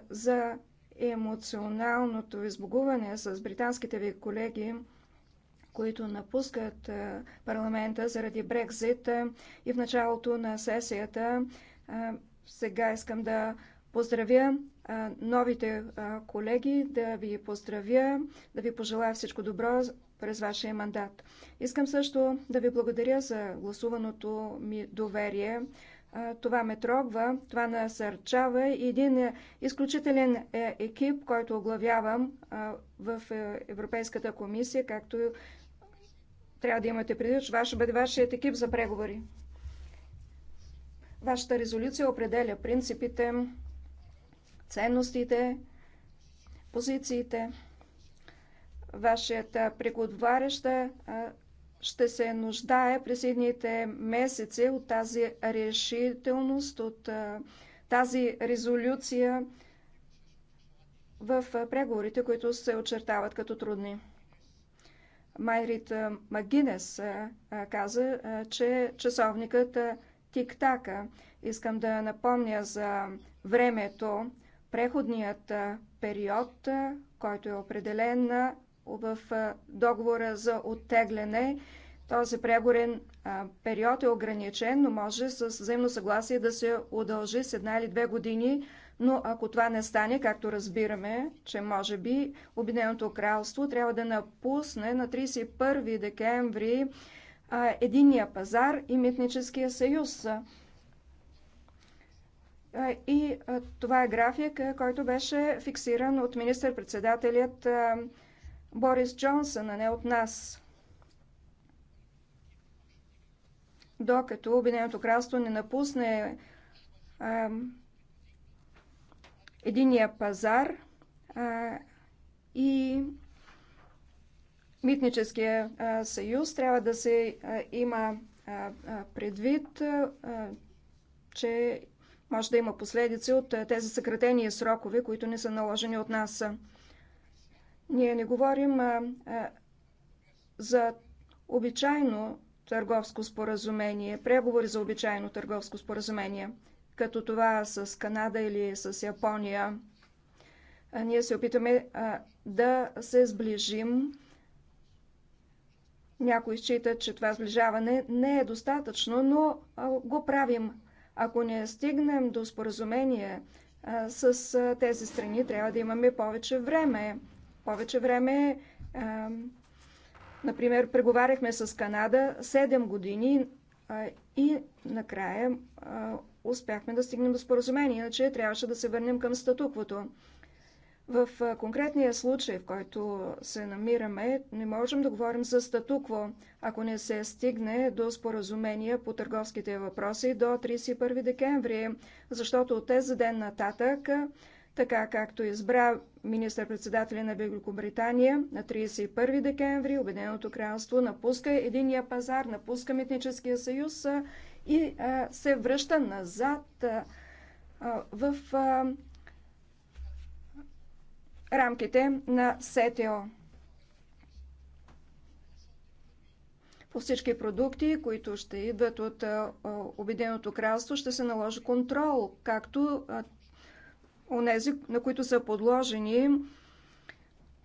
за емоционалното избогуване с британските ви колеги, които напускат парламента заради Брекзит и в началото на сесията. Сега искам да поздравя новите колеги, да ви поздравя, да ви пожелая всичко добро през вашия мандат. Искам също да ви благодаря за гласуваното ми доверие. Това ме трогва, това насърчава и един изключителен е, екип, който оглавявам в е, Европейската комисия, както трябва да имате предвид, че ще бъде вашият екип за преговори. Вашата резолюция определя принципите, ценностите, позициите. Вашият преговарящ ще се нуждае през едните месеци от тази решителност, от тази резолюция в преговорите, които се очертават като трудни. Майрит Магинес каза, че часовникът тик-така. Искам да напомня за времето, преходният период, който е определен в договора за оттегляне. Този преговорен период е ограничен, но може с взаимно съгласие да се удължи с една или две години, но ако това не стане, както разбираме, че може би Обединеното кралство трябва да напусне на 31 декември единния пазар и митническия съюз. И това е график, който беше фиксиран от министър-председателят Борис Джонсън, а не от нас. Докато Обединеното кралство не напусне е, единия пазар е, и митническия е, съюз, трябва да се е, има е, предвид, е, че може да има последици от тези съкратени срокове, които не са наложени от нас. Ние не говорим а, а, за обичайно търговско споразумение, преговори за обичайно търговско споразумение, като това с Канада или с Япония. А, ние се опитаме а, да се сближим. Някои считат, че това сближаване не е достатъчно, но а, го правим. Ако не стигнем до споразумение а, с а, тези страни, трябва да имаме повече време повече време. Например, преговаряхме с Канада 7 години и накрая успяхме да стигнем до споразумение, иначе трябваше да се върнем към статуквото. В конкретния случай, в който се намираме, не можем да говорим за статукво, ако не се стигне до споразумения по търговските въпроси до 31 декември, защото от тези ден нататък така както избра министър-председателя на Великобритания на 31 декември, Обединеното кралство напуска единия пазар, напуска Митническия съюз и се връща назад в рамките на СТО. По всички продукти, които ще идват от Обединеното кралство, ще се наложи контрол, както онези, на които са подложени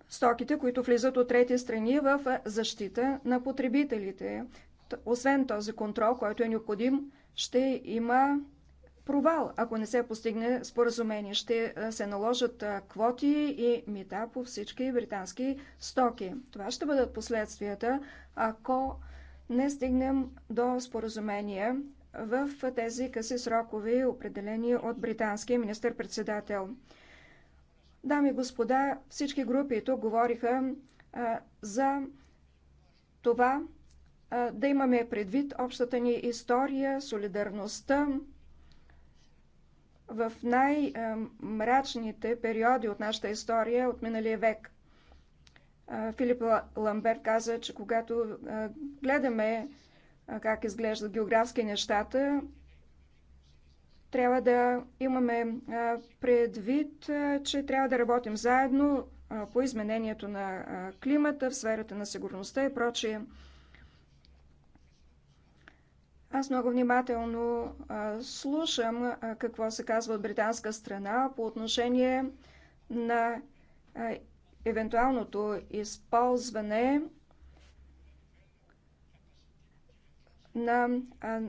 стоките, които влизат от трети страни в защита на потребителите. Освен този контрол, който е необходим, ще има провал, ако не се постигне споразумение. Ще се наложат квоти и мита по всички британски стоки. Това ще бъдат последствията, ако не стигнем до споразумение в тези къси срокове, определени от британския министър-председател. Дами и господа, всички групи тук говориха а, за това а, да имаме предвид общата ни история, солидарността в най-мрачните периоди от нашата история от миналия век. Филип Ламбер каза, че когато гледаме как изглеждат географски нещата, трябва да имаме предвид, че трябва да работим заедно по изменението на климата, в сферата на сигурността и прочие. Аз много внимателно слушам какво се казва от британска страна по отношение на евентуалното използване на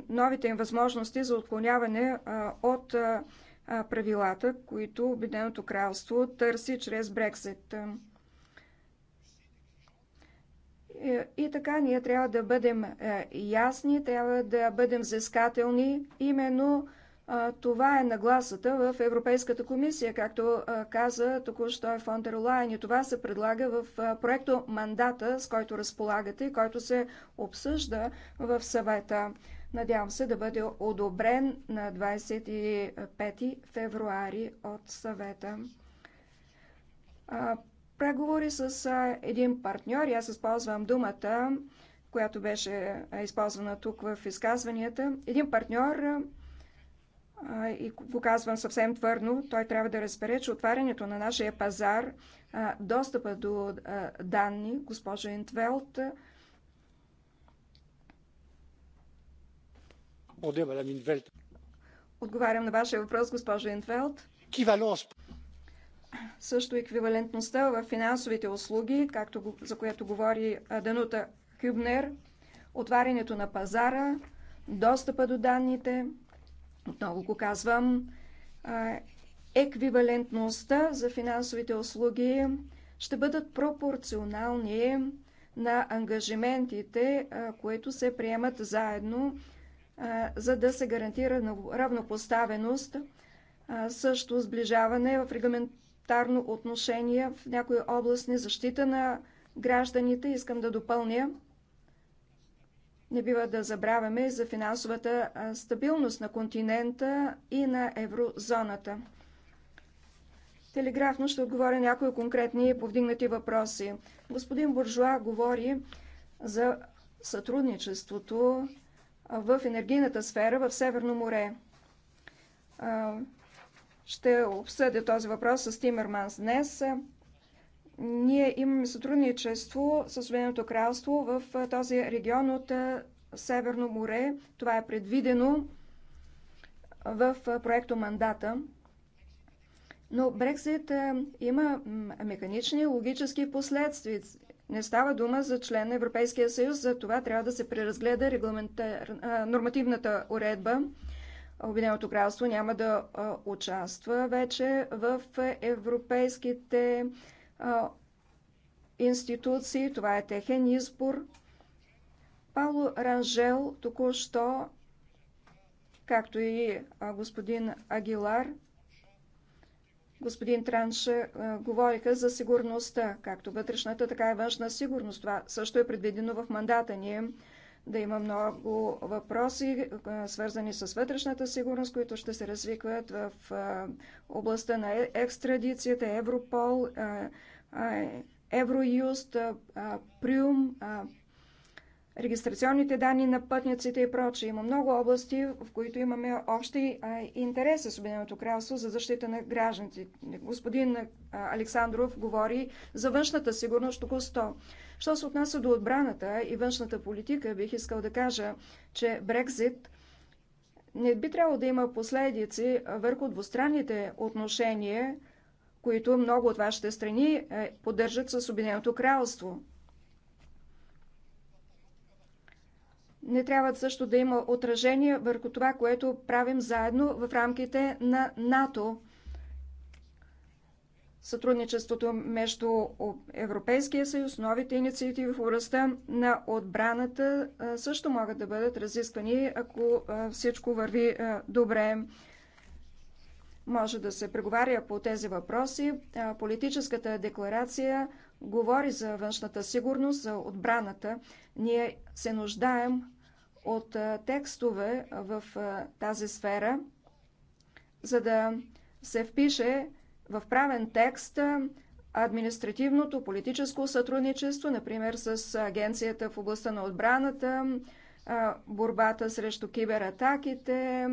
новите им възможности за отклоняване от правилата, които Обединеното кралство търси чрез Брексит. И така ние трябва да бъдем е, ясни, трябва да бъдем взискателни именно това е нагласата в Европейската комисия, както каза току-що е фон дер Лайн. И това се предлага в проекто мандата, с който разполагате и който се обсъжда в съвета. Надявам се да бъде одобрен на 25 февруари от съвета. Преговори с един партньор, аз използвам думата, която беше използвана тук в изказванията. Един партньор и го казвам съвсем твърдо, той трябва да разбере, че отварянето на нашия пазар, достъпа до данни, госпожа Интвелт, Отговарям на вашия въпрос, госпожа Интвелт. Също еквивалентността в финансовите услуги, както, за което говори Данута Хюбнер, отварянето на пазара, достъпа до данните – отново го казвам, еквивалентността за финансовите услуги ще бъдат пропорционални на ангажиментите, които се приемат заедно, за да се гарантира равнопоставеност, също сближаване в регламентарно отношение в някои областни защита на гражданите. Искам да допълня, не бива да забравяме за финансовата стабилност на континента и на еврозоната. Телеграфно ще отговоря някои конкретни повдигнати въпроси. Господин Буржуа говори за сътрудничеството в енергийната сфера в Северно море. Ще обсъдя този въпрос с Тимерманс днес. Ние имаме сътрудничество с Обединеното кралство в този регион от Северно море. Това е предвидено в проекто мандата. Но Брексит има механични логически последствия. Не става дума за член на Европейския съюз, за това трябва да се преразгледа нормативната уредба. Обединеното кралство няма да участва вече в европейските институции. Това е техен избор. Пауло Ранжел току-що, както и господин Агилар, господин Транше, говориха за сигурността, както вътрешната, така и външна сигурност. Това също е предвидено в мандата ни да има много въпроси, е, свързани с вътрешната сигурност, които ще се развикват в е, областта на е, екстрадицията, Европол, Евроюст, Прюм, регистрационните данни на пътниците и проче. Има много области, в които имаме общи интереси с Обединеното кралство за защита на гражданите. Господин Александров говори за външната сигурност току-що. Що се отнася до отбраната и външната политика, бих искал да кажа, че Брекзит не би трябвало да има последици върху двустранните отношения, които много от вашите страни е, поддържат с Обединеното кралство. не трябва също да има отражение върху това, което правим заедно в рамките на НАТО сътрудничеството между Европейския съюз, новите инициативи в областта на отбраната също могат да бъдат разисквани, ако всичко върви добре. Може да се преговаря по тези въпроси. Политическата декларация говори за външната сигурност, за отбраната. Ние се нуждаем от текстове в тази сфера, за да се впише в правен текст административното политическо сътрудничество, например с Агенцията в областта на отбраната, борбата срещу кибератаките,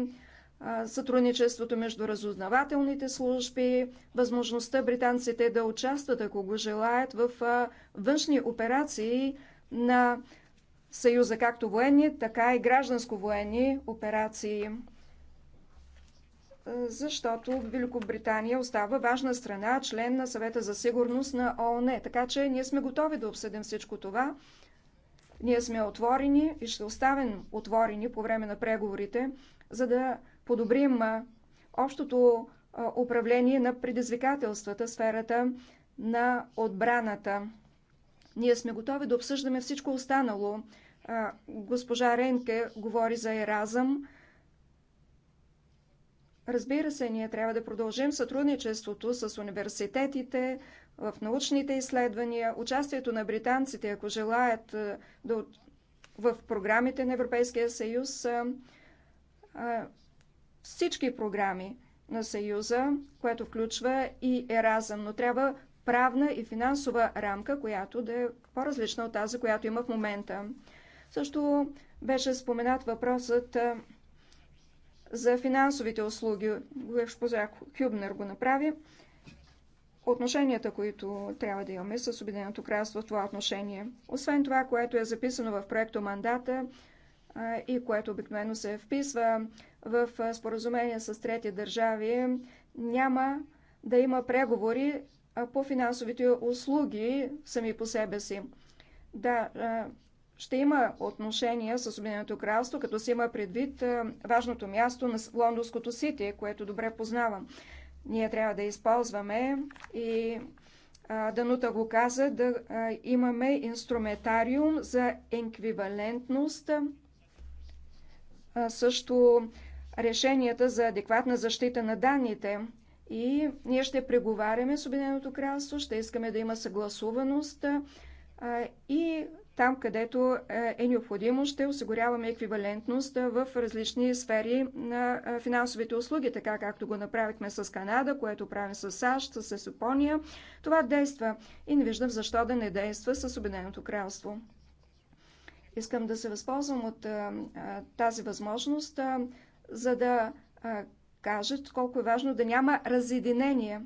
сътрудничеството между разузнавателните служби, възможността британците да участват, ако го желаят, в външни операции на Съюза, както военни, така и гражданско-военни операции защото Великобритания остава важна страна, член на съвета за сигурност на ООН. Така че ние сме готови да обсъдим всичко това. Ние сме отворени и ще оставим отворени по време на преговорите, за да подобрим общото управление на предизвикателствата, сферата на отбраната. Ние сме готови да обсъждаме всичко останало. Госпожа Ренке говори за еразъм. Разбира се, ние трябва да продължим сътрудничеството с университетите, в научните изследвания, участието на британците, ако желаят е, да, в програмите на Европейския съюз, е, е, всички програми на Съюза, което включва и Еразъм, но трябва правна и финансова рамка, която да е по-различна от тази, която има в момента. Също беше споменат въпросът за финансовите услуги. Госпожа Кюбнер го направи. Отношенията, които трябва да имаме с Обединеното кралство в това отношение. Освен това, което е записано в проекто мандата и което обикновено се вписва в споразумение с трети държави, няма да има преговори по финансовите услуги сами по себе си. Да, ще има отношения с Обединеното кралство, като се има предвид е, важното място на лондонското сити, което добре познавам. Ние трябва да използваме и Данута го каза, да имаме инструментариум за еквивалентност, също решенията за адекватна защита на данните. И ние ще преговаряме с Обединеното кралство, ще искаме да има съгласуваност и там, където е, е необходимо, ще осигуряваме еквивалентност е, в различни сфери на е, финансовите услуги, така както го направихме с Канада, което правим с САЩ, с Япония. Това действа и не виждам защо да не действа с Обединеното кралство. Искам да се възползвам от тази възможност, за да кажат колко е важно да няма разединение.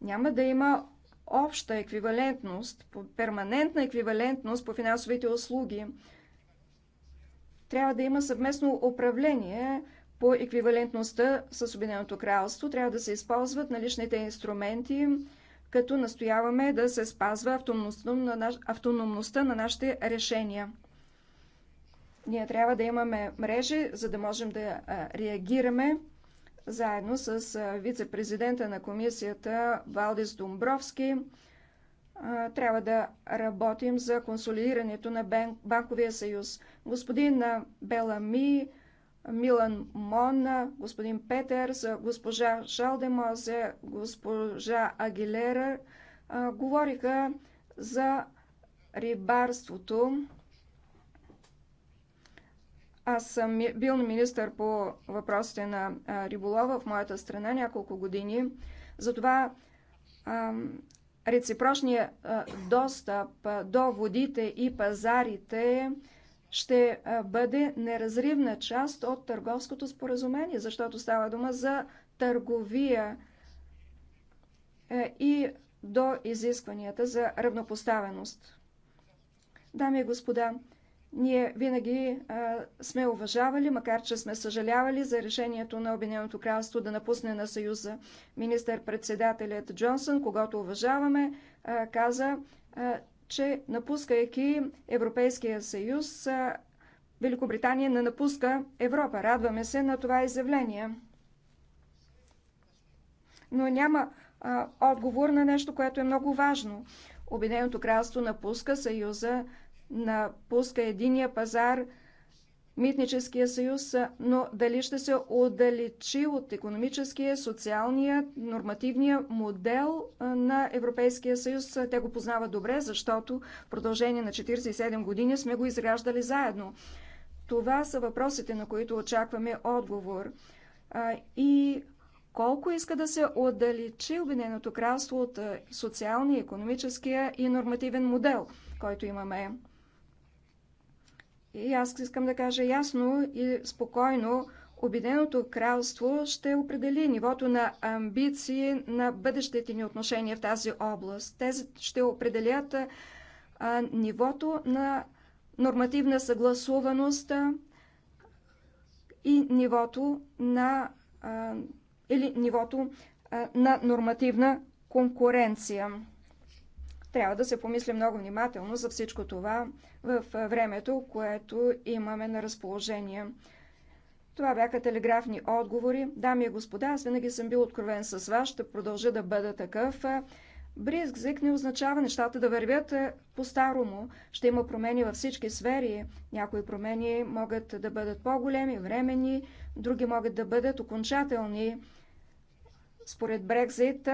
Няма да има обща еквивалентност, перманентна еквивалентност по финансовите услуги. Трябва да има съвместно управление по еквивалентността с Обединеното кралство. Трябва да се използват наличните инструменти, като настояваме да се спазва автономността на нашите решения. Ние трябва да имаме мрежи, за да можем да реагираме заедно с вице-президента на комисията Валдис Домбровски. Трябва да работим за консолидирането на Банковия съюз. Господин Белами, Милан Мона, господин Петерс, госпожа Шалдемозе, госпожа Агилера говориха за рибарството аз съм бил министър по въпросите на риболова в моята страна няколко години. Затова реципрочният достъп до водите и пазарите ще бъде неразривна част от търговското споразумение, защото става дума за търговия е, и до изискванията за равнопоставеност. Дами и господа, ние винаги а, сме уважавали, макар че сме съжалявали за решението на Обединеното кралство да напусне на Съюза. Министър-председателят Джонсън, когато уважаваме, а, каза, а, че напускайки Европейския съюз, а, Великобритания не напуска Европа. Радваме се на това изявление. Но няма а, отговор на нещо, което е много важно. Обединеното кралство напуска Съюза напуска единия пазар, митническия съюз, но дали ще се отдалечи от економическия, социалния, нормативния модел на Европейския съюз. Те го познават добре, защото в продължение на 47 години сме го изграждали заедно. Това са въпросите, на които очакваме отговор. И колко иска да се отдалечи Обединеното кралство от социалния, економическия и нормативен модел, който имаме. И аз искам да кажа ясно и спокойно, Обединеното кралство ще определи нивото на амбиции на бъдещите ни отношения в тази област. Те ще определят а, нивото на нормативна съгласуваност и нивото на, а, или нивото а, на нормативна конкуренция. Трябва да се помисли много внимателно за всичко това в времето, което имаме на разположение. Това бяха телеграфни отговори. Дами и господа, аз винаги съм бил откровен с вас, ще продължа да бъда такъв. Бризг зик не означава нещата да вървят по-старому. Ще има промени във всички сфери. Някои промени могат да бъдат по-големи, времени, други могат да бъдат окончателни. Според Брекзит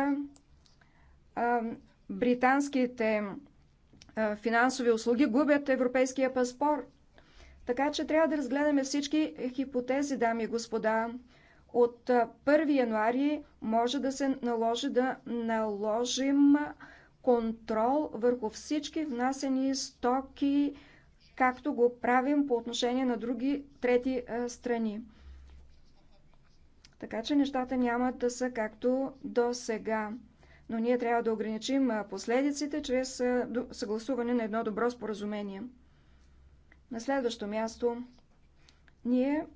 британските финансови услуги губят европейския паспорт. Така че трябва да разгледаме всички хипотези, дами и господа. От 1 януари може да се наложи да наложим контрол върху всички внасени стоки, както го правим по отношение на други трети страни. Така че нещата няма да са както до сега но ние трябва да ограничим последиците чрез съгласуване на едно добро споразумение. На следващо място, ние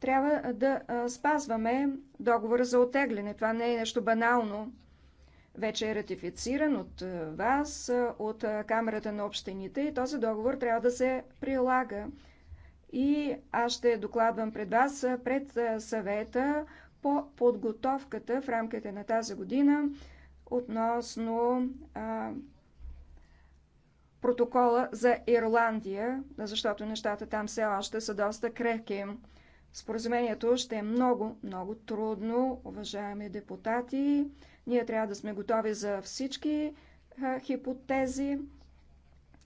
трябва да спазваме договора за отегляне. Това не е нещо банално. Вече е ратифициран от вас, от Камерата на общините и този договор трябва да се прилага. И аз ще докладвам пред вас, пред съвета, по подготовката в рамките на тази година относно а, протокола за Ирландия, защото нещата там все още са доста крехки. Споразумението ще е много, много трудно, уважаеми депутати. Ние трябва да сме готови за всички а, хипотези.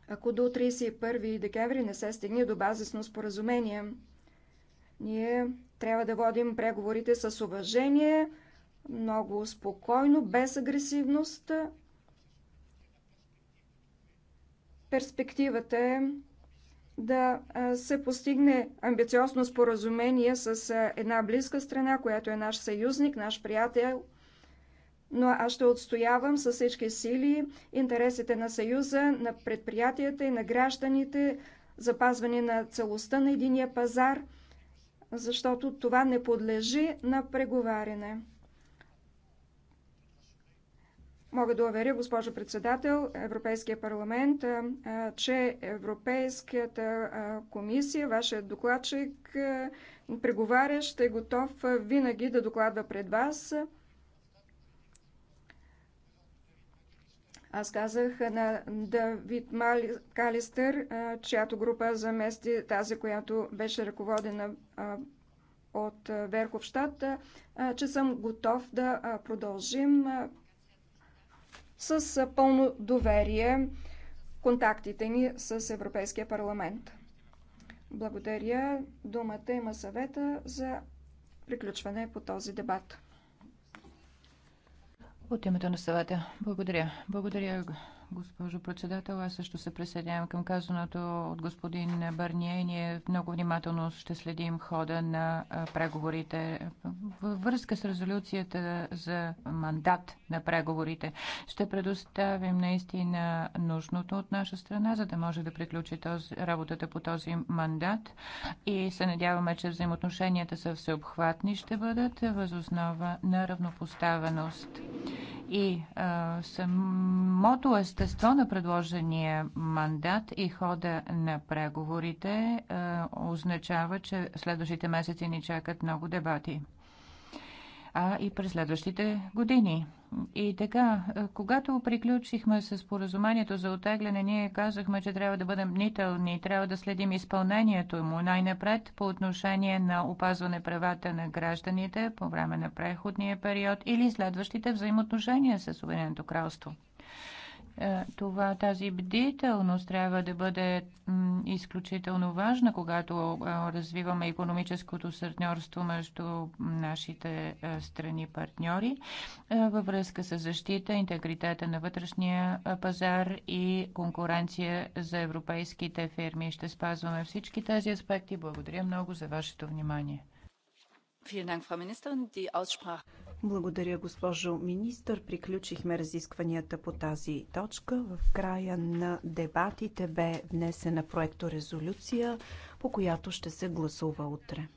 Ако до 31 декември не се стигне до базисно споразумение, ние трябва да водим преговорите с уважение, много спокойно, без агресивност. Перспективата е да се постигне амбициозно споразумение с една близка страна, която е наш съюзник, наш приятел. Но аз ще отстоявам със всички сили интересите на Съюза, на предприятията и на гражданите, запазване на целостта на единия пазар – защото това не подлежи на преговаряне. Мога да уверя, госпожо председател, Европейския парламент, че Европейската комисия, вашият докладчик, преговарящ е готов винаги да докладва пред вас Аз казах на Давид Калистър, чиято група замести тази, която беше ръководена от Верховщад, че съм готов да продължим с пълно доверие контактите ни с Европейския парламент. Благодаря. Думата има съвета за приключване по този дебат. От името на съвета. Благодаря. Благодаря, госпожо председател. Аз също се присъединявам към казаното от господин Бърния и ние много внимателно ще следим хода на преговорите. Във връзка с резолюцията за мандат на преговорите ще предоставим наистина нужното от наша страна, за да може да приключи този, работата по този мандат и се надяваме, че взаимоотношенията са всеобхватни, ще бъдат възоснова на равнопоставеност. И а, самото естество естество на предложения мандат и хода на преговорите е, означава, че следващите месеци ни чакат много дебати а и през следващите години. И така, е, когато приключихме с поразумението за отегляне, ние казахме, че трябва да бъдем мнителни, трябва да следим изпълнението му най-напред по отношение на опазване правата на гражданите по време на преходния период или следващите взаимоотношения с Обединеното кралство това, тази бдителност трябва да бъде изключително важна, когато развиваме економическото партньорство между нашите страни партньори във връзка с защита, интегритета на вътрешния пазар и конкуренция за европейските фирми. Ще спазваме всички тези аспекти. Благодаря много за вашето внимание. Благодаря, госпожо министър. Приключихме разискванията по тази точка. В края на дебатите бе внесена резолюция, по която ще се гласува утре.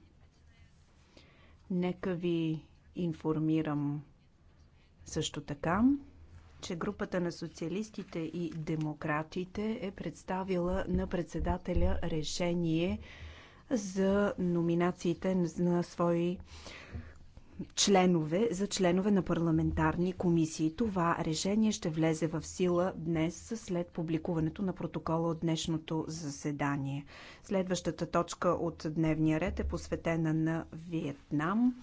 Нека ви информирам също така, че групата на социалистите и демократите е представила на председателя решение – за номинациите на свои членове за членове на парламентарни комисии. Това решение ще влезе в сила днес след публикуването на протокола от днешното заседание. Следващата точка от дневния ред е посветена на Виетнам.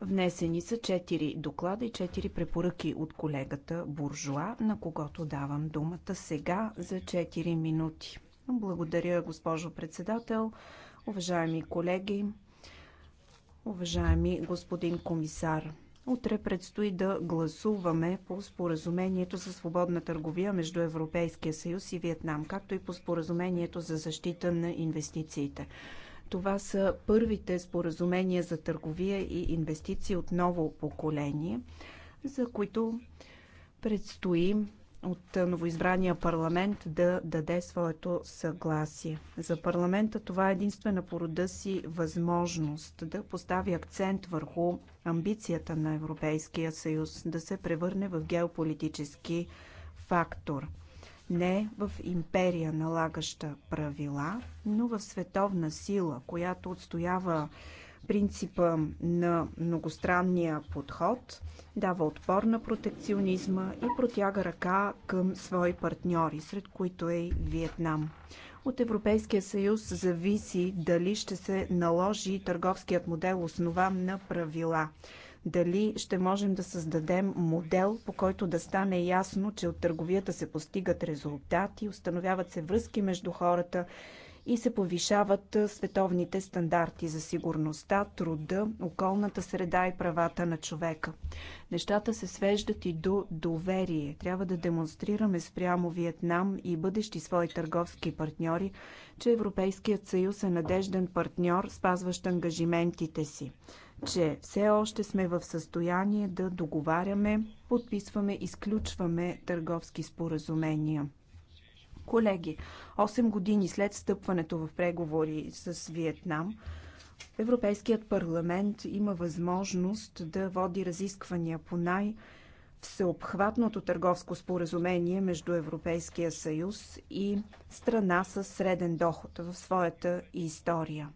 Внесени са 4 доклада и 4 препоръки от колегата Буржуа, на когото давам думата сега за 4 минути. Благодаря, госпожо председател. Уважаеми колеги, уважаеми господин комисар, утре предстои да гласуваме по споразумението за свободна търговия между Европейския съюз и Виетнам, както и по споразумението за защита на инвестициите. Това са първите споразумения за търговия и инвестиции от ново поколение, за които предстои от новоизбрания парламент да даде своето съгласие. За парламента това е единствена по рода си възможност да постави акцент върху амбицията на Европейския съюз да се превърне в геополитически фактор. Не в империя, налагаща правила, но в световна сила, която отстоява Принципа на многостранния подход дава отпор на протекционизма и протяга ръка към свои партньори, сред които е и Виетнам. От Европейския съюз зависи дали ще се наложи търговският модел основан на правила дали ще можем да създадем модел, по който да стане ясно, че от търговията се постигат резултати, установяват се връзки между хората, и се повишават световните стандарти за сигурността, труда, околната среда и правата на човека. Нещата се свеждат и до доверие. Трябва да демонстрираме спрямо Виетнам и бъдещи свои търговски партньори, че Европейският съюз е надежден партньор, спазващ ангажиментите си че все още сме в състояние да договаряме, подписваме и сключваме търговски споразумения. Колеги, 8 години след стъпването в преговори с Виетнам, Европейският парламент има възможност да води разисквания по най- всеобхватното търговско споразумение между Европейския съюз и страна с среден доход в своята история.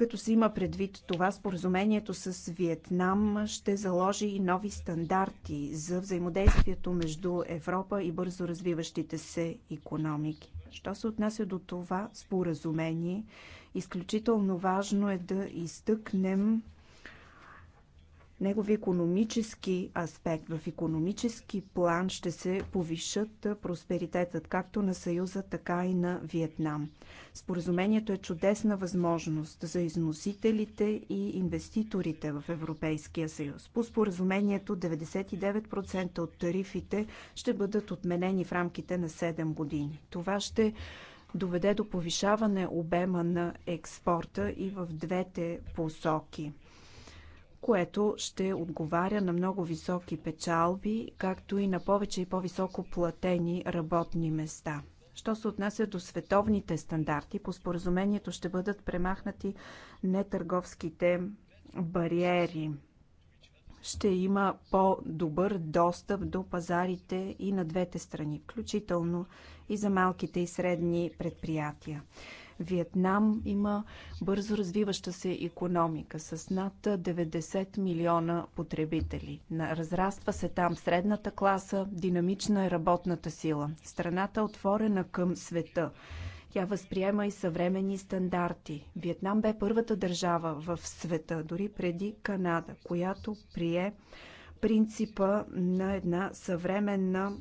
Като се има предвид това, споразумението с Виетнам ще заложи и нови стандарти за взаимодействието между Европа и бързо развиващите се економики. Що се отнася до това споразумение, изключително важно е да изтъкнем негов економически аспект, в економически план ще се повишат просперитетът както на Съюза, така и на Виетнам. Споразумението е чудесна възможност за износителите и инвеститорите в Европейския съюз. По споразумението 99% от тарифите ще бъдат отменени в рамките на 7 години. Това ще доведе до повишаване обема на експорта и в двете посоки което ще отговаря на много високи печалби, както и на повече и по-високо платени работни места. Що се отнася до световните стандарти, по споразумението ще бъдат премахнати нетърговските бариери. Ще има по-добър достъп до пазарите и на двете страни, включително и за малките и средни предприятия. Виетнам има бързо развиваща се економика с над 90 милиона потребители. Разраства се там средната класа, динамична е работната сила. Страната е отворена към света. Тя възприема и съвременни стандарти. Виетнам бе първата държава в света, дори преди Канада, която прие принципа на една съвременна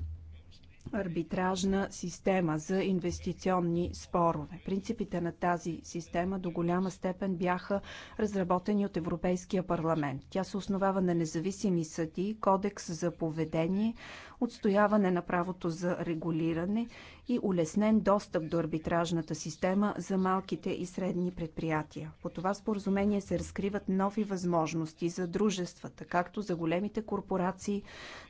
арбитражна система за инвестиционни спорове. Принципите на тази система до голяма степен бяха разработени от Европейския парламент. Тя се основава на независими съди, кодекс за поведение, отстояване на правото за регулиране и улеснен достъп до арбитражната система за малките и средни предприятия. По това споразумение се разкриват нови възможности за дружествата, както за големите корпорации,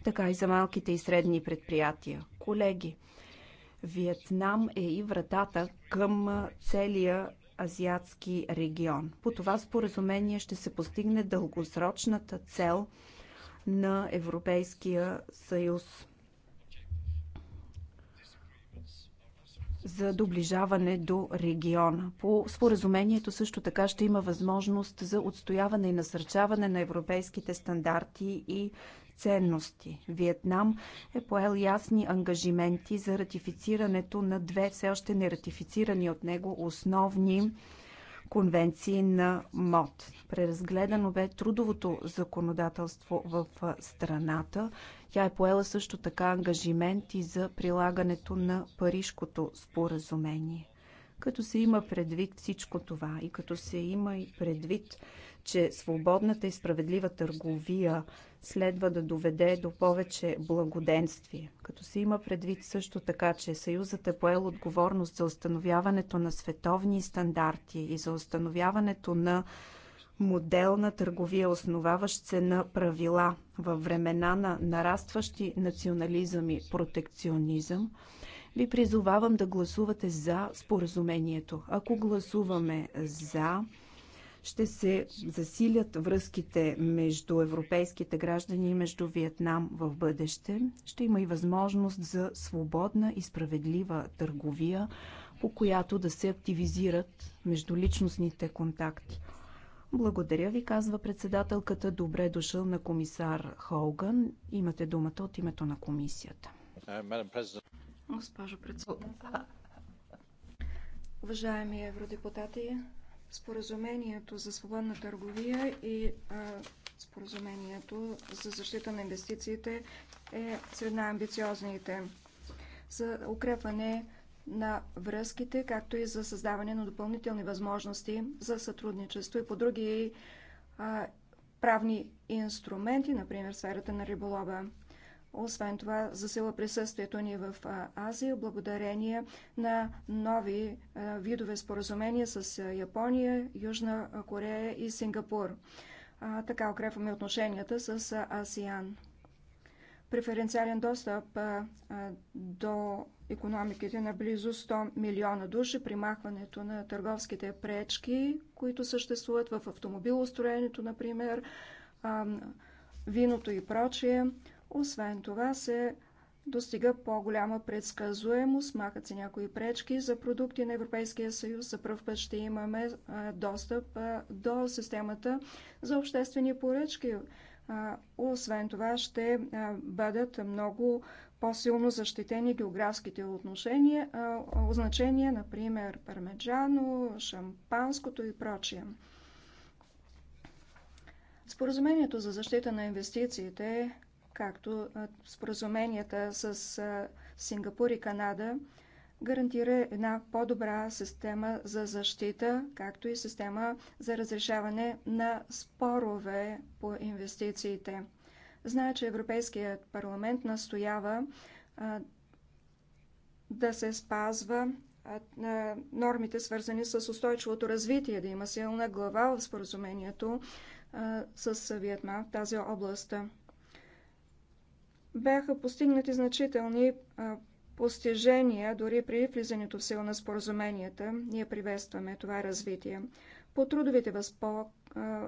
така и за малките и средни предприятия. Колеги, Виетнам е и вратата към целия азиатски регион. По това споразумение ще се постигне дългосрочната цел – на Европейския съюз за доближаване до региона. По споразумението също така ще има възможност за отстояване и насърчаване на европейските стандарти и ценности. Виетнам е поел ясни ангажименти за ратифицирането на две все още нератифицирани от него основни конвенции на МОД. Преразгледано бе трудовото законодателство в страната. Тя е поела също така ангажимент и за прилагането на Парижкото споразумение като се има предвид всичко това и като се има и предвид, че свободната и справедлива търговия следва да доведе до повече благоденствие. Като се има предвид също така, че Съюзът е поел отговорност за установяването на световни стандарти и за установяването на модел на търговия, основаващ се на правила във времена на нарастващи национализъм и протекционизъм, ви призовавам да гласувате за споразумението. Ако гласуваме за, ще се засилят връзките между европейските граждани и между Виетнам в бъдеще. Ще има и възможност за свободна и справедлива търговия, по която да се активизират междуличностните контакти. Благодаря ви, казва председателката. Добре дошъл на комисар Холган. Имате думата от името на комисията. Uh, Госпожо председател, уважаеми евродепутати, споразумението за свободна търговия и а, споразумението за защита на инвестициите е сред най-амбициозните за укрепване на връзките, както и за създаване на допълнителни възможности за сътрудничество и по други а, правни инструменти, например сферата на риболова. Освен това, засила присъствието ни в Азия, благодарение на нови видове споразумения с Япония, Южна Корея и Сингапур. Така укрепваме отношенията с АСИАН. Преференциален достъп до економиките на близо 100 милиона души, примахването на търговските пречки, които съществуват в автомобилостроенето, например, виното и прочие – освен това се достига по-голяма предсказуемост, махат се някои пречки за продукти на Европейския съюз. За първ път ще имаме достъп до системата за обществени поръчки. Освен това ще бъдат много по-силно защитени географските отношения, означения, например пармеджано, шампанското и прочие. Споразумението за защита на инвестициите както споразуменията с Сингапур и Канада, гарантира една по-добра система за защита, както и система за разрешаване на спорове по инвестициите. Знае, че Европейският парламент настоява а, да се спазва а, а, нормите, свързани с устойчивото развитие, да има силна глава в споразумението с Виетнам в тази област бяха постигнати значителни постижения дори при влизането в сила на споразуменията. Ние приветстваме това развитие. По трудовите възпо...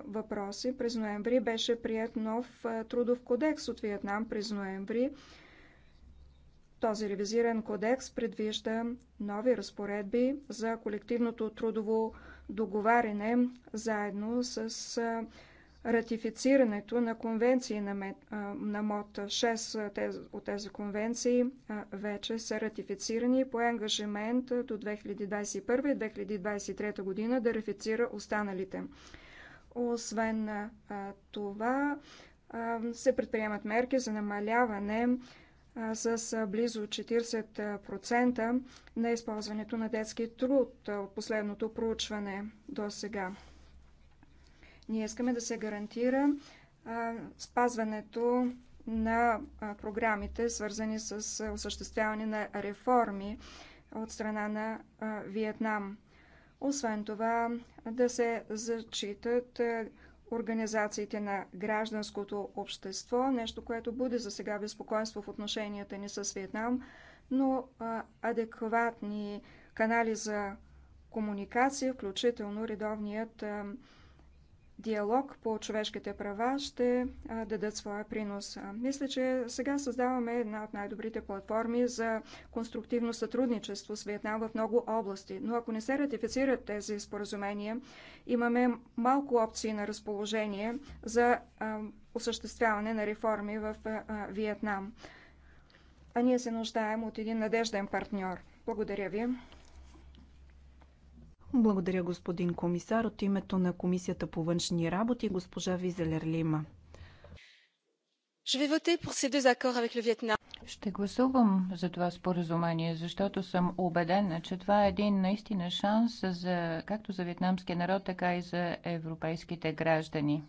въпроси през ноември беше прият нов трудов кодекс от Виетнам през ноември. Този ревизиран кодекс предвижда нови разпоредби за колективното трудово договаряне заедно с ратифицирането на конвенции на, МЕТ на МОД. Шест от тези конвенции вече са ратифицирани по ангажимент до 2021 и 2023 година да ратифицира останалите. Освен това, се предприемат мерки за намаляване с близо 40% на използването на детски труд от последното проучване до сега. Ние искаме да се гарантира спазването на програмите, свързани с осъществяване на реформи от страна на Виетнам. Освен това, да се зачитат организациите на гражданското общество, нещо, което буде за сега безпокойство в отношенията ни с Виетнам, но адекватни канали за комуникация, включително редовният диалог по човешките права ще дадат своя принос. Мисля, че сега създаваме една от най-добрите платформи за конструктивно сътрудничество с Виетнам в много области. Но ако не се ратифицират тези споразумения, имаме малко опции на разположение за осъществяване на реформи в Виетнам. А ние се нуждаем от един надежден партньор. Благодаря ви. Благодаря, господин комисар. От името на Комисията по външни работи, госпожа Визелер Лима. Ще гласувам за това споразумение, защото съм убедена, че това е един наистина шанс за, както за вьетнамския народ, така и за европейските граждани.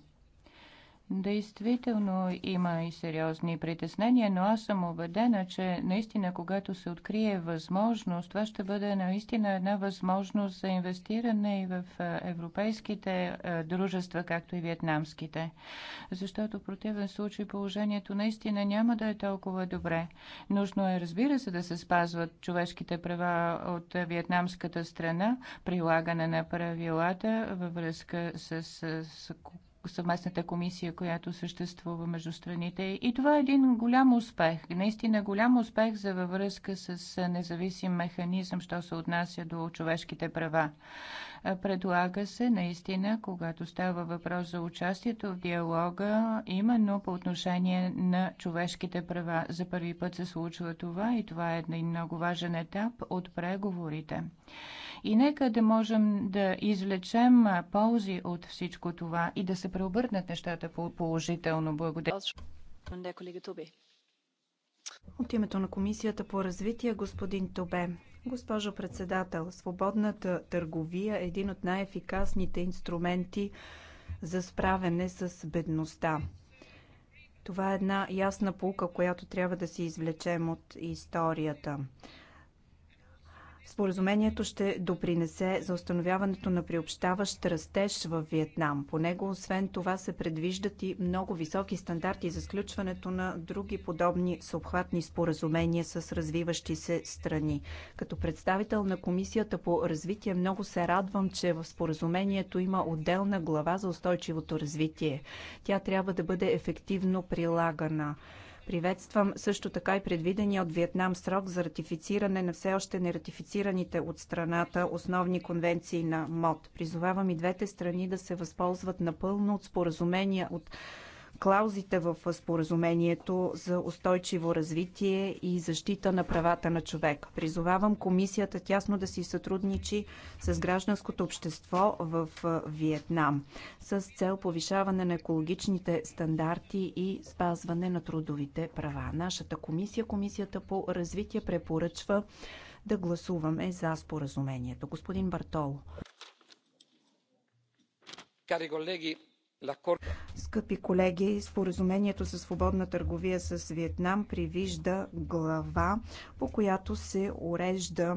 Действително има и сериозни притеснения, но аз съм убедена, че наистина, когато се открие възможност, това ще бъде наистина една възможност за инвестиране и в европейските дружества, както и вьетнамските. Защото в противен случай положението наистина няма да е толкова добре. Нужно е, разбира се, да се спазват човешките права от вьетнамската страна, прилагане на правилата във връзка с, с съвместната комисия, която съществува между страните. И това е един голям успех, наистина голям успех за във връзка с независим механизъм, що се отнася до човешките права. Предлага се наистина, когато става въпрос за участието в диалога, именно по отношение на човешките права. За първи път се случва това и това е един много важен етап от преговорите. И нека да можем да извлечем ползи от всичко това и да се преобърнат нещата положително. Благодаря. От името на Комисията по развитие, господин Тобе. Госпожо председател, свободната търговия е един от най-ефикасните инструменти за справяне с бедността. Това е една ясна полука, която трябва да си извлечем от историята. Споразумението ще допринесе за установяването на приобщаващ растеж в Виетнам. По него, освен това, се предвиждат и много високи стандарти за сключването на други подобни съобхватни споразумения с развиващи се страни. Като представител на Комисията по развитие много се радвам, че в споразумението има отделна глава за устойчивото развитие. Тя трябва да бъде ефективно прилагана. Приветствам също така и предвидения от Виетнам срок за ратифициране на все още нератифицираните от страната основни конвенции на МОД. Призовавам и двете страни да се възползват напълно от споразумения от клаузите в споразумението за устойчиво развитие и защита на правата на човека. Призовавам комисията тясно да си сътрудничи с гражданското общество в Виетнам с цел повишаване на екологичните стандарти и спазване на трудовите права. Нашата комисия, Комисията по развитие, препоръчва да гласуваме за споразумението. Господин Бартоло. Кари колеги, Скъпи колеги, споразумението за свободна търговия с Виетнам привижда глава, по която се урежда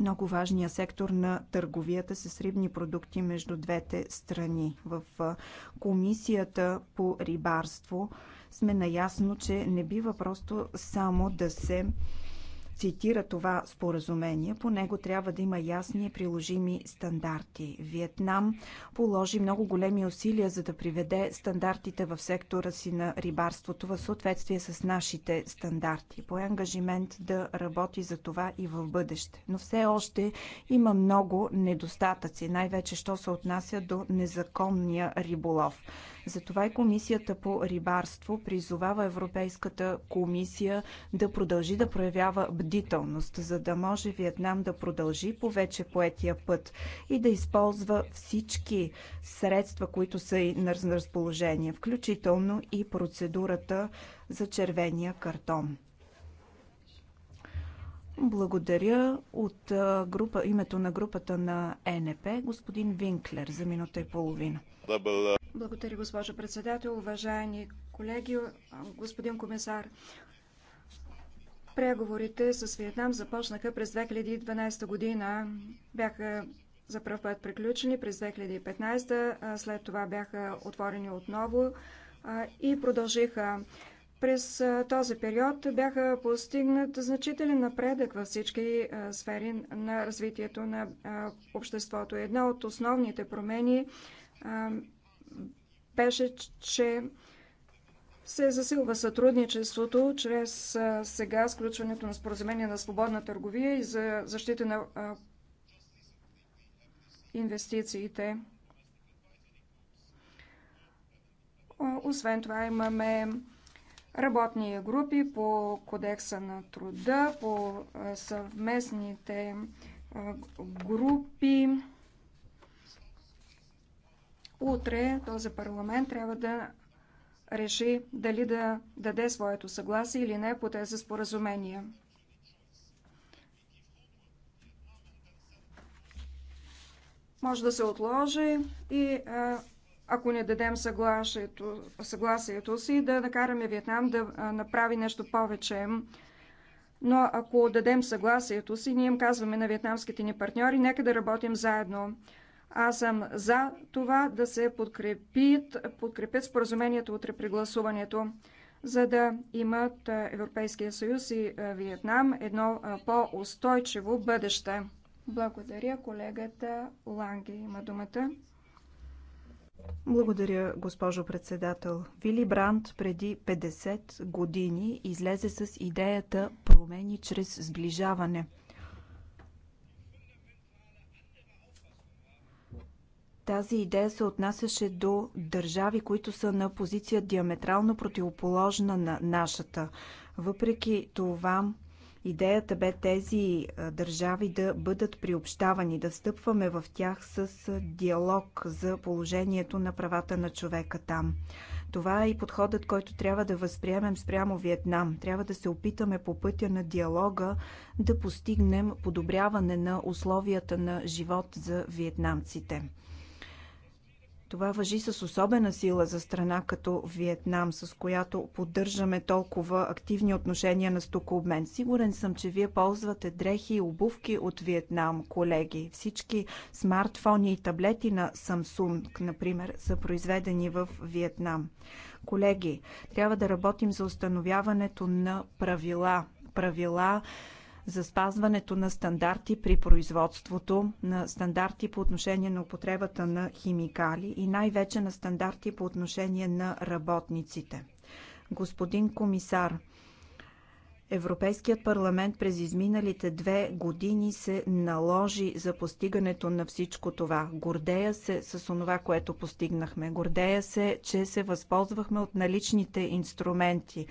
много важния сектор на търговията с рибни продукти между двете страни. В Комисията по рибарство сме наясно, че не бива просто само да се цитира това споразумение. По него трябва да има ясни и приложими стандарти. Виетнам положи много големи усилия за да приведе стандартите в сектора си на рибарството в съответствие с нашите стандарти. По ангажимент да работи за това и в бъдеще. Но все още има много недостатъци, най-вече що се отнася до незаконния риболов. Затова и Комисията по рибарство призовава Европейската комисия да продължи да проявява бдителност, за да може Виетнам да продължи по вече поетия път и да използва всички средства, които са и на разположение, включително и процедурата за червения картон. Благодаря от група, името на групата на ЕНП, господин Винклер, за минута и половина. Благодаря, госпожо председател. Уважаеми колеги, господин комисар, преговорите с Виетнам започнаха през 2012 година. Бяха за първ път приключени през 2015, след това бяха отворени отново и продължиха. През този период бяха постигнат значителен напредък във всички сфери на развитието на обществото. Една от основните промени беше, че се засилва сътрудничеството чрез сега сключването на споразумение на свободна търговия и за защита на инвестициите. Освен това имаме работни групи по кодекса на труда, по съвместните групи Утре този парламент трябва да реши дали да даде своето съгласие или не по тези споразумения. Може да се отложи и ако не дадем съгласието, съгласието си, да накараме Виетнам да направи нещо повече. Но ако дадем съгласието си, ние им казваме на виетнамските ни партньори, нека да работим заедно. Аз съм за това да се подкрепят, подкрепят споразумението утре при гласуването, за да имат Европейския съюз и Виетнам едно по-устойчиво бъдеще. Благодаря колегата Ланге. Има думата. Благодаря, госпожо председател. Вили Бранд преди 50 години излезе с идеята промени чрез сближаване – Тази идея се отнасяше до държави, които са на позиция диаметрално противоположна на нашата. Въпреки това, идеята бе тези държави да бъдат приобщавани, да стъпваме в тях с диалог за положението на правата на човека там. Това е и подходът, който трябва да възприемем спрямо Виетнам. Трябва да се опитаме по пътя на диалога да постигнем подобряване на условията на живот за виетнамците. Това въжи с особена сила за страна като Виетнам, с която поддържаме толкова активни отношения на стокообмен. Сигурен съм, че вие ползвате дрехи и обувки от Виетнам, колеги. Всички смартфони и таблети на Samsung, например, са произведени в Виетнам. Колеги, трябва да работим за установяването на правила. Правила, за спазването на стандарти при производството, на стандарти по отношение на употребата на химикали и най-вече на стандарти по отношение на работниците. Господин комисар, Европейският парламент през изминалите две години се наложи за постигането на всичко това. Гордея се с онова, което постигнахме. Гордея се, че се възползвахме от наличните инструменти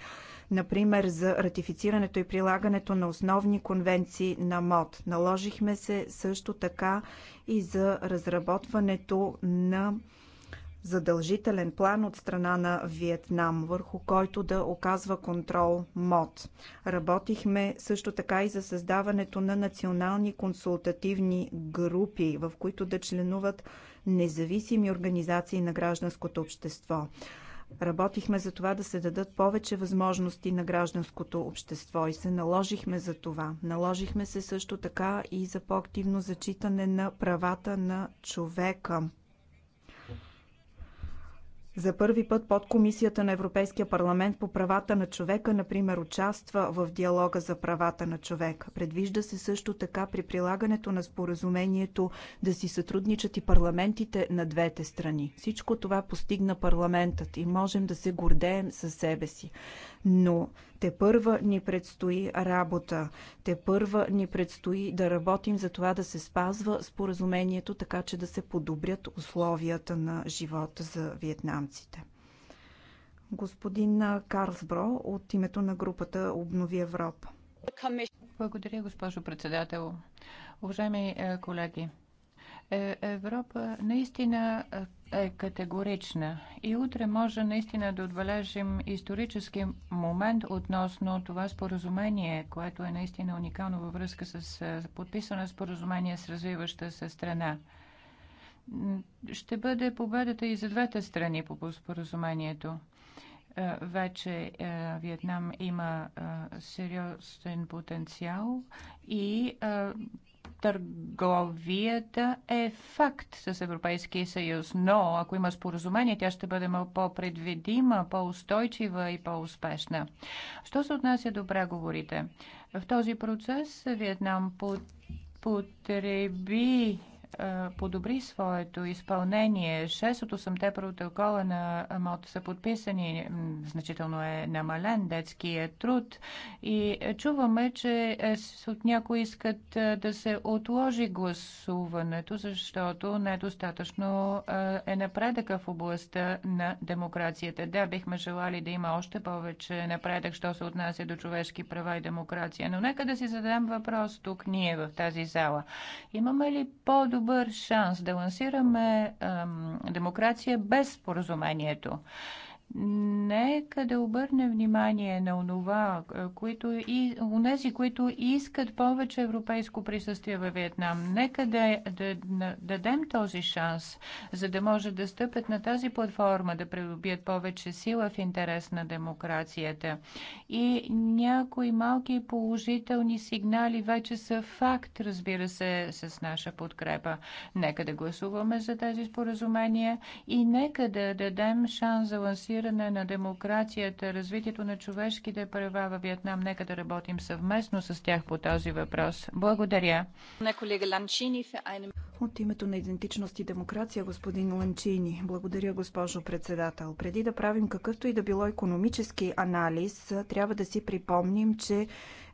например за ратифицирането и прилагането на основни конвенции на МОД. Наложихме се също така и за разработването на задължителен план от страна на Виетнам, върху който да оказва контрол МОД. Работихме също така и за създаването на национални консултативни групи, в които да членуват независими организации на гражданското общество. Работихме за това да се дадат повече възможности на гражданското общество и се наложихме за това. Наложихме се също така и за по-активно зачитане на правата на човека. За първи път под Комисията на Европейския парламент по правата на човека, например, участва в диалога за правата на човека. Предвижда се също така при прилагането на споразумението да си сътрудничат и парламентите на двете страни. Всичко това постигна парламентът и можем да се гордеем със себе си но те първа ни предстои работа. Те първа ни предстои да работим за това да се спазва споразумението, така че да се подобрят условията на живота за виетнамците. Господин Карлсбро от името на групата Обнови Европа. Благодаря, госпожо председател. Уважаеми е, колеги, е, Европа наистина е, е категорична и утре може наистина да отбележим исторически момент относно това споразумение, което е наистина уникално във връзка с е, подписано споразумение с развиваща се страна. Ще бъде победата и за двете страни по споразумението е, вече е, Виетнам има сериозен потенциал и търговията е факт с Европейския съюз, но ако има споразумение, тя ще бъде по-предвидима, по-устойчива и по-успешна. Що се отнася до преговорите? В този процес Виетнам потреби е, подобри своето изпълнение. 6 от 8-те протокола на МОД са подписани. Значително е намален детският труд. И е, чуваме, че е, от някои искат да се отложи гласуването, защото недостатъчно е напредъка в областта на демокрацията. Да, бихме желали да има още повече напредък, що се отнася до човешки права и демокрация. Но нека да си задам въпрос тук ние в тази зала. Имаме ли по добри добър шанс да лансираме демокрация без споразумението. Нека да обърнем внимание на онова, е, които и унези, които искат повече европейско присъствие във Виетнам. Нека да, да, да дадем този шанс, за да може да стъпят на тази платформа, да придобият повече сила в интерес на демокрацията. И някои малки положителни сигнали вече са факт, разбира се, с наша подкрепа. Нека да гласуваме за тези споразумения и нека да дадем шанс за лансиране гарантиране на демокрацията, развитието на човешките права във Виетнам. Нека да работим съвместно с тях по този въпрос. Благодаря. От името на идентичност и демокрация, господин Ланчини, благодаря, госпожо председател. Преди да правим какъвто и да било економически анализ, трябва да си припомним, че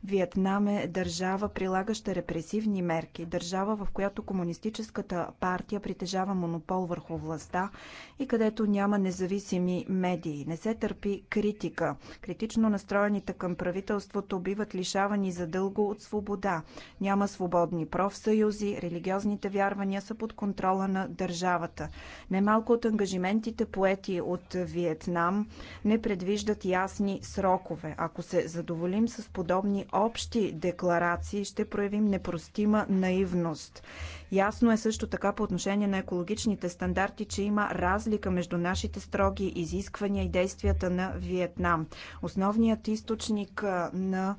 Виетнам е държава, прилагаща репресивни мерки, държава, в която комунистическата партия притежава монопол върху властта и където няма независими медии. Не се търпи критика. Критично настроените към правителството биват лишавани задълго от свобода. Няма свободни профсъюзи, религиозните вярвания са под контрола на държавата. Немалко от ангажиментите поети от Виетнам не предвиждат ясни срокове. Ако се задоволим с подобни общи декларации ще проявим непростима наивност. Ясно е също така по отношение на екологичните стандарти, че има разлика между нашите строги изисквания и действията на Виетнам. Основният източник на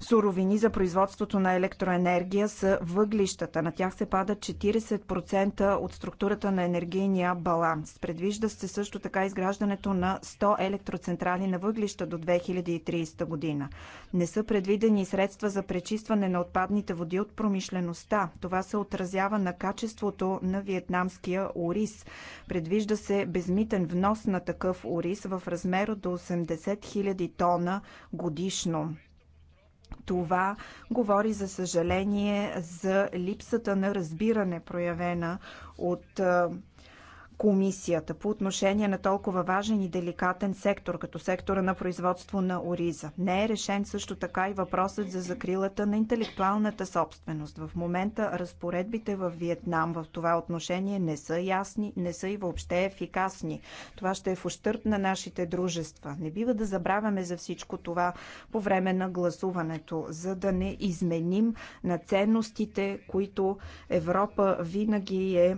суровини за производството на електроенергия са въглищата. На тях се падат 40% от структурата на енергийния баланс. Предвижда се също така изграждането на 100 електроцентрали на въглища до 2030 година. Не са предвидени средства за пречистване на отпадните води от промишлеността. Това се отразява на качеството на виетнамския ориз. Предвижда се безмитен внос на такъв ориз в размер до 80 000 тона годишно. Това говори, за съжаление, за липсата на разбиране, проявена от комисията по отношение на толкова важен и деликатен сектор, като сектора на производство на ориза. Не е решен също така и въпросът за закрилата на интелектуалната собственост. В момента разпоредбите в Виетнам в това отношение не са ясни, не са и въобще ефикасни. Това ще е в ущърп на нашите дружества. Не бива да забравяме за всичко това по време на гласуването, за да не изменим на ценностите, които Европа винаги е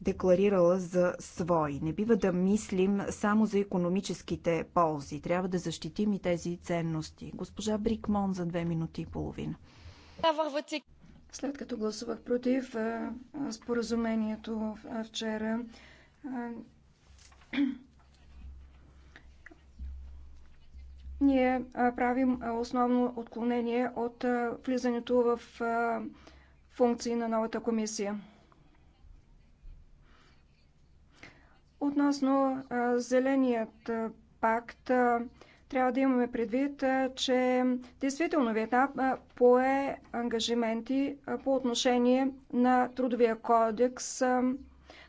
декларирала за свои. Не бива да мислим само за економическите ползи. Трябва да защитим и тези ценности. Госпожа Брикмон за две минути и половина. След като гласувах против споразумението вчера, ние правим основно отклонение от влизането в функции на новата комисия. Относно зеленият пакт, трябва да имаме предвид, че действително Виетнам пое ангажименти по отношение на трудовия кодекс,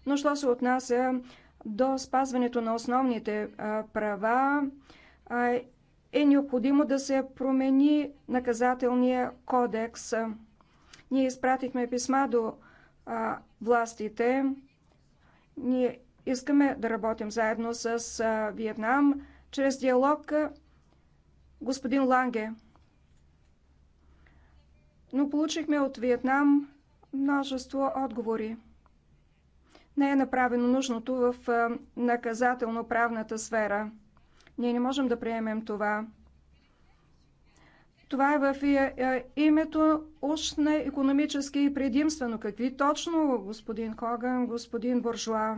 но що се отнася до спазването на основните права, е необходимо да се промени наказателния кодекс. Ние изпратихме писма до властите. Ние Искаме да работим заедно с Виетнам чрез диалог господин Ланге. Но получихме от Виетнам множество отговори. Не е направено нужното в наказателно-правната сфера. Ние не можем да приемем това. Това е в името уж на економически предимствено. Какви точно, господин Коган, господин Буржуа?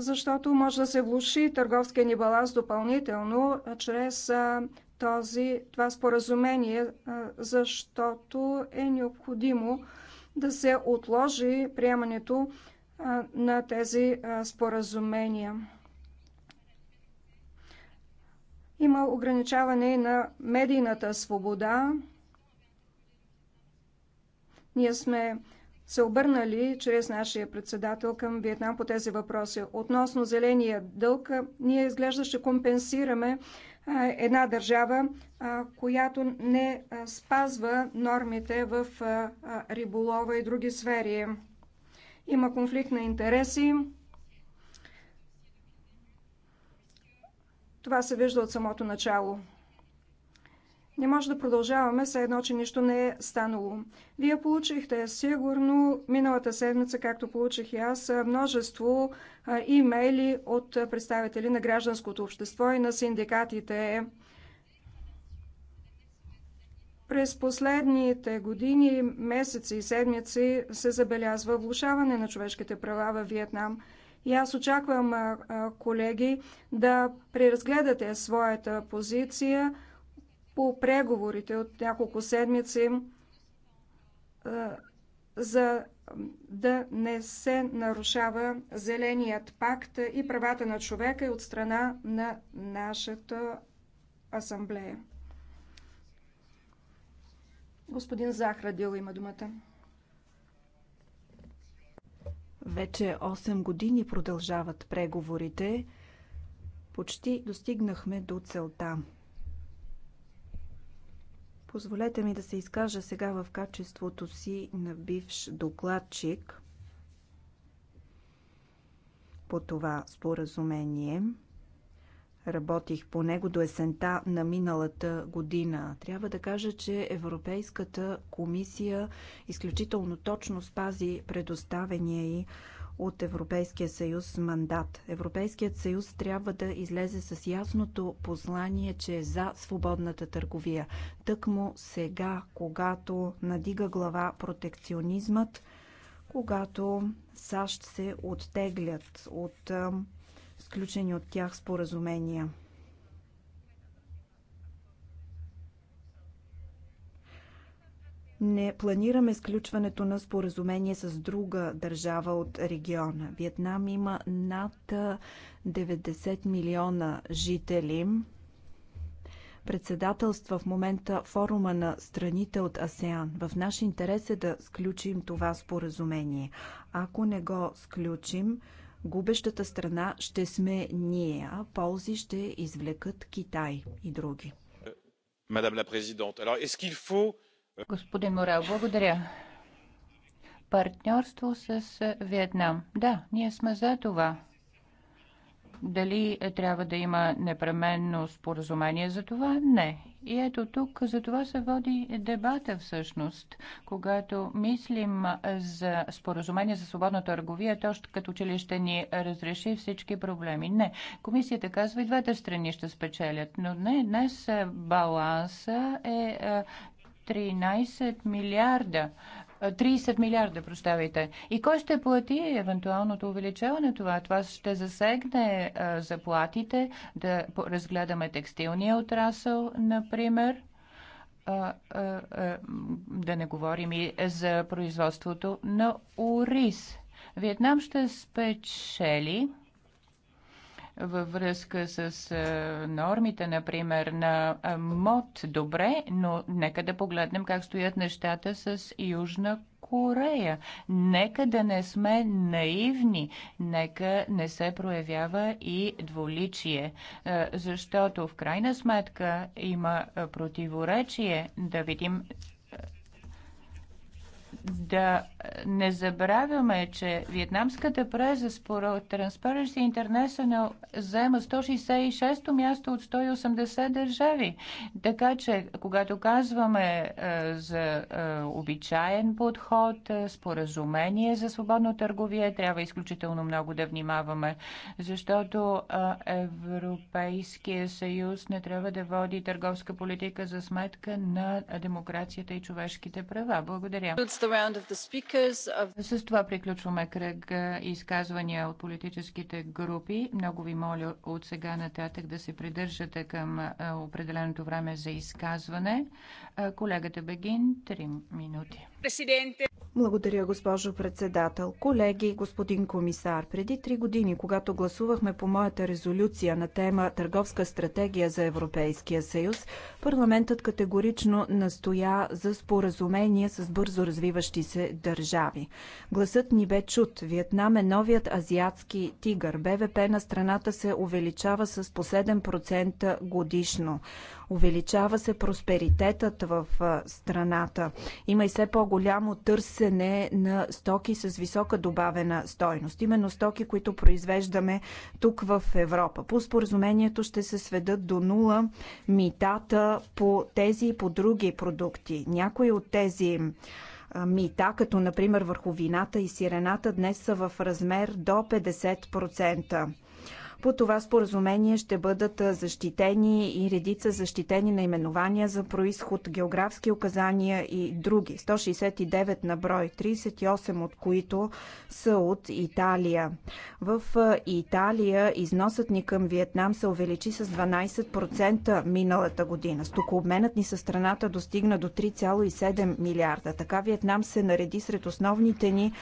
защото може да се влуши търговския ни баланс допълнително чрез този, това споразумение, защото е необходимо да се отложи приемането на тези споразумения. Има ограничаване на медийната свобода. Ние сме се обърнали чрез нашия председател към Виетнам по тези въпроси. Относно зеления дълг, ние изглежда ще компенсираме една държава, която не спазва нормите в риболова и други сфери. Има конфликт на интереси. Това се вижда от самото начало. Не може да продължаваме все едно, че нищо не е станало. Вие получихте сигурно миналата седмица, както получих и аз, множество имейли от представители на гражданското общество и на синдикатите. През последните години, месеци и седмици се забелязва влушаване на човешките права във Виетнам. И аз очаквам, колеги, да преразгледате своята позиция, по преговорите от няколко седмици, за да не се нарушава Зеленият пакт и правата на човека и от страна на нашата асамблея. Господин Захрадил има думата. Вече 8 години продължават преговорите. Почти достигнахме до целта. Позволете ми да се изкажа сега в качеството си на бивш докладчик по това споразумение. Работих по него до есента на миналата година. Трябва да кажа, че Европейската комисия изключително точно спази предоставения и от Европейския съюз мандат. Европейският съюз трябва да излезе с ясното послание, че е за свободната търговия. Тъкмо сега, когато надига глава протекционизмът, когато САЩ се оттеглят от сключени от тях споразумения. не планираме сключването на споразумение с друга държава от региона. Виетнам има над 90 милиона жители. Председателства в момента форума на страните от АСЕАН. В наш интерес е да сключим това споразумение. Ако не го сключим, губещата страна ще сме ние, а ползи ще извлекат Китай и други. Мадам alors est-ce qu'il faut Господин Морел, благодаря. Партньорство с е, Виетнам. Да, ние сме за това. Дали е, трябва да има непременно споразумение за това? Не. И ето тук за това се води дебата всъщност. Когато мислим е, за споразумение за свободна търговия, то ще като че ли ще ни разреши всички проблеми. Не. Комисията казва и двете страни ще спечелят. Но не, днес баланса е 13 милиарда. 30 е, милиарда, прощавайте. И кой ще плати евентуалното увеличаване това? Това ще засегне е, заплатите, да разгледаме текстилния отрасъл, например да не говорим и за производството на ориз. Виетнам ще спечели във връзка с нормите, например, на МОД, добре, но нека да погледнем как стоят нещата с Южна Корея. Нека да не сме наивни, нека не се проявява и дволичие, защото в крайна сметка има противоречие да видим да не забравяме, че вьетнамската преза според Transparency International взема 166-то място от 180 държави. Така че, когато казваме е, за е, обичаен подход, е, споразумение за свободно търговие, трябва изключително много да внимаваме, защото е, Европейския съюз не трябва да води търговска политика за сметка на демокрацията и човешките права. Благодаря. С това приключваме кръг изказвания от политическите групи. Много ви моля от сега нататък да се придържате към определеното време за изказване. Колегата Бегин, 3 минути. Президенте. Благодаря, госпожо председател. Колеги, господин комисар, преди три години, когато гласувахме по моята резолюция на тема Търговска стратегия за Европейския съюз, парламентът категорично настоя за споразумение с бързо развиващи се държави. Гласът ни бе чут. Виетнам е новият азиатски тигър. БВП на страната се увеличава с по 7% годишно. Увеличава се просперитетът работят в страната. Има и все по-голямо търсене на стоки с висока добавена стойност. Именно стоки, които произвеждаме тук в Европа. По споразумението ще се сведат до нула митата по тези и по други продукти. Някои от тези мита, като например върху вината и сирената, днес са в размер до 50%. По това споразумение ще бъдат защитени и редица защитени наименования за происход, географски указания и други. 169 на брой, 38 от които са от Италия. В Италия износът ни към Виетнам се увеличи с 12% миналата година. Стокообменът ни със страната достигна до 3,7 милиарда. Така Виетнам се нареди сред основните ни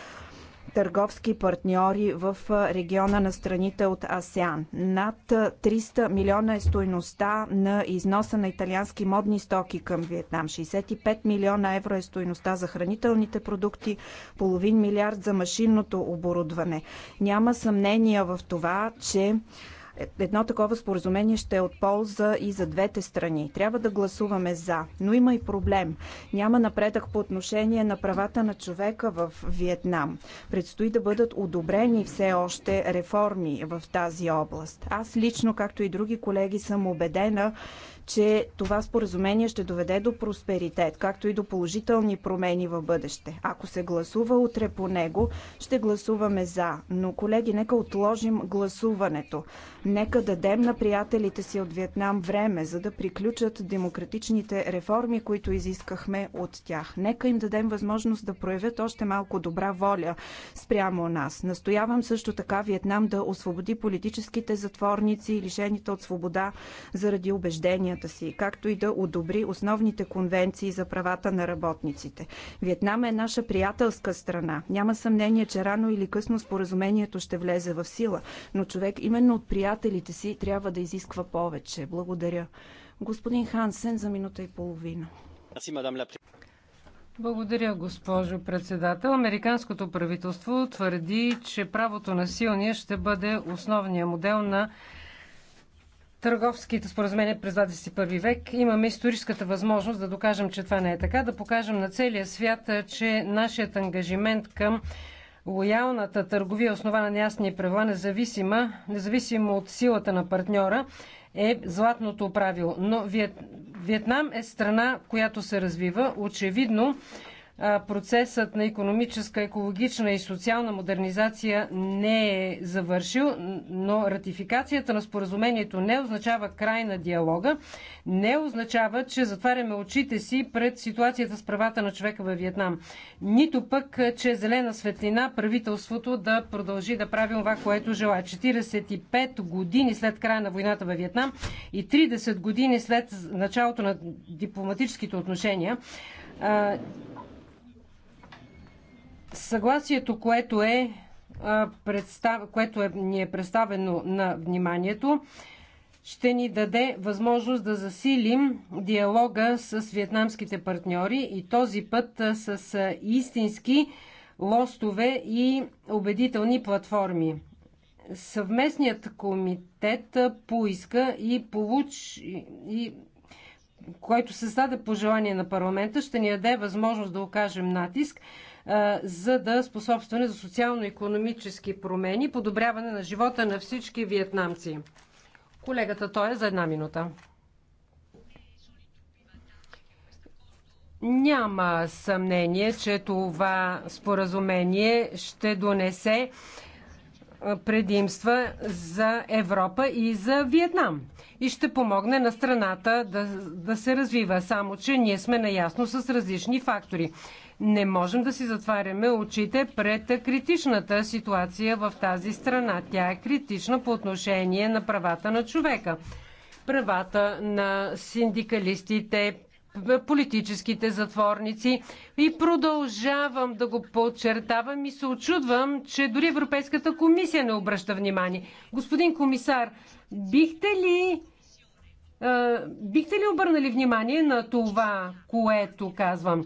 търговски партньори в региона на страните от АСЕАН. Над 300 милиона е стойността на износа на италиански модни стоки към Виетнам. 65 милиона евро е стойността за хранителните продукти, половин милиард за машинното оборудване. Няма съмнение в това, че Едно такова споразумение ще е от полза и за двете страни. Трябва да гласуваме за. Но има и проблем. Няма напредък по отношение на правата на човека в Виетнам. Предстои да бъдат одобрени все още реформи в тази област. Аз лично, както и други колеги, съм убедена, че това споразумение ще доведе до просперитет, както и до положителни промени в бъдеще. Ако се гласува утре по него, ще гласуваме за. Но, колеги, нека отложим гласуването. Нека дадем на приятелите си от Виетнам време, за да приключат демократичните реформи, които изискахме от тях. Нека им дадем възможност да проявят още малко добра воля спрямо нас. Настоявам също така Виетнам да освободи политическите затворници и лишените от свобода заради убеждения решенията си, както и да одобри основните конвенции за правата на работниците. Виетнам е наша приятелска страна. Няма съмнение, че рано или късно споразумението ще влезе в сила, но човек именно от приятелите си трябва да изисква повече. Благодаря. Господин Хансен за минута и половина. Благодаря, госпожо председател. Американското правителство твърди, че правото на силния ще бъде основния модел на търговските споразумения през 21 век, имаме историческата възможност да докажем, че това не е така, да покажем на целия свят, че нашият ангажимент към лоялната търговия, основана на ясни правила, независима, независимо от силата на партньора, е златното правило. Но Виет... Виетнам е страна, която се развива. Очевидно, процесът на економическа, екологична и социална модернизация не е завършил, но ратификацията на споразумението не означава край на диалога, не означава, че затваряме очите си пред ситуацията с правата на човека във Виетнам. Нито пък, че зелена светлина правителството да продължи да прави това, което желая. 45 години след края на войната във Виетнам и 30 години след началото на дипломатическите отношения, Съгласието, което е, което е, ни е представено на вниманието, ще ни даде възможност да засилим диалога с вьетнамските партньори и този път с истински лостове и убедителни платформи. Съвместният комитет поиска и получи, и, който създаде пожелание на парламента, ще ни даде възможност да окажем натиск за да способстване за социално-економически промени, подобряване на живота на всички виетнамци. Колегата той е за една минута. Няма съмнение, че това споразумение ще донесе предимства за Европа и за Виетнам. И ще помогне на страната да, да се развива. Само, че ние сме наясно с различни фактори. Не можем да си затваряме очите пред критичната ситуация в тази страна. Тя е критична по отношение на правата на човека. Правата на синдикалистите, политическите затворници и продължавам да го подчертавам и се очудвам, че дори Европейската комисия не обръща внимание. Господин комисар, бихте ли, бихте ли обърнали внимание на това, което казвам?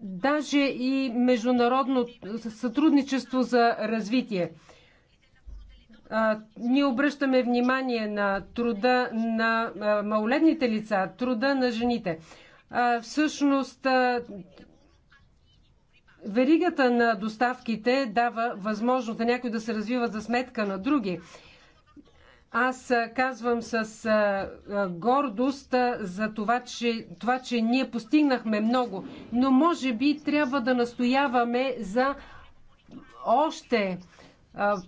даже и международно сътрудничество за развитие. А, ние обръщаме внимание на труда на а, малолетните лица, труда на жените. А, всъщност, а, веригата на доставките дава възможност на някой да се развива за сметка на други. Аз казвам с гордост за това че, това, че ние постигнахме много, но може би трябва да настояваме за още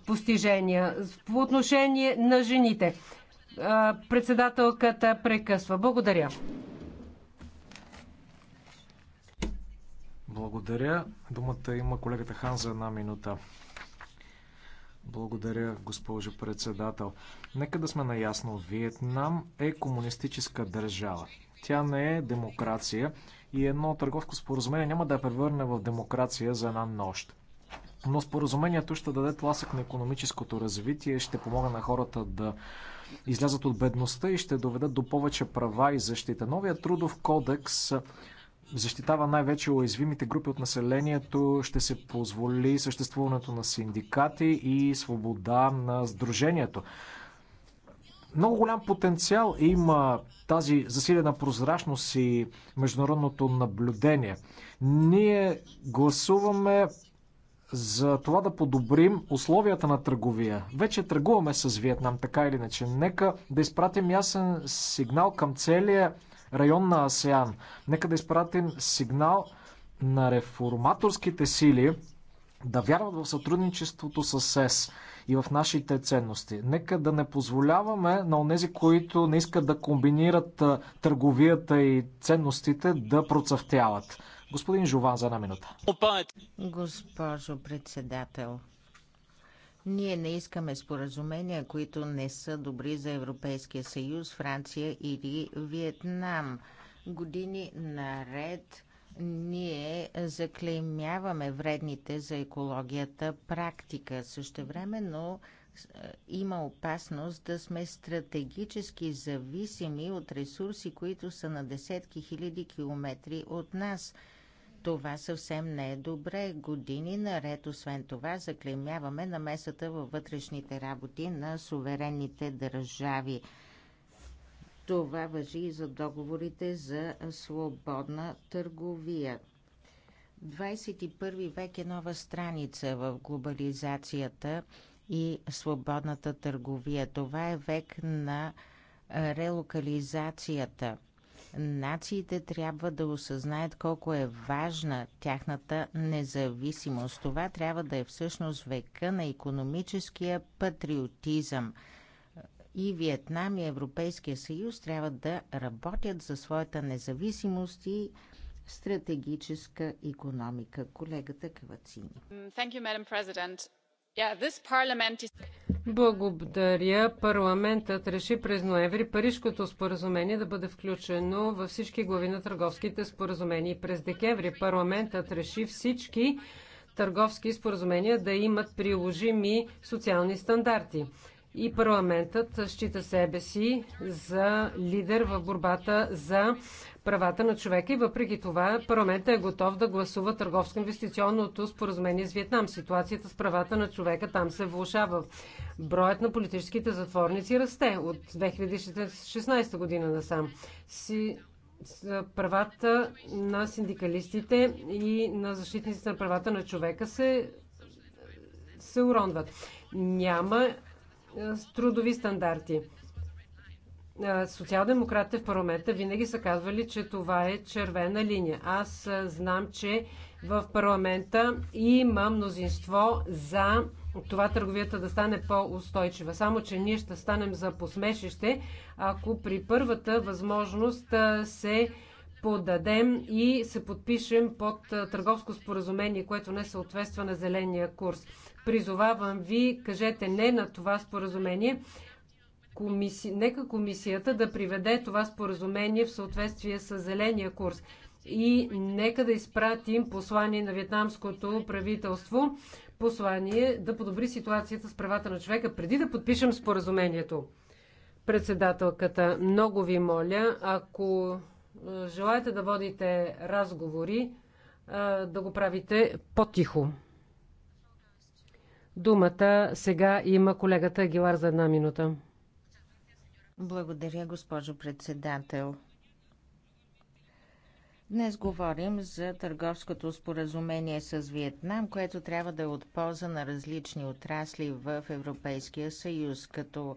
постижения по отношение на жените. Председателката прекъсва. Благодаря. Благодаря. Думата има колегата Хан за една минута. Благодаря, госпожо председател. Нека да сме наясно. Виетнам е комунистическа държава. Тя не е демокрация и едно търговско споразумение няма да я превърне в демокрация за една нощ. Но споразумението ще даде тласък на економическото развитие, ще помогне на хората да излязат от бедността и ще доведат до повече права и защита. Новия трудов кодекс защитава най-вече уязвимите групи от населението, ще се позволи съществуването на синдикати и свобода на сдружението. Много голям потенциал има тази засилена прозрачност и международното наблюдение. Ние гласуваме за това да подобрим условията на търговия. Вече търгуваме с Виетнам, така или иначе. Нека да изпратим ясен сигнал към целия район на АСЕАН. Нека да изпратим сигнал на реформаторските сили да вярват в сътрудничеството с СЕС и в нашите ценности. Нека да не позволяваме на онези, които не искат да комбинират търговията и ценностите, да процъфтяват. Господин Жован, за една минута. Госпожо председател, ние не искаме споразумения, които не са добри за Европейския съюз, Франция или Виетнам. Години наред ние заклеймяваме вредните за екологията практика. Същевременно е, има опасност да сме стратегически зависими от ресурси, които са на десетки хиляди километри от нас – това съвсем не е добре. Години наред, освен това, заклемяваме намесата във вътрешните работи на суверенните държави. Това въжи и за договорите за свободна търговия. 21 век е нова страница в глобализацията и свободната търговия. Това е век на релокализацията – Нациите трябва да осъзнаят колко е важна тяхната независимост. Това трябва да е всъщност века на економическия патриотизъм. И Виетнам и Европейския съюз трябва да работят за своята независимост и стратегическа економика. Колегата Кавацини. Благодаря. Парламентът реши през ноември Парижкото споразумение да бъде включено във всички глави на търговските споразумения. През декември парламентът реши всички търговски споразумения да имат приложими социални стандарти. И парламентът счита себе си за лидер в борбата за правата на човека и въпреки това парламентът е готов да гласува търговско-инвестиционното споразумение с Виетнам. Ситуацията с правата на човека там се влушава. Броят на политическите затворници расте от 2016 година насам. Си, правата на синдикалистите и на защитниците на правата на човека се, се уронват. Няма трудови стандарти социал-демократите в парламента винаги са казвали, че това е червена линия. Аз знам, че в парламента има мнозинство за това търговията да стане по-устойчива. Само, че ние ще станем за посмешище, ако при първата възможност се подадем и се подпишем под търговско споразумение, което не съответства на зеления курс. Призовавам ви, кажете не на това споразумение комиси... нека комисията да приведе това споразумение в съответствие с зеления курс. И нека да изпратим послание на вьетнамското правителство, послание да подобри ситуацията с правата на човека преди да подпишем споразумението. Председателката, много ви моля, ако е, желаете да водите разговори, е, да го правите по-тихо. Думата сега има колегата Гилар за една минута. Благодаря, госпожо председател. Днес говорим за търговското споразумение с Виетнам, което трябва да е от полза на различни отрасли в Европейския съюз, като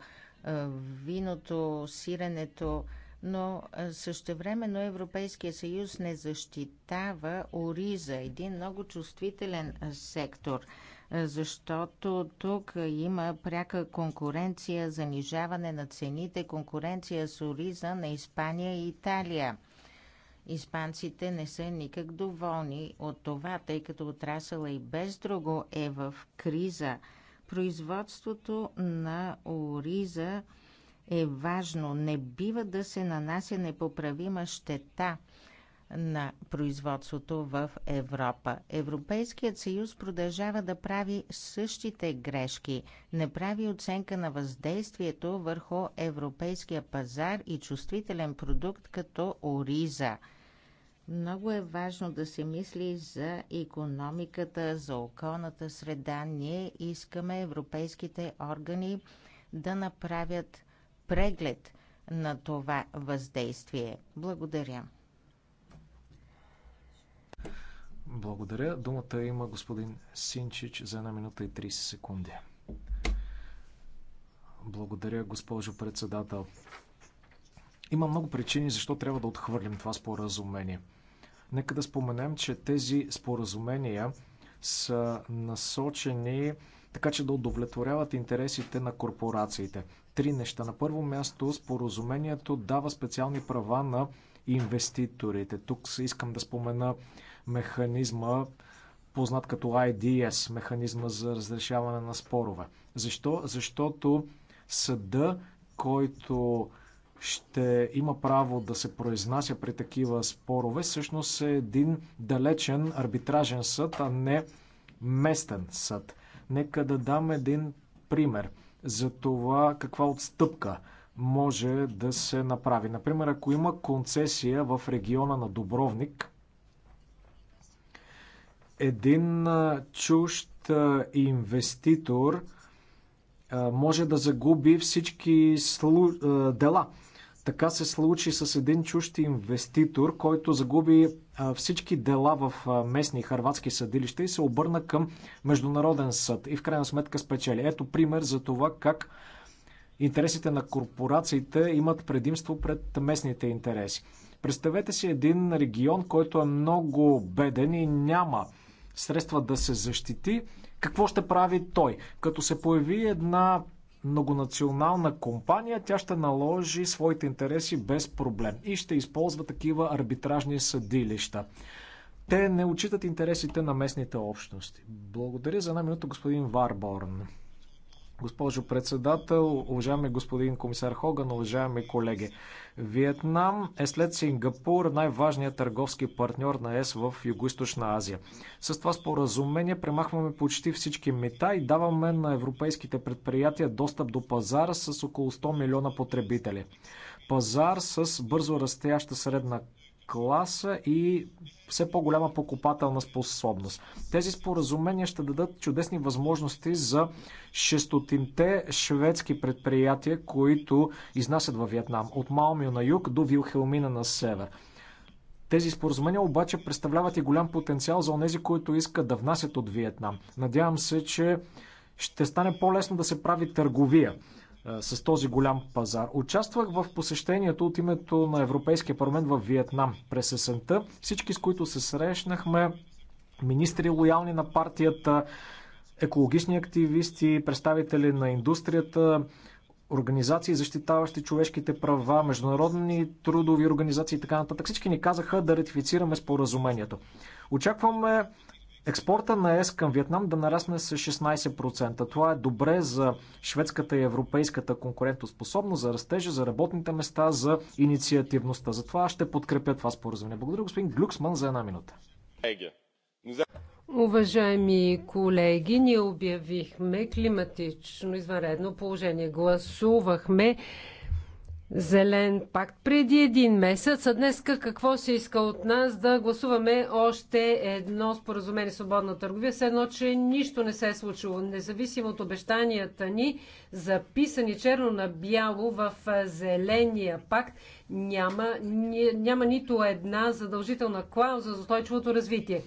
виното, сиренето, но същевременно Европейския съюз не защитава ориза, един много чувствителен сектор – защото тук има пряка конкуренция, занижаване на цените, конкуренция с ориза на Испания и Италия. Испанците не са никак доволни от това, тъй като отрасъла и без друго е в криза. Производството на ориза е важно. Не бива да се нанася непоправима щета – на производството в Европа. Европейският съюз продължава да прави същите грешки, не прави оценка на въздействието върху европейския пазар и чувствителен продукт като ориза. Много е важно да се мисли за економиката, за околната среда. Ние искаме европейските органи да направят преглед на това въздействие. Благодаря. Благодаря. Думата има господин Синчич за една минута и 30 секунди. Благодаря, госпожо председател. Има много причини защо трябва да отхвърлим това споразумение. Нека да споменем, че тези споразумения са насочени така, че да удовлетворяват интересите на корпорациите. Три неща. На първо място, споразумението дава специални права на инвеститорите. Тук искам да спомена механизма, познат като IDS, механизма за разрешаване на спорове. Защо? Защото съда, който ще има право да се произнася при такива спорове, всъщност е един далечен арбитражен съд, а не местен съд. Нека да дам един пример за това каква отстъпка може да се направи. Например, ако има концесия в региона на Дубровник, един чужд инвеститор може да загуби всички слу... дела. Така се случи с един чужд инвеститор, който загуби всички дела в местни харватски съдилища и се обърна към Международен съд и в крайна сметка спечели. Ето пример за това как интересите на корпорациите имат предимство пред местните интереси. Представете си един регион, който е много беден и няма средства да се защити, какво ще прави той? Като се появи една многонационална компания, тя ще наложи своите интереси без проблем и ще използва такива арбитражни съдилища. Те не учитат интересите на местните общности. Благодаря за една минута, господин Варборн. Госпожо председател, уважаеми господин комисар Хоган, уважаеми колеги. Виетнам е след Сингапур най-важният търговски партньор на ЕС в Юго-Источна Азия. С това споразумение премахваме почти всички мета и даваме на европейските предприятия достъп до пазара с около 100 милиона потребители. Пазар с бързо растяща средна класа и все по-голяма покупателна способност. Тези споразумения ще дадат чудесни възможности за 600-те шведски предприятия, които изнасят във Виетнам от Малмио на юг до Вилхелмина на север. Тези споразумения обаче представляват и голям потенциал за онези, които искат да внасят от Виетнам. Надявам се, че ще стане по-лесно да се прави търговия с този голям пазар. Участвах в посещението от името на Европейския парламент в Виетнам през есента. Всички, с които се срещнахме, министри лоялни на партията, екологични активисти, представители на индустрията, организации, защитаващи човешките права, международни трудови организации и така нататък. Всички ни казаха да ратифицираме споразумението. Очакваме експорта на ЕС към Виетнам да нарасне с 16%. Това е добре за шведската и европейската конкурентоспособност, за растежа, за работните места, за инициативността. Затова ще подкрепя това споразумение. Благодаря господин Глюксман за една минута. Уважаеми колеги, ние обявихме климатично извънредно положение. Гласувахме зелен пакт преди един месец, а днес какво се иска от нас да гласуваме още едно споразумение свободна търговия, все едно, че нищо не се е случило. Независимо от обещанията ни, записани черно на бяло в зеления пакт, няма, няма нито една задължителна клауза за устойчивото развитие.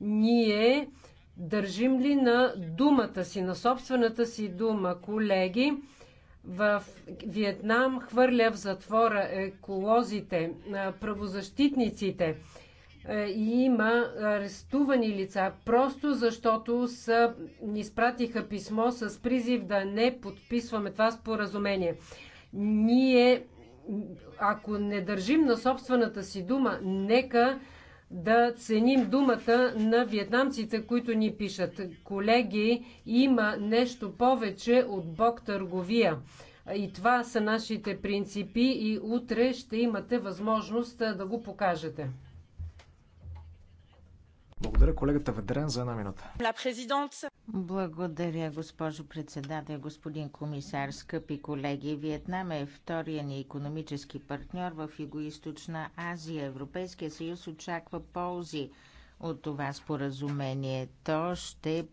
Ние държим ли на думата си, на собствената си дума, колеги, в Виетнам хвърля в затвора еколозите, правозащитниците е, и има арестувани лица, просто защото са, ни изпратиха писмо с призив да не подписваме това споразумение. Ние, ако не държим на собствената си дума, нека да ценим думата на вьетнамците, които ни пишат. Колеги, има нещо повече от Бог търговия. И това са нашите принципи и утре ще имате възможност да го покажете. Благодаря колегата Ведрен за една минута. Благодаря, госпожо председател, господин комисар, скъпи колеги. Виетнам е втория ни економически партньор в Юго-Источна Азия. Европейския съюз очаква ползи от това споразумение. То ще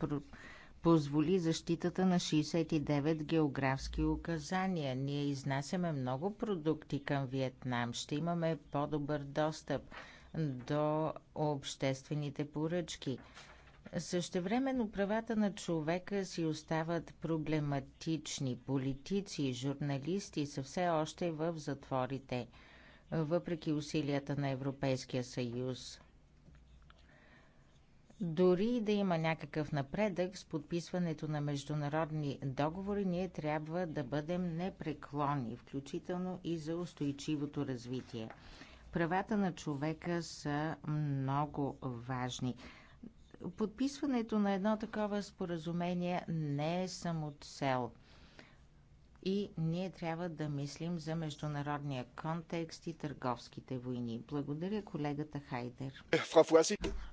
позволи защитата на 69 географски указания. Ние изнасяме много продукти към Виетнам. Ще имаме по-добър достъп до обществените поръчки. Същевременно правата на човека си остават проблематични. Политици и журналисти са все още в затворите, въпреки усилията на Европейския съюз. Дори да има някакъв напредък с подписването на международни договори, ние трябва да бъдем непреклонни, включително и за устойчивото развитие. Правата на човека са много важни. Подписването на едно такова споразумение не е само цел. И ние трябва да мислим за международния контекст и търговските войни. Благодаря колегата Хайдер.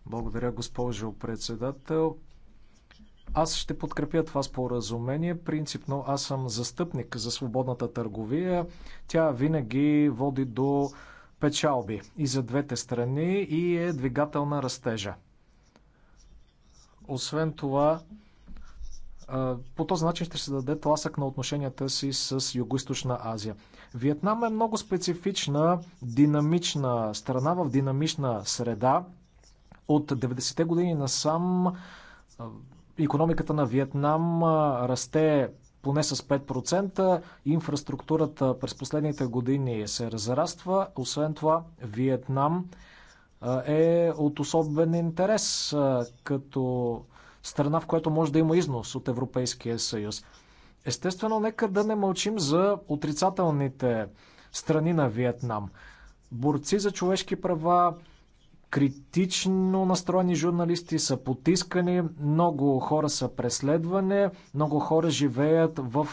Благодаря, госпожо председател. Аз ще подкрепя това споразумение. Принципно аз съм застъпник за свободната търговия. Тя винаги води до печалби и за двете страни и е двигател на растежа. Освен това, по този начин ще се даде тласък на отношенията си с Юго-Источна Азия. Виетнам е много специфична, динамична страна в динамична среда. От 90-те години насам економиката на Виетнам расте поне с 5%. Инфраструктурата през последните години се разраства. Освен това, Виетнам е от особен интерес като страна, в която може да има износ от Европейския съюз. Естествено, нека да не мълчим за отрицателните страни на Виетнам. Борци за човешки права, критично настроени журналисти са потискани, много хора са преследвани, много хора живеят в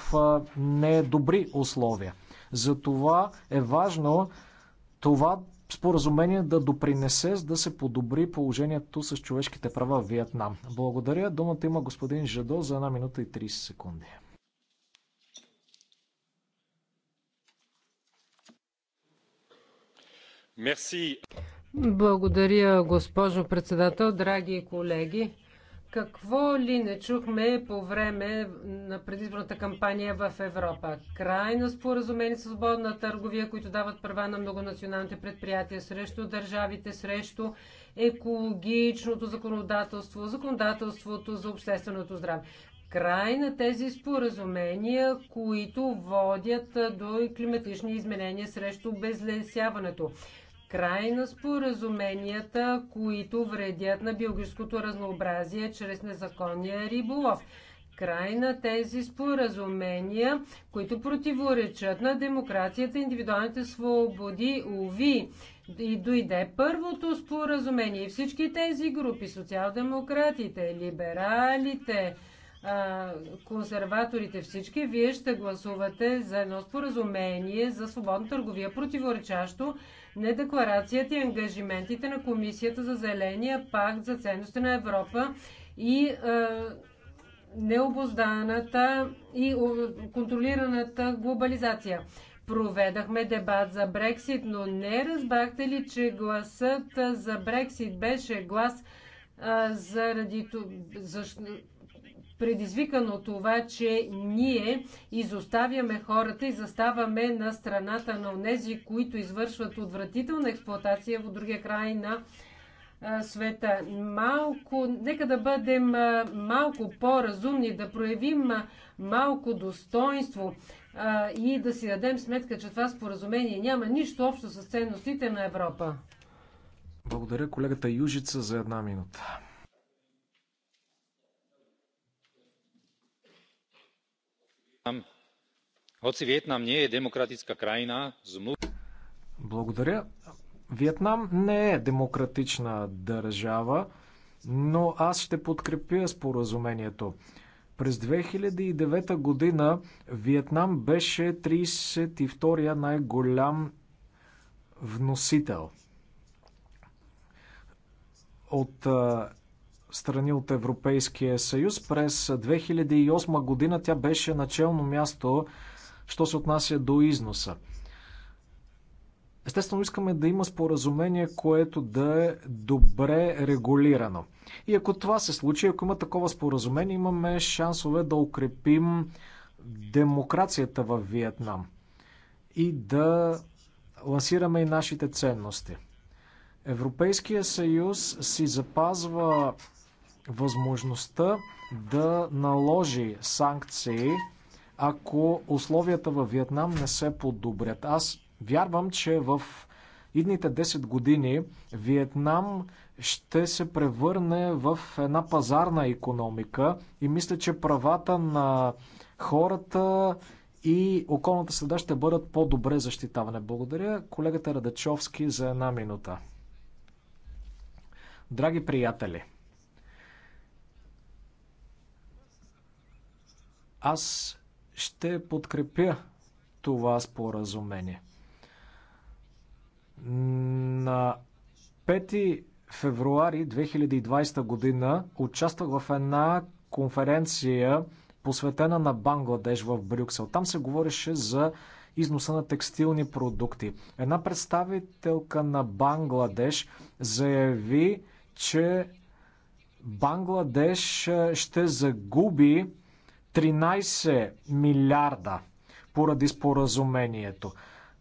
недобри условия. Затова е важно това споразумение да допринесе, за да се подобри положението с човешките права в Виетнам. Благодаря. Думата има господин Жадо за 1 минута и 30 секунди. Мерси. Благодаря, госпожо председател, драги колеги. Какво ли не чухме по време на предизборната кампания в Европа? Край на споразумение с свободна търговия, които дават права на многонационалните предприятия срещу държавите, срещу екологичното законодателство, законодателството за общественото здраве. Край на тези споразумения, които водят до климатични изменения срещу безлесяването край на споразуменията, които вредят на биологическото разнообразие чрез незаконния риболов. Край на тези споразумения, които противоречат на демокрацията, индивидуалните свободи, уви. И дойде първото споразумение и всички тези групи, социал-демократите, либералите, консерваторите всички, вие ще гласувате за едно споразумение за свободна търговия, противоречащо не декларацията и ангажиментите на Комисията за Зеления пакт за ценности на Европа и е, необозданата и контролираната глобализация. Проведахме дебат за Брексит, но не разбрахте ли, че гласът за Брексит беше глас заради, защ, предизвикан от това, че ние изоставяме хората и заставаме на страната на тези, които извършват отвратителна експлоатация в другия край на света. Малко, нека да бъдем малко по-разумни, да проявим малко достоинство и да си дадем сметка, че това споразумение няма нищо общо с ценностите на Европа. Благодаря колегата Южица за една минута. Е Благодаря. Виетнам не е демократична държава, но аз ще подкрепя споразумението. През 2009 година Виетнам беше 32-я най-голям вносител от страни от Европейския съюз. През 2008 година тя беше начално място, що се отнася до износа. Естествено, искаме да има споразумение, което да е добре регулирано. И ако това се случи, ако има такова споразумение, имаме шансове да укрепим демокрацията в Виетнам и да лансираме и нашите ценности. Европейския съюз си запазва възможността да наложи санкции, ако условията във Виетнам не се подобрят. Аз вярвам, че в идните 10 години Виетнам ще се превърне в една пазарна економика и мисля, че правата на хората и околната среда ще бъдат по-добре защитаване. Благодаря колегата Радачовски за една минута. Драги приятели, Аз ще подкрепя това споразумение. На 5 февруари 2020 година участвах в една конференция, посветена на Бангладеш в Брюксел. Там се говореше за износа на текстилни продукти. Една представителка на Бангладеш заяви, че Бангладеш ще загуби 13 милиарда поради споразумението.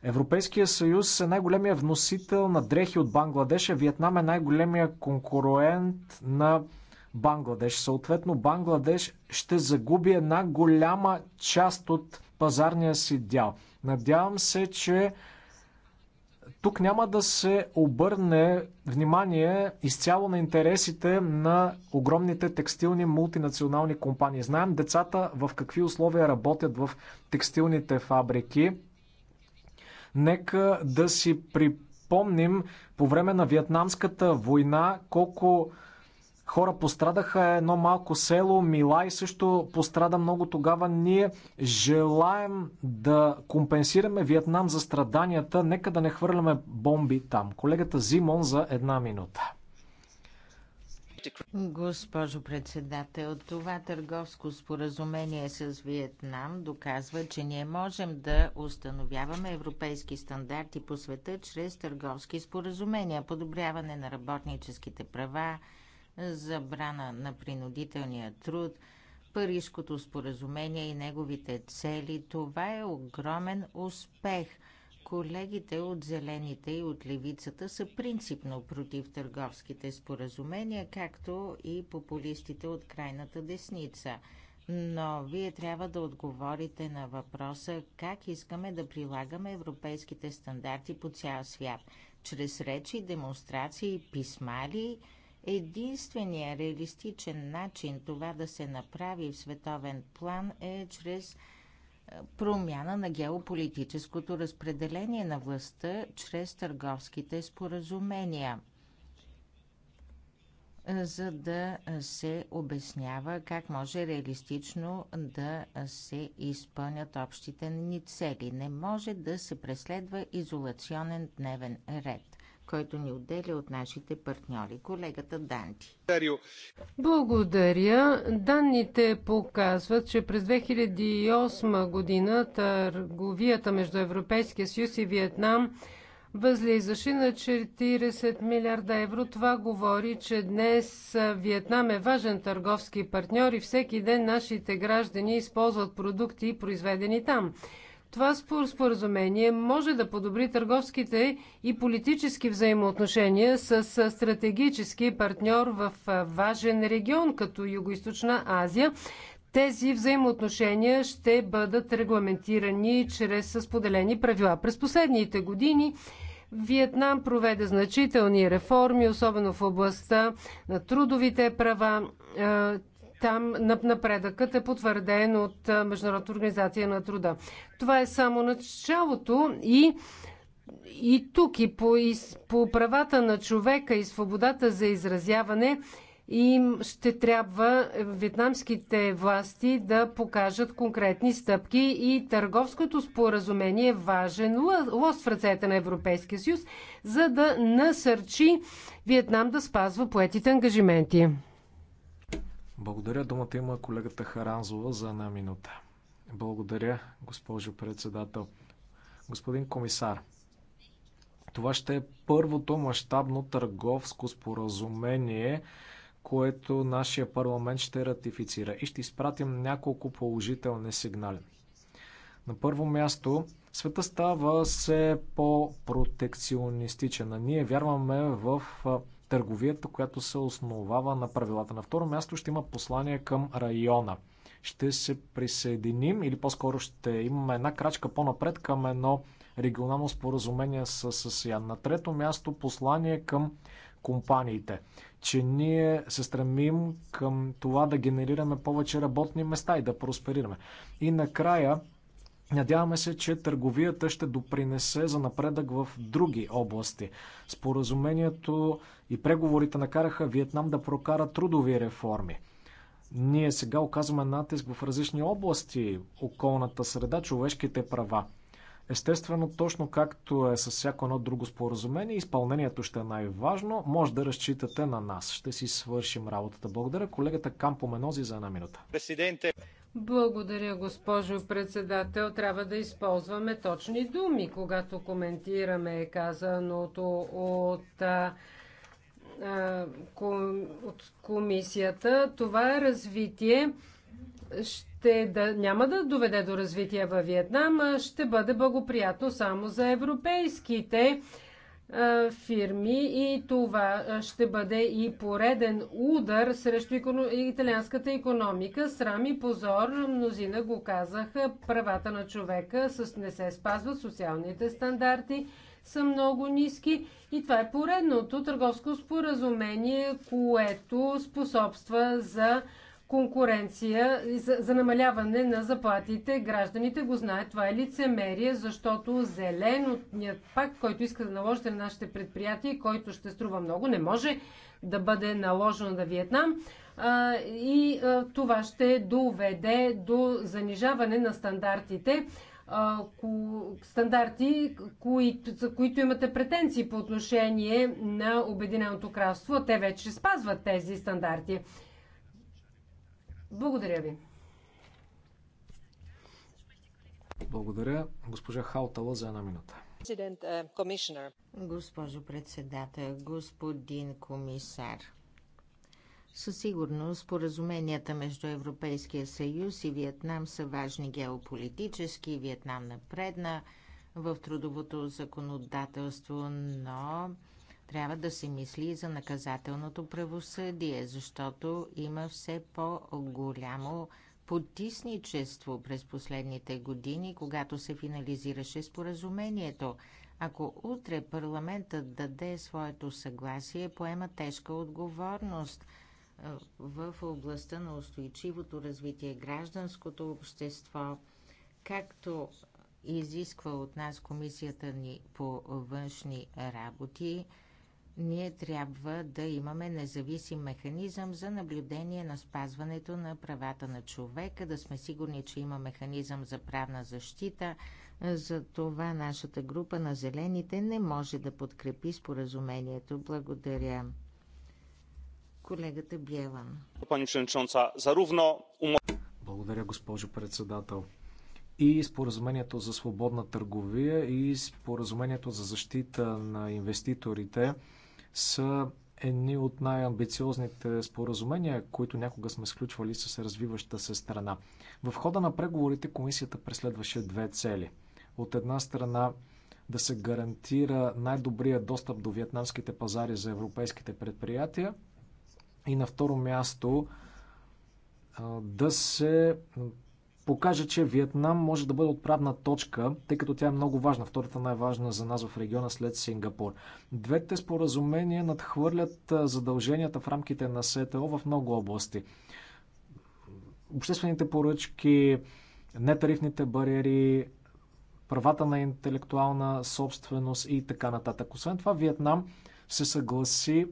Европейския съюз е най-големия вносител на дрехи от Бангладеш, а Виетнам е най-големия конкурент на Бангладеш. Съответно, Бангладеш ще загуби една голяма част от пазарния си дял. Надявам се, че тук няма да се обърне внимание изцяло на интересите на огромните текстилни мултинационални компании. Знаем децата в какви условия работят в текстилните фабрики. Нека да си припомним по време на Вьетнамската война колко хора пострадаха, едно малко село, Милай също пострада много тогава. Ние желаем да компенсираме Виетнам за страданията, нека да не хвърляме бомби там. Колегата Зимон за една минута. Госпожо председател, това търговско споразумение с Виетнам доказва, че ние можем да установяваме европейски стандарти по света чрез търговски споразумения, подобряване на работническите права, забрана на принудителния труд, Парижското споразумение и неговите цели. Това е огромен успех. Колегите от Зелените и от Левицата са принципно против търговските споразумения, както и популистите от крайната десница. Но вие трябва да отговорите на въпроса как искаме да прилагаме европейските стандарти по цял свят. Чрез речи, демонстрации, писма ли Единственият реалистичен начин това да се направи в световен план е чрез е, промяна на геополитическото разпределение на властта чрез търговските споразумения за да се обяснява как може реалистично да се изпълнят общите ни цели. Не може да се преследва изолационен дневен ред който ни отделя от нашите партньори. Колегата Данти. Благодаря. Данните показват, че през 2008 година търговията между Европейския съюз и Виетнам възлизаше на 40 милиарда евро. Това говори, че днес Виетнам е важен търговски партньор и всеки ден нашите граждани използват продукти, произведени там. Това споразумение може да подобри търговските и политически взаимоотношения с стратегически партньор в важен регион, като Юго-Источна Азия. Тези взаимоотношения ще бъдат регламентирани чрез споделени правила. През последните години Виетнам проведе значителни реформи, особено в областта на трудовите права там напредъкът е потвърден от Международната организация на труда. Това е само началото и и тук, и по, и по правата на човека и свободата за изразяване, им ще трябва вьетнамските власти да покажат конкретни стъпки и търговското споразумение е важен лост в ръцете на Европейския съюз, за да насърчи Виетнам да спазва поетите ангажименти. Благодаря. Думата има колегата Харанзова за една минута. Благодаря, госпожо председател. Господин комисар, това ще е първото мащабно търговско споразумение, което нашия парламент ще ратифицира и ще изпратим няколко положителни сигнали. На първо място, света става все по-протекционистичен. Ние вярваме в търговията, която се основава на правилата. На второ място ще има послание към района. Ще се присъединим или по-скоро ще имаме една крачка по-напред към едно регионално споразумение с АСЕАН. На трето място послание към компаниите, че ние се стремим към това да генерираме повече работни места и да просперираме. И накрая Надяваме се, че търговията ще допринесе за напредък в други области. Споразумението и преговорите накараха Виетнам да прокара трудови реформи. Ние сега оказваме натиск в различни области околната среда, човешките права. Естествено, точно както е с всяко едно друго споразумение, изпълнението ще е най-важно. Може да разчитате на нас. Ще си свършим работата. Благодаря колегата Кампо Менози за една минута. Благодаря, госпожо председател. Трябва да използваме точни думи, когато коментираме казаното от, а, ком, от комисията. Това развитие ще да, няма да доведе до развитие във Виетнам, ще бъде благоприятно само за европейските фирми и това ще бъде и пореден удар срещу италианската економика. Срам и позор, мнозина го казаха, правата на човека не се спазват, социалните стандарти са много ниски и това е поредното търговско споразумение, което способства за конкуренция за, за намаляване на заплатите. Гражданите го знаят. Това е лицемерие, защото зеленият пакт, който иска да наложите на нашите предприятия, който ще струва много, не може да бъде наложен на Виетнам. А, и а, това ще доведе до занижаване на стандартите стандарти, които, за които имате претенции по отношение на Обединеното кралство. Те вече спазват тези стандарти. Благодаря ви. Благодаря. Госпожа Халтала за една минута. Е, Госпожо председател, господин комисар, със сигурност споразуменията между Европейския съюз и Виетнам са важни геополитически. Виетнам напредна в трудовото законодателство, но трябва да се мисли и за наказателното правосъдие, защото има все по-голямо потисничество през последните години, когато се финализираше споразумението. Ако утре парламентът даде своето съгласие, поема тежка отговорност в областта на устойчивото развитие гражданското общество, както изисква от нас комисията ни по външни работи, ние трябва да имаме независим механизъм за наблюдение на спазването на правата на човека, да сме сигурни, че има механизъм за правна защита. За това нашата група на зелените не може да подкрепи споразумението. Благодаря. Колегата Биелан. Благодаря, госпожо председател и споразумението за свободна търговия и споразумението за защита на инвеститорите са едни от най-амбициозните споразумения, които някога сме сключвали с развиваща се страна. В хода на преговорите комисията преследваше две цели. От една страна да се гарантира най-добрия достъп до вьетнамските пазари за европейските предприятия и на второ място да се покаже, че Виетнам може да бъде отправна точка, тъй като тя е много важна, втората най-важна за нас в региона след Сингапур. Двете споразумения надхвърлят задълженията в рамките на СТО в много области. Обществените поръчки, нетарифните бариери, правата на интелектуална собственост и така нататък. Освен това, Виетнам се съгласи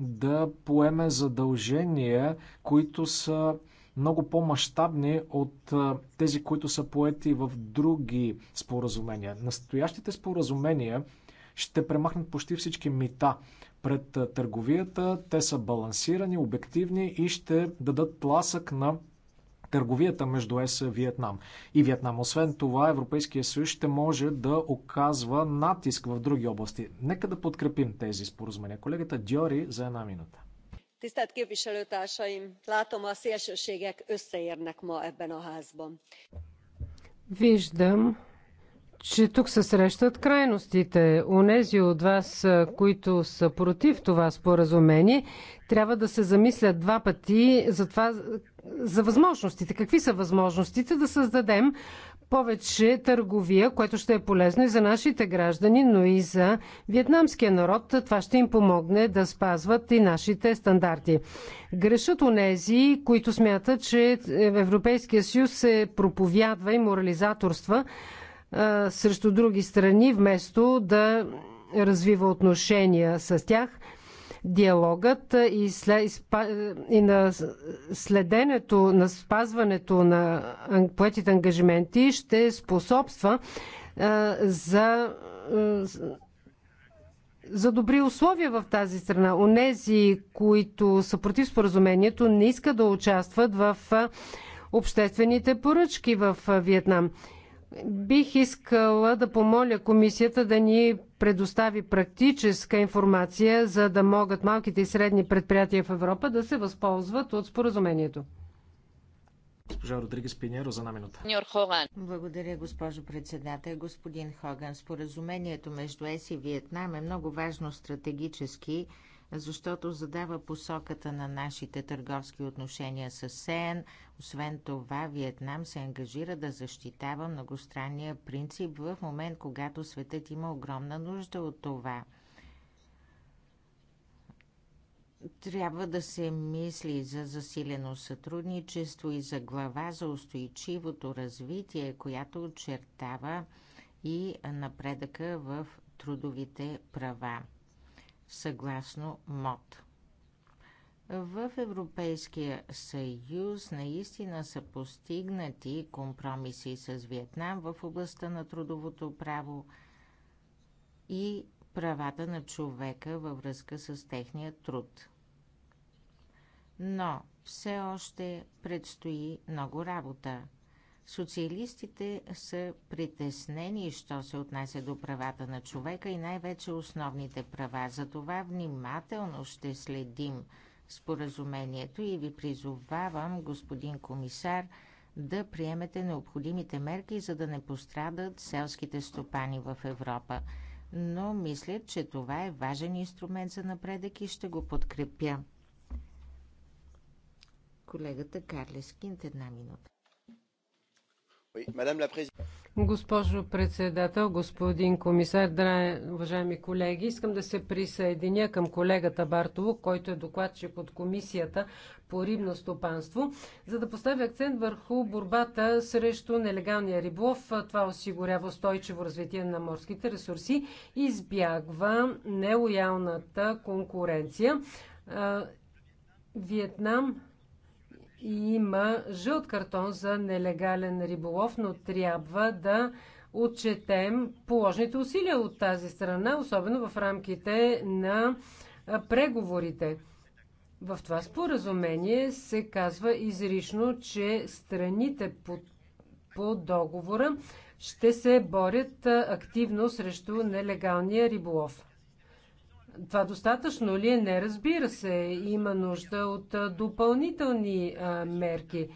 да поеме задължения, които са много по-масштабни от тези, които са поети в други споразумения. Настоящите споразумения ще премахнат почти всички мита пред търговията. Те са балансирани, обективни и ще дадат тласък на търговията между ЕС и Виетнам. И Виетнам. Освен това, Европейския съюз ще може да оказва натиск в други области. Нека да подкрепим тези споразумения. Колегата Дьори за една минута tisztelt képviselőtársaim! látom a szélsőségek összeérnek ma ebben a házban. Виждам, че тук се срещат крайностите. Онези от вас, които са против това споразумение, трябва да се замислят два пъти за, това, за възможностите. Какви са възможностите да създадем повече търговия, което ще е полезно и за нашите граждани, но и за вьетнамския народ. Това ще им помогне да спазват и нашите стандарти. Грешат онези, които смятат, че Европейския съюз се проповядва и морализаторства а, срещу други страни, вместо да развива отношения с тях – диалогът е, и, след, е, и на следенето на спазването на поетите ангажименти ще способства е, за за добри условия в тази страна. Онези, които са против споразумението, не искат да участват в обществените поръчки в Виетнам. Бих искала да помоля комисията да ни предостави практическа информация, за да могат малките и средни предприятия в Европа да се възползват от споразумението. Госпожа Родригес Пиньеро за една минута. Благодаря, госпожо председател. Господин Хоган, споразумението между ЕС и Виетнам е много важно стратегически защото задава посоката на нашите търговски отношения с СЕН. Освен това, Виетнам се ангажира да защитава многостранния принцип в момент, когато светът има огромна нужда от това. Трябва да се мисли за засилено сътрудничество и за глава за устойчивото развитие, която очертава и напредъка в трудовите права съгласно МОД. В Европейския съюз наистина са постигнати компромиси с Виетнам в областта на трудовото право и правата на човека във връзка с техния труд. Но все още предстои много работа. Социалистите са притеснени, що се отнася до правата на човека и най-вече основните права. Затова внимателно ще следим споразумението и ви призовавам, господин комисар, да приемете необходимите мерки, за да не пострадат селските стопани в Европа. Но мисля, че това е важен инструмент за напредък и ще го подкрепя. Колегата Карлескинт една минута. Госпожо председател, господин комисар, уважаеми колеги, искам да се присъединя към колегата Бартово, който е докладчик от комисията по рибно стопанство, за да поставя акцент върху борбата срещу нелегалния риболов. Това осигурява устойчиво развитие на морските ресурси и избягва нелоялната конкуренция. Виетнам има жълт картон за нелегален риболов, но трябва да отчетем положните усилия от тази страна, особено в рамките на преговорите. В това споразумение се казва изрично, че страните по, по договора ще се борят активно срещу нелегалния риболов. Това достатъчно ли е? Не, разбира се. Има нужда от допълнителни мерки,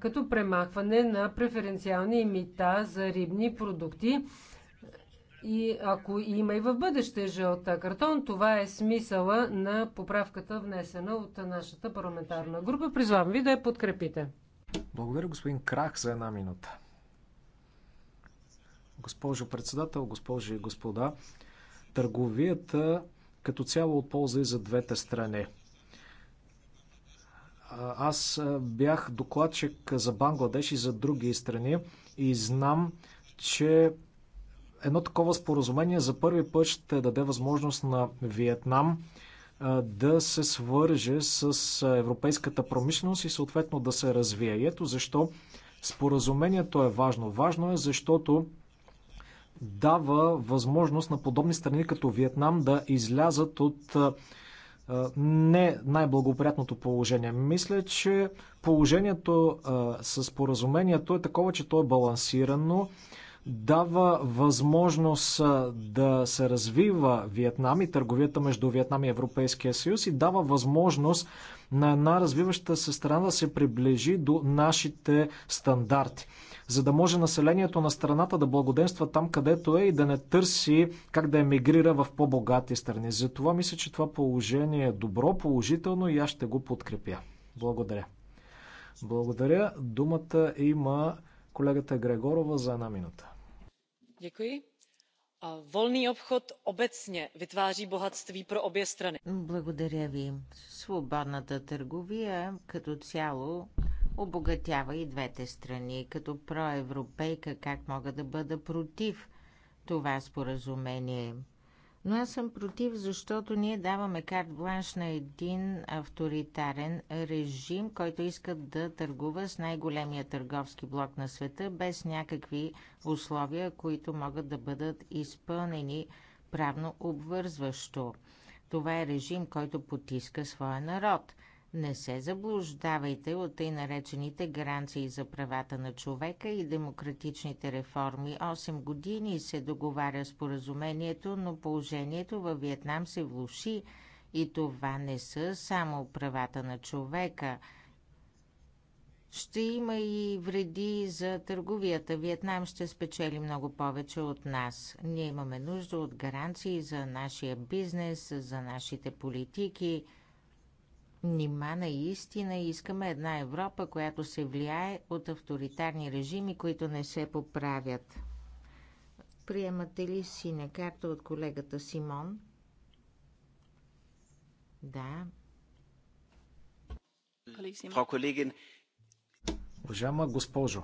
като премахване на преференциални мита за рибни продукти. И ако има и в бъдеще жълта картон, това е смисъла на поправката, внесена от нашата парламентарна група. Призвам ви да я подкрепите. Благодаря, господин Крах, за една минута. Госпожо председател, госпожи и господа, търговията като цяло от полза и за двете страни. Аз бях докладчик за Бангладеш и за други страни и знам, че едно такова споразумение за първи път ще даде възможност на Виетнам да се свърже с европейската промишленост и съответно да се развие. И ето защо споразумението е важно. Важно е, защото дава възможност на подобни страни като Виетнам да излязат от не най-благоприятното положение. Мисля, че положението с поразумението е такова, че то е балансирано, дава възможност да се развива Виетнам и търговията между Виетнам и Европейския съюз и дава възможност на една развиваща се страна да се приближи до нашите стандарти за да може населението на страната да благоденства там, където е и да не търси как да емигрира в по-богати страни. Затова мисля, че това положение е добро, положително и аз ще го подкрепя. Благодаря. Благодаря. Думата има колегата Грегорова за една минута. Děkuji. Волný обход обецне vytváří богатстви про обе страни. Благодаря ви. Свободната търговия като цяло обогатява и двете страни. Като проевропейка как мога да бъда против това споразумение? Но аз съм против, защото ние даваме карт бланш на един авторитарен режим, който иска да търгува с най-големия търговски блок на света без някакви условия, които могат да бъдат изпълнени правно обвързващо. Това е режим, който потиска своя народ – не се заблуждавайте от тъй наречените гаранции за правата на човека и демократичните реформи. 8 години се договаря споразумението, но положението във Виетнам се влуши и това не са само правата на човека. Ще има и вреди за търговията. Виетнам ще спечели много повече от нас. Ние имаме нужда от гаранции за нашия бизнес, за нашите политики – Нима наистина искаме една Европа, която се влияе от авторитарни режими, които не се поправят. Приемате ли синя карта от колегата Симон? Да. Фрау Колегин. Уважаема госпожо,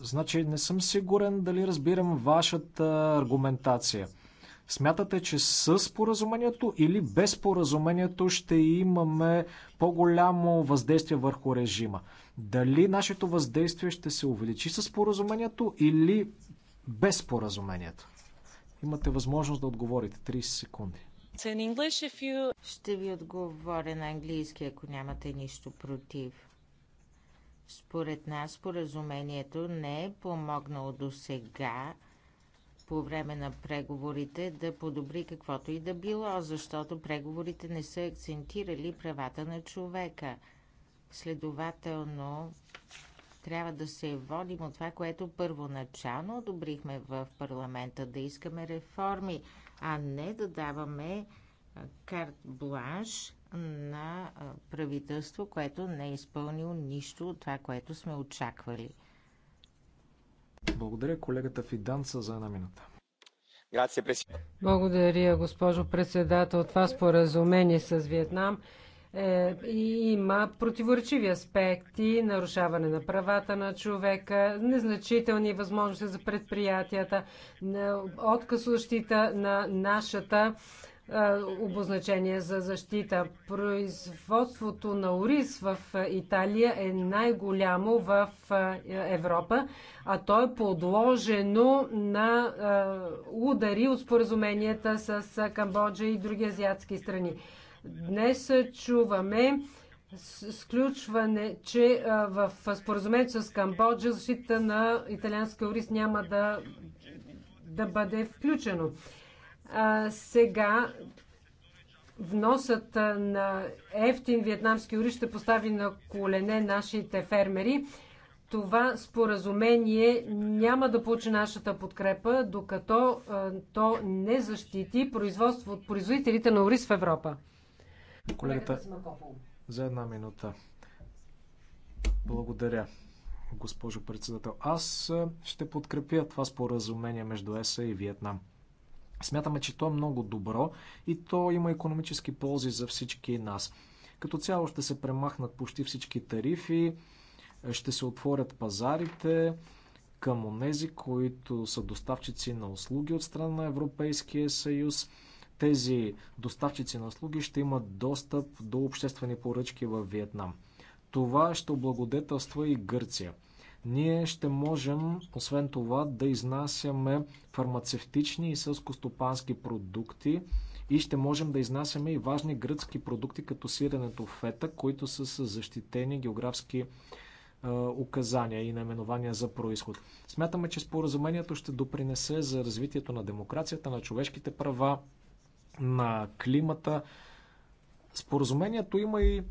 значи не съм сигурен дали разбирам вашата аргументация. Смятате, че с споразумението или без споразумението ще имаме по-голямо въздействие върху режима? Дали нашето въздействие ще се увеличи с споразумението или без споразумението? Имате възможност да отговорите. 30 секунди. Ще ви отговоря на английски, ако нямате нищо против. Според нас споразумението не е помогнало до сега по време на преговорите да подобри каквото и да било, защото преговорите не са акцентирали правата на човека. Следователно, трябва да се водим от това, което първоначално одобрихме в парламента, да искаме реформи, а не да даваме карт бланш на правителство, което не е изпълнило нищо от това, което сме очаквали. Благодаря колегата Фиданца за една минута. Благодаря, госпожо председател. Това споразумение с Виетнам е, има противоречиви аспекти, нарушаване на правата на човека, незначителни възможности за предприятията, отказ защита на нашата е, обозначение за защита. Производството на ориз в е, Италия е най-голямо в е, Европа, а то е подложено на удари от споразуменията с Камбоджа и други азиатски страни. Днес чуваме сключване, че в споразумението с Камбоджа защита на италианския ориз няма да, да бъде включено. А, сега вносът на ефтин вьетнамски ури ще постави на колене нашите фермери. Това споразумение няма да получи нашата подкрепа, докато а, то не защити производство от производителите на ориз в Европа. Колегата, за една минута. Благодаря, госпожо председател. Аз ще подкрепя това споразумение между ЕСА и Виетнам. Смятаме, че то е много добро и то има економически ползи за всички нас. Като цяло ще се премахнат почти всички тарифи, ще се отворят пазарите към онези, които са доставчици на услуги от страна на Европейския съюз. Тези доставчици на услуги ще имат достъп до обществени поръчки във Виетнам. Това ще облагодетелства и Гърция – ние ще можем, освен това, да изнасяме фармацевтични и сълскостопански продукти и ще можем да изнасяме и важни гръцки продукти, като сиренето фета, които са с защитени географски указания и наименования за происход. Смятаме, че споразумението ще допринесе за развитието на демокрацията, на човешките права, на климата. Споразумението има и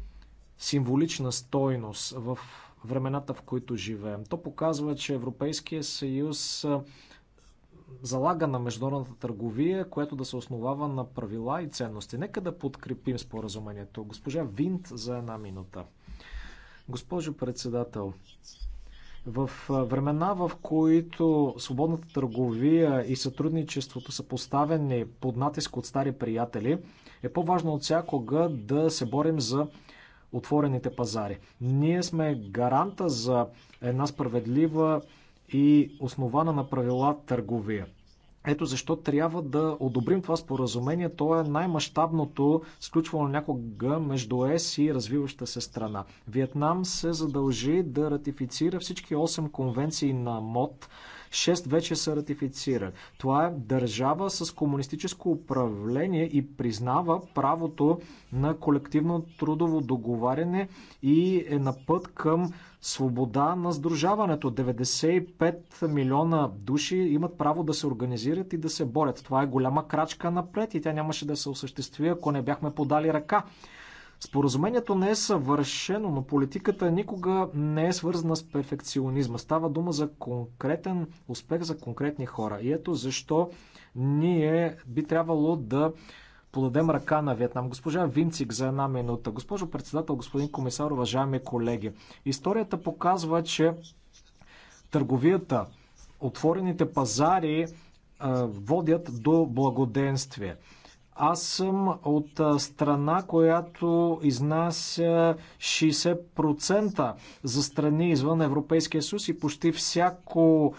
символична стойност. В времената, в които живеем. То показва, че Европейския съюз залага на международната търговия, което да се основава на правила и ценности. Нека да подкрепим споразумението. Госпожа Винт за една минута. Госпожо председател, в времена, в които свободната търговия и сътрудничеството са поставени под натиск от стари приятели, е по-важно от всякога да се борим за отворените пазари. Ние сме гаранта за една справедлива и основана на правила търговия. Ето защо трябва да одобрим това споразумение. То е най-мащабното сключвано някога между ЕС и развиваща се страна. Виетнам се задължи да ратифицира всички 8 конвенции на МОД, Шест вече са ратифицирали. Това е държава с комунистическо управление и признава правото на колективно трудово договаряне и е на път към свобода на сдружаването. 95 милиона души имат право да се организират и да се борят. Това е голяма крачка напред и тя нямаше да се осъществи, ако не бяхме подали ръка Споразумението не е съвършено, но политиката никога не е свързана с перфекционизма. Става дума за конкретен успех за конкретни хора. И ето защо ние би трябвало да подадем ръка на Виетнам. Госпожа Винцик за една минута. Госпожо председател, господин комисар, уважаеми колеги. Историята показва, че търговията, отворените пазари водят до благоденствие. Аз съм от страна, която изнася 60% за страни извън Европейския съюз и почти всяко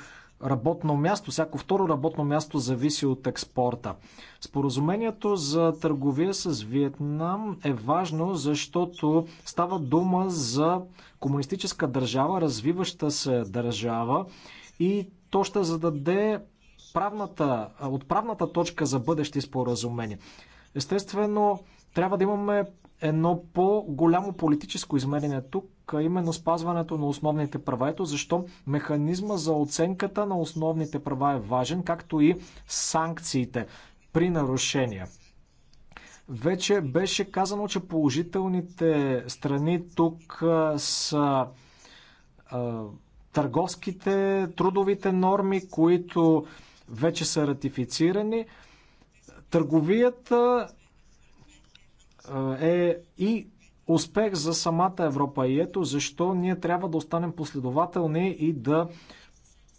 работно място, всяко второ работно място зависи от експорта. Споразумението за търговия с Виетнам е важно, защото става дума за комунистическа държава, развиваща се държава и то ще зададе правната, от правната точка за бъдещи споразумения. Естествено, трябва да имаме едно по-голямо политическо измерение тук, а именно спазването на основните права. Ето защо механизма за оценката на основните права е важен, както и санкциите при нарушения. Вече беше казано, че положителните страни тук са търговските, трудовите норми, които вече са ратифицирани. Търговията е и успех за самата Европа. И ето защо ние трябва да останем последователни и да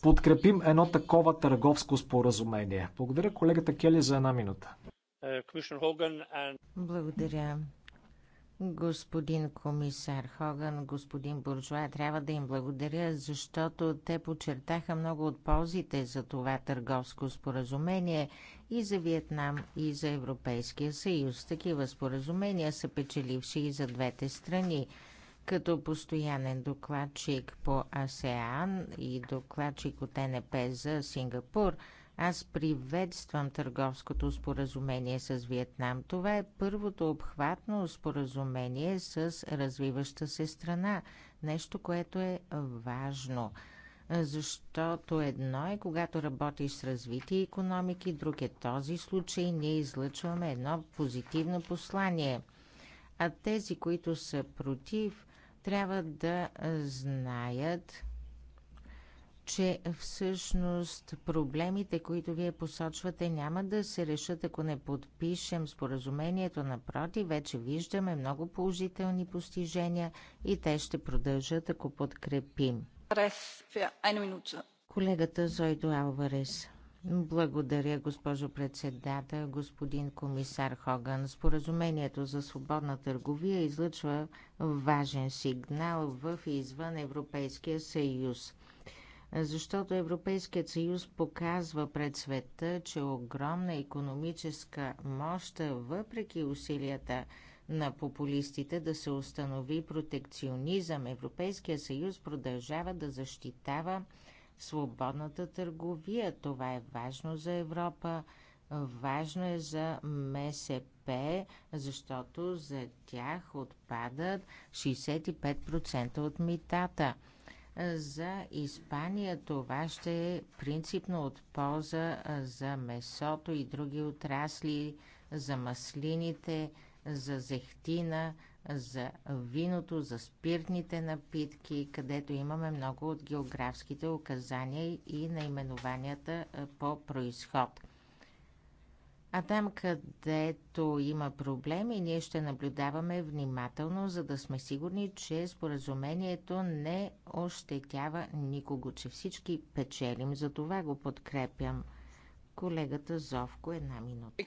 подкрепим едно такова търговско споразумение. Благодаря колегата Кели за една минута. Е, Благодаря, Господин комисар Хоган, господин Буржуа, трябва да им благодаря, защото те подчертаха много от ползите за това търговско споразумение и за Виетнам, и за Европейския съюз. Такива споразумения са печеливши и за двете страни. Като постоянен докладчик по АСЕАН и докладчик от НП за Сингапур – аз приветствам търговското споразумение с Виетнам. Това е първото обхватно споразумение с развиваща се страна. Нещо, което е важно. Защото едно е когато работиш с развити економики, друг е този случай. Ние излъчваме едно позитивно послание. А тези, които са против, трябва да знаят, че всъщност проблемите, които вие посочвате, няма да се решат, ако не подпишем споразумението. Напротив, вече виждаме много положителни постижения и те ще продължат, ако подкрепим. Колегата Зойдо Алварес. Благодаря, госпожо председател, господин комисар Хоган. Споразумението за свободна търговия излъчва важен сигнал в и извън Европейския съюз защото Европейският съюз показва пред света, че огромна економическа мощ, въпреки усилията на популистите да се установи протекционизъм, Европейския съюз продължава да защитава свободната търговия. Това е важно за Европа, важно е за МСП, защото за тях отпадат 65% от митата – за Испания това ще е принципно от полза за месото и други отрасли, за маслините, за зехтина, за виното, за спиртните напитки, където имаме много от географските указания и наименованията по происход. А там, където има проблеми, ние ще наблюдаваме внимателно, за да сме сигурни, че споразумението не ощетява никого, че всички печелим. За това го подкрепям. Колегата Зовко, една минута.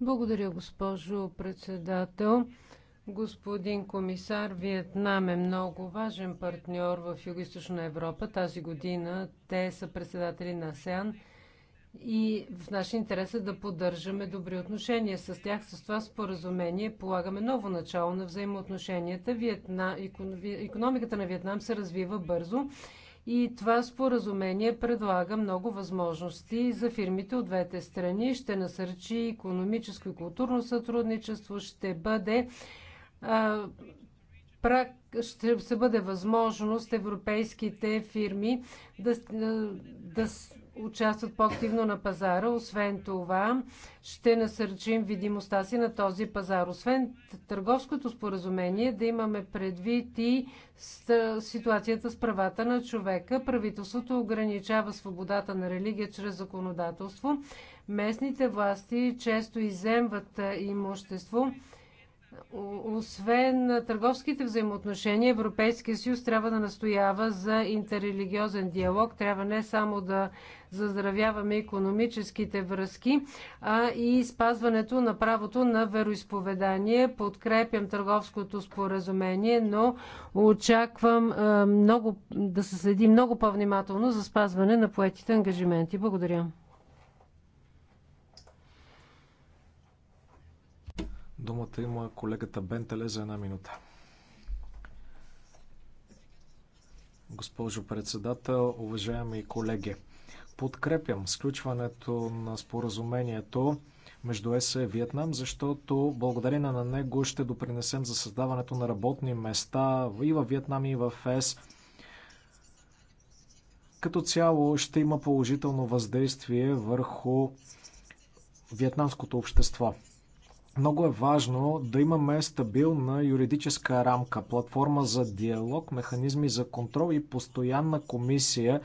Благодаря, госпожо председател. Господин комисар, Виетнам е много важен партньор в Юго-Источна Европа. Тази година те са председатели на СЕАН и в наш интерес е да поддържаме добри отношения с тях. С това споразумение полагаме ново начало на взаимоотношенията. Виетна... Економиката на Виетнам се развива бързо и това споразумение предлага много възможности за фирмите от двете страни. Ще насърчи економическо и културно сътрудничество, ще бъде а, прак, ще, ще бъде възможност европейските фирми да, да, участват по-активно на пазара. Освен това, ще насърчим видимостта си на този пазар. Освен търговското споразумение, да имаме предвид и ситуацията с правата на човека. Правителството ограничава свободата на религия чрез законодателство. Местните власти често иземват имущество. Освен търговските взаимоотношения, Европейския съюз трябва да настоява за интеррелигиозен диалог. Трябва не само да заздравяваме економическите връзки а и спазването на правото на вероисповедание. Подкрепям търговското споразумение, но очаквам много, да се следи много по-внимателно за спазване на поетите ангажименти. Благодаря. Думата има колегата Бентеле за една минута. Госпожо председател, уважаеми колеги, подкрепям сключването на споразумението между ЕС и Виетнам, защото благодарение на него ще допринесем за създаването на работни места и в Виетнам, и в ЕС. Като цяло ще има положително въздействие върху виетнамското общество. Много е важно да имаме стабилна юридическа рамка, платформа за диалог, механизми за контрол и постоянна комисия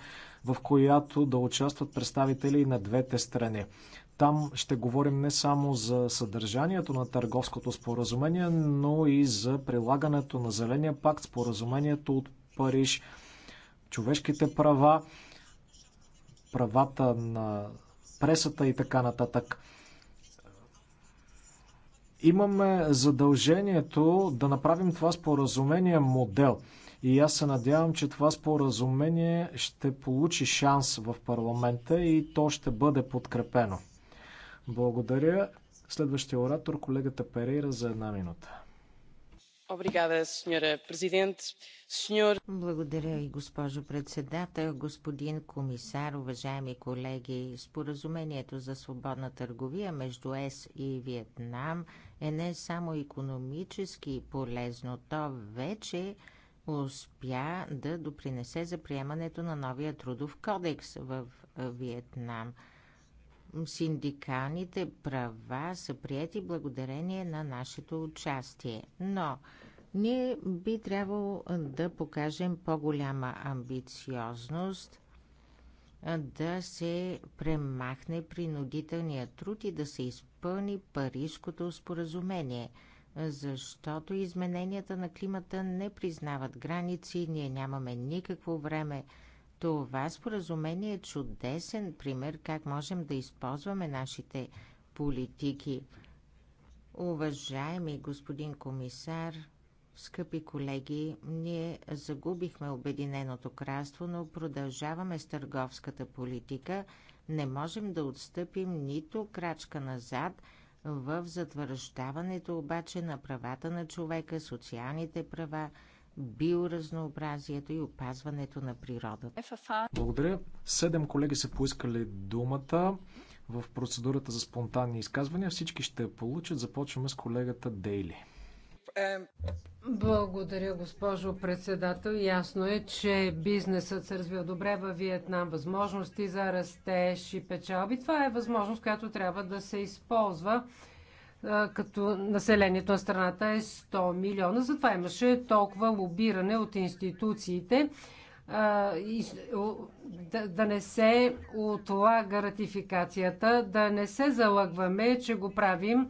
в която да участват представители на двете страни. Там ще говорим не само за съдържанието на търговското споразумение, но и за прилагането на Зеления пакт, споразумението от Париж, човешките права, правата на пресата и така нататък. Имаме задължението да направим това споразумение модел – и аз се надявам, че това споразумение ще получи шанс в парламента и то ще бъде подкрепено. Благодаря. Следващия оратор, колегата Перейра, за една минута. Благодаря и госпожо председател, господин комисар, уважаеми колеги. Споразумението за свободна търговия между ЕС и Виетнам е не само економически полезно, то вече е успя да допринесе за приемането на новия трудов кодекс в Виетнам. Синдикалните права са прияти благодарение на нашето участие, но ние би трябвало да покажем по-голяма амбициозност, да се премахне принудителният труд и да се изпълни Парижското споразумение – защото измененията на климата не признават граници, ние нямаме никакво време. Това споразумение е чудесен пример как можем да използваме нашите политики. Уважаеми господин комисар, скъпи колеги, ние загубихме Обединеното кралство, но продължаваме с търговската политика. Не можем да отстъпим нито крачка назад – в затвърждаването обаче на правата на човека, социалните права, биоразнообразието и опазването на природата. Благодаря. Седем колеги са поискали думата в процедурата за спонтанни изказвания. Всички ще получат. Започваме с колегата Дейли. Благодаря, госпожо председател. Ясно е, че бизнесът се развива добре във Виетнам. Възможности за растеж и печалби. Това е възможност, която трябва да се използва като населението на страната е 100 милиона. Затова имаше толкова лобиране от институциите да не се отлага ратификацията, да не се залъгваме, че го правим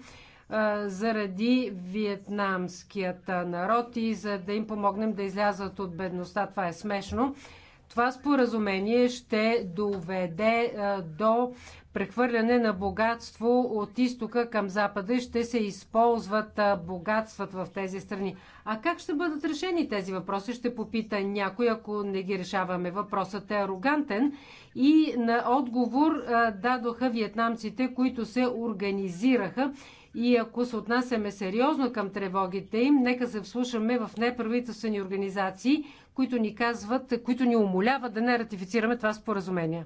заради виетнамският народ и за да им помогнем да излязат от бедността. Това е смешно. Това споразумение ще доведе до прехвърляне на богатство от изтока към запада и ще се използват богатствата в тези страни. А как ще бъдат решени тези въпроси, ще попита някой, ако не ги решаваме. Въпросът е арогантен и на отговор дадоха вьетнамците, които се организираха и ако се отнасяме сериозно към тревогите им, нека се вслушаме в неправителствени организации, които ни казват, които ни умоляват да не ратифицираме това споразумение.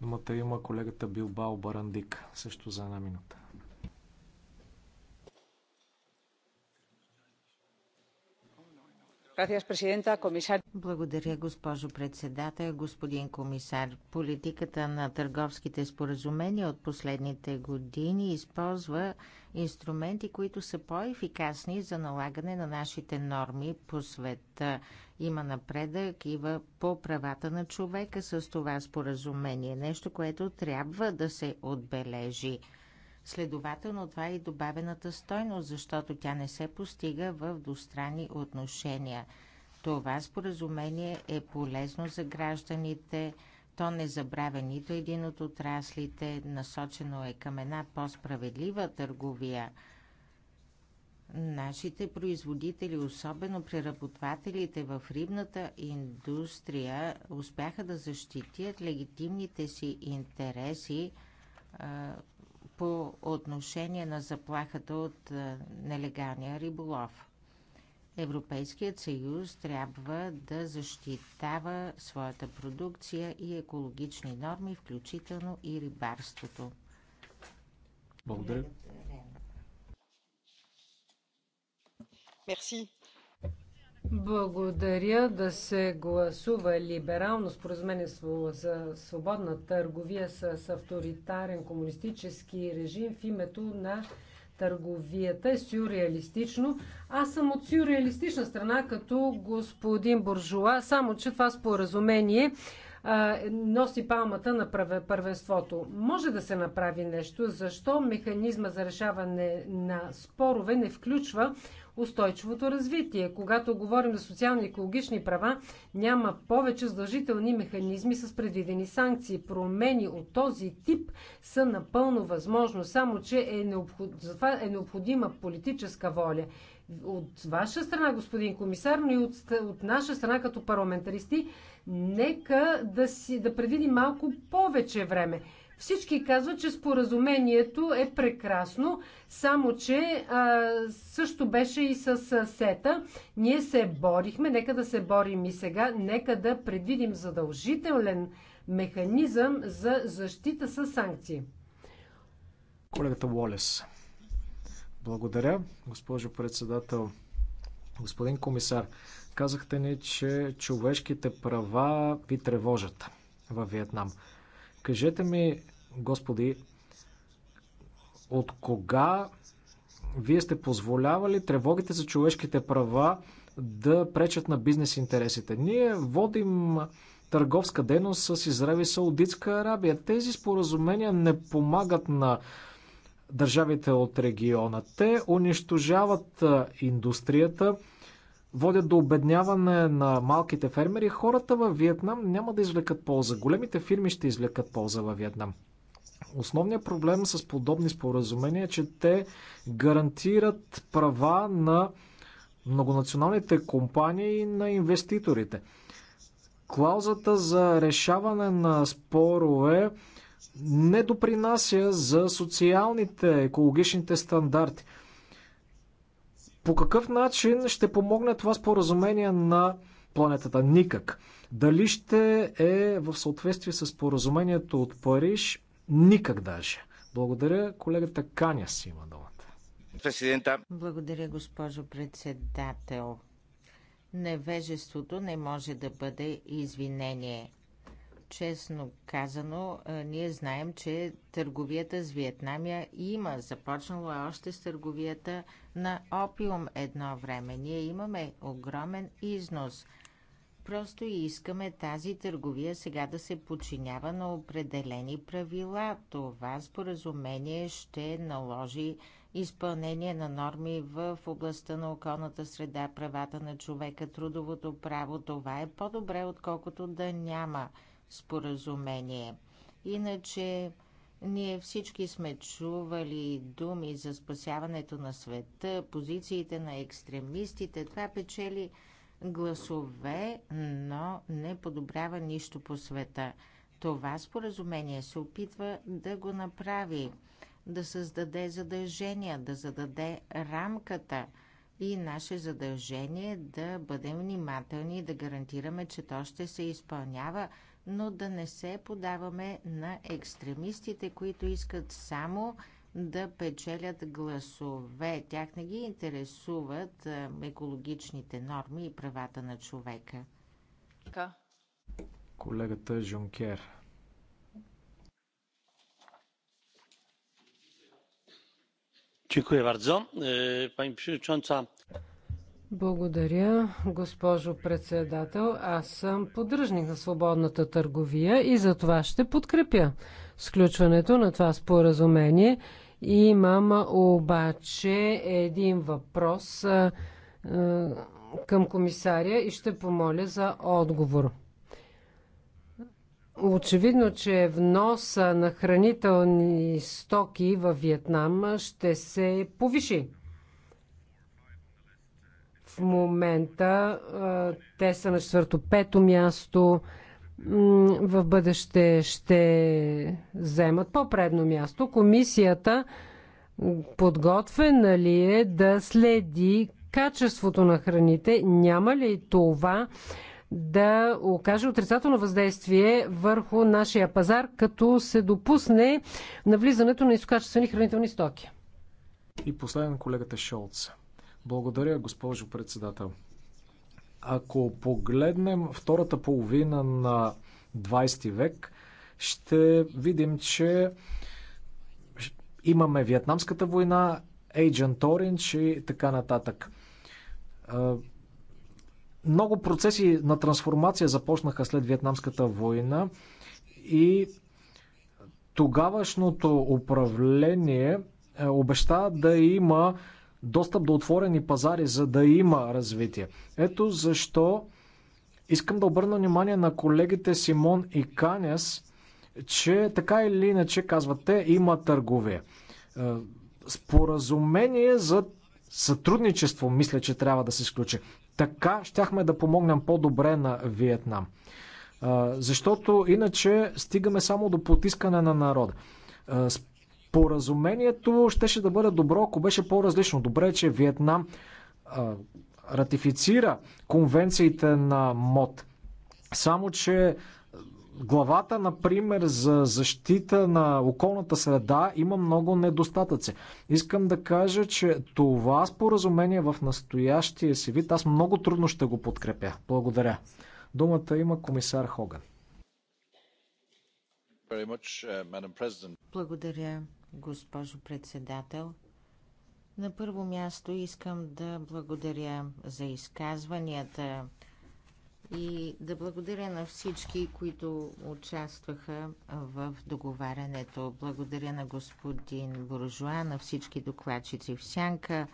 Думата има колегата Билбао Барандик, също за една минута. Благодаря, госпожо председател, господин комисар. Политиката на търговските споразумения от последните години използва инструменти, които са по-ефикасни за налагане на нашите норми по света. Има напредък и по правата на човека с това споразумение. Нещо, което трябва да се отбележи. Следователно това е и добавената стойност, защото тя не се постига в двустранни отношения. Това споразумение е полезно за гражданите, то не забравя нито един от отраслите, насочено е към една по-справедлива търговия. Нашите производители, особено преработвателите в рибната индустрия, успяха да защитят легитимните си интереси по отношение на заплахата от е, нелегалния риболов. Европейският съюз трябва да защитава своята продукция и екологични норми, включително и рибарството. Благодаря. Мерси. Благодаря да се гласува либерално споразумение за свободна търговия с авторитарен комунистически режим в името на търговията е сюрреалистично. Аз съм от сюрреалистична страна, като господин Буржуа, само че това споразумение а, носи палмата на първенството. Може да се направи нещо, защо механизма за решаване на спорове не включва устойчивото развитие. Когато говорим за социални и екологични права, няма повече задължителни механизми с предвидени санкции. Промени от този тип са напълно възможно, само че е, необход... Затова е необходима политическа воля. От ваша страна, господин комисар, но и от, от наша страна като парламентаристи, нека да, си, да предвидим малко повече време. Всички казват, че споразумението е прекрасно, само че а, също беше и с сета. Ние се борихме, нека да се борим и сега, нека да предвидим задължителен механизъм за защита с санкции. Колегата Уолес. Благодаря, госпожо председател. Господин комисар, казахте ни, че човешките права ви тревожат във Виетнам. Кажете ми, Господи, от кога вие сте позволявали тревогите за човешките права да пречат на бизнес интересите? Ние водим търговска дейност с Израел и Саудитска Арабия. Тези споразумения не помагат на държавите от региона. Те унищожават индустрията, водят до обедняване на малките фермери. Хората във Виетнам няма да извлекат полза. Големите фирми ще извлекат полза във Виетнам. Основният проблем с подобни споразумения е, че те гарантират права на многонационалните компании и на инвеститорите. Клаузата за решаване на спорове не допринася за социалните, екологичните стандарти. По какъв начин ще помогне това споразумение на планетата? Никак. Дали ще е в съответствие с споразумението от Париж? Никак даже. Благодаря. Колегата Каня си има думата. Президента. Благодаря, госпожо председател. Невежеството не може да бъде извинение. Честно казано, ние знаем, че търговията с Виетнамия има. Започнала е още с търговията на опиум едно време. Ние имаме огромен износ – Просто искаме тази търговия сега да се подчинява на определени правила. Това споразумение ще наложи изпълнение на норми в областта на околната среда, правата на човека, трудовото право. Това е по-добре, отколкото да няма споразумение. Иначе ние всички сме чували думи за спасяването на света, позициите на екстремистите. Това печели гласове, но не подобрява нищо по света. Това споразумение се опитва да го направи, да създаде задължения, да зададе рамката и наше задължение е да бъдем внимателни и да гарантираме, че то ще се изпълнява, но да не се подаваме на екстремистите, които искат само да печелят гласове. Тях не ги интересуват екологичните норми и правата на човека. Колегата Жункер. E, Благодаря, госпожо председател. Аз съм поддръжник на свободната търговия и за това ще подкрепя сключването на това споразумение. Имам обаче един въпрос към комисаря и ще помоля за отговор. Очевидно, че вноса на хранителни стоки във Виетнам ще се повиши. В момента те са на четвърто-пето място в бъдеще ще вземат по-предно място. Комисията подготвена ли е да следи качеството на храните? Няма ли това да окаже отрицателно въздействие върху нашия пазар, като се допусне навлизането на изкачествени хранителни стоки? И последен колегата Шолц. Благодаря, госпожо председател. Ако погледнем втората половина на 20 век, ще видим, че имаме Вьетнамската война, Agent Orange и така нататък. Много процеси на трансформация започнаха след Вьетнамската война и тогавашното управление е, обеща да има достъп до отворени пазари, за да има развитие. Ето защо искам да обърна внимание на колегите Симон и Канес, че така или иначе, казват те, има търговия. Е, споразумение за сътрудничество, мисля, че трябва да се изключи. Така щяхме да помогнем по-добре на Виетнам. Е, защото иначе стигаме само до потискане на народа. Е, Споразумението щеше да бъде добро, ако беше по-различно. Добре, е, че Виетнам а, ратифицира конвенциите на МОД. Само, че главата, например, за защита на околната среда има много недостатъци. Искам да кажа, че това споразумение в настоящия си вид, аз много трудно ще го подкрепя. Благодаря. Думата има комисар Хоган. Uh, Благодаря, госпожо председател. На първо място искам да благодаря за изказванията и да благодаря на всички, които участваха в договарянето. Благодаря на господин Буржуа, на всички докладчици в Сянка,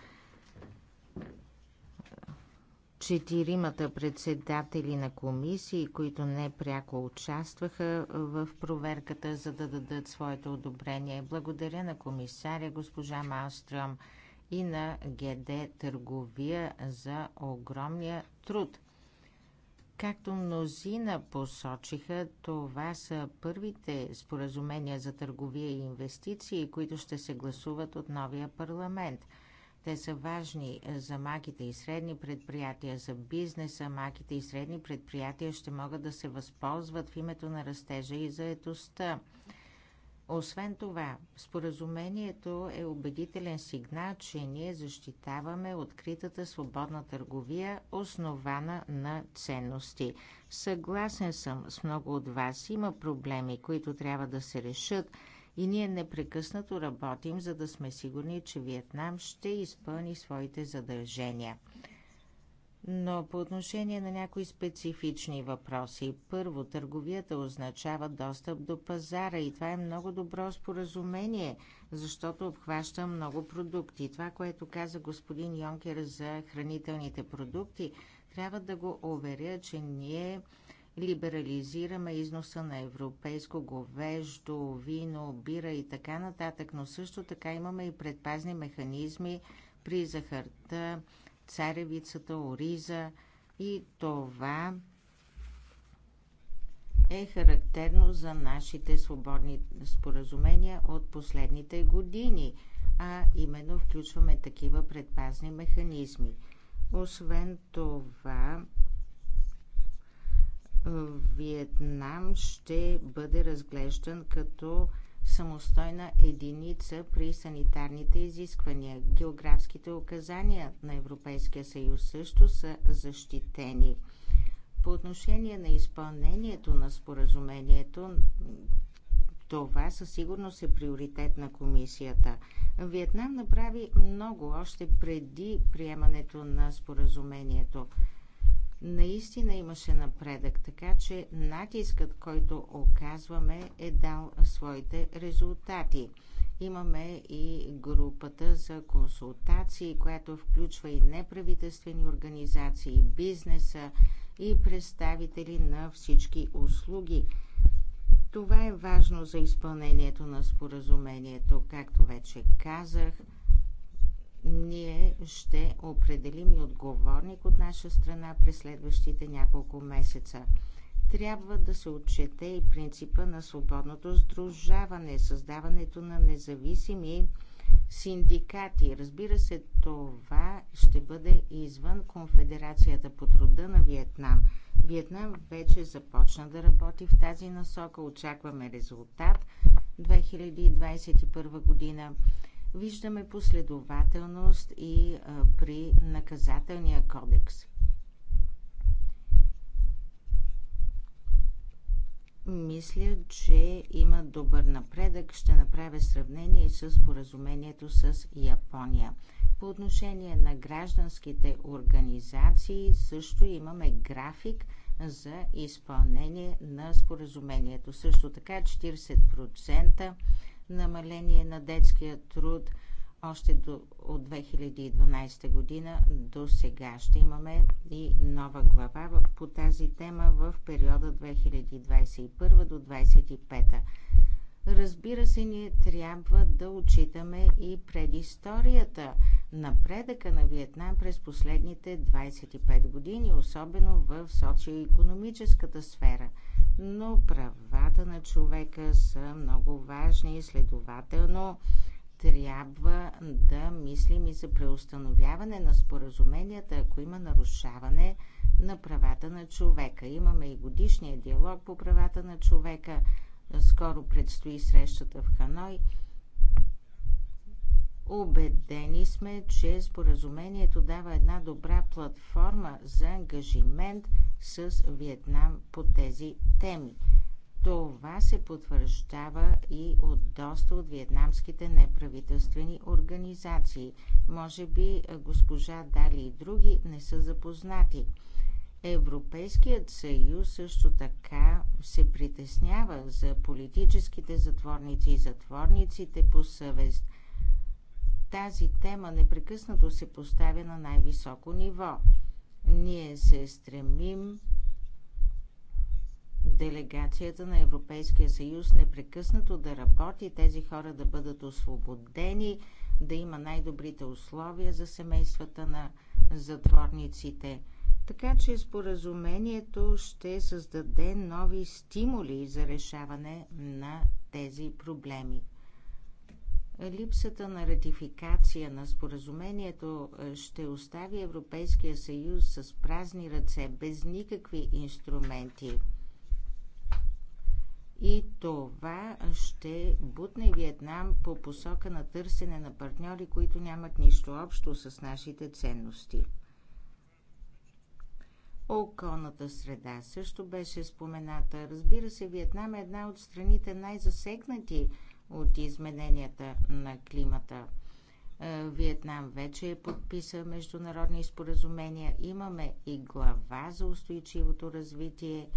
четиримата председатели на комисии, които не пряко участваха в проверката, за да дадат своето одобрение. Благодаря на комисаря госпожа Малстром и на ГД Търговия за огромния труд. Както мнозина посочиха, това са първите споразумения за търговия и инвестиции, които ще се гласуват от новия парламент – те са важни е, за малките и средни предприятия, за бизнеса. Малките и средни предприятия ще могат да се възползват в името на растежа и заетостта. Освен това, споразумението е убедителен сигнал, че ние защитаваме откритата свободна търговия, основана на ценности. Съгласен съм с много от вас. Има проблеми, които трябва да се решат и ние непрекъснато работим, за да сме сигурни, че Виетнам ще изпълни своите задължения. Но по отношение на някои специфични въпроси, първо, търговията означава достъп до пазара и това е много добро споразумение, защото обхваща много продукти. Това, което каза господин Йонкер за хранителните продукти, трябва да го уверя, че ние либерализираме износа на европейско говеждо, вино, бира и така нататък, но също така имаме и предпазни механизми при захарта, царевицата, ориза и това е характерно за нашите свободни споразумения от последните години, а именно включваме такива предпазни механизми. Освен това, Виетнам ще бъде разглеждан като самостойна единица при санитарните изисквания. Географските указания на Европейския съюз също са защитени. По отношение на изпълнението на споразумението, това със сигурност е приоритет на комисията. Виетнам направи много още преди приемането на споразумението наистина имаше напредък, така че натискът, който оказваме, е дал своите резултати. Имаме и групата за консултации, която включва и неправителствени организации, бизнеса и представители на всички услуги. Това е важно за изпълнението на споразумението, както вече казах – ние ще определим и отговорник от наша страна през следващите няколко месеца. Трябва да се отчете и принципа на свободното сдружаване, създаването на независими синдикати. Разбира се, това ще бъде извън Конфедерацията по труда на Виетнам. Виетнам вече започна да работи в тази насока. Очакваме резултат 2021 година. Виждаме последователност и при наказателния кодекс. Мисля, че има добър напредък. Ще направя сравнение с поразумението с Япония. По отношение на гражданските организации също имаме график за изпълнение на споразумението. Също така 40% намаление на детския труд още до, от 2012 година до сега. Ще имаме и нова глава по тази тема в периода 2021 до 2025. Разбира се, ние трябва да отчитаме и предисторията, напредъка на Виетнам през последните 25 години, особено в социо-економическата сфера – но правата на човека са много важни и следователно трябва да мислим и за преустановяване на споразуменията, ако има нарушаване на правата на човека. Имаме и годишния диалог по правата на човека. Скоро предстои срещата в Ханой. Обедени сме, че споразумението дава една добра платформа за ангажимент с Виетнам по тези теми. Това се потвърждава и от доста от виетнамските неправителствени организации. Може би госпожа Дали и други не са запознати. Европейският съюз също така се притеснява за политическите затворници и затворниците по съвест тази тема непрекъснато се поставя на най-високо ниво. Ние се стремим делегацията на Европейския съюз непрекъснато да работи, тези хора да бъдат освободени, да има най-добрите условия за семействата на затворниците. Така че споразумението ще създаде нови стимули за решаване на тези проблеми. Липсата на ратификация на споразумението е, ще остави Европейския съюз с празни ръце, без никакви инструменти. И това ще бутне Виетнам по посока на търсене на партньори, които нямат нищо общо с нашите ценности. Околната среда също беше спомената. Разбира се, Виетнам е една от страните най-засегнати от измененията на климата. Е, Виетнам вече е подписал международни споразумения. Имаме и глава за устойчивото развитие.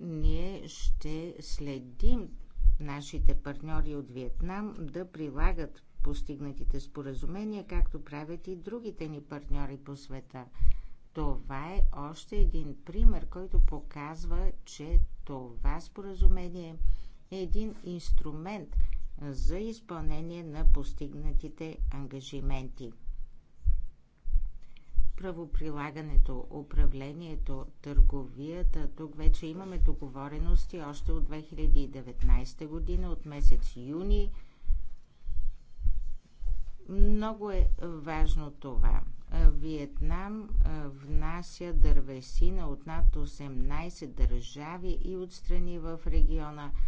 Ние ще следим нашите партньори от Виетнам да прилагат постигнатите споразумения, както правят и другите ни партньори по света. Това е още един пример, който показва, че това споразумение е е един инструмент за изпълнение на постигнатите ангажименти. Правоприлагането, управлението, търговията, тук вече имаме договорености още от 2019 година, от месец юни. Много е важно това. Виетнам внася дървесина от над 18 държави и от страни в региона –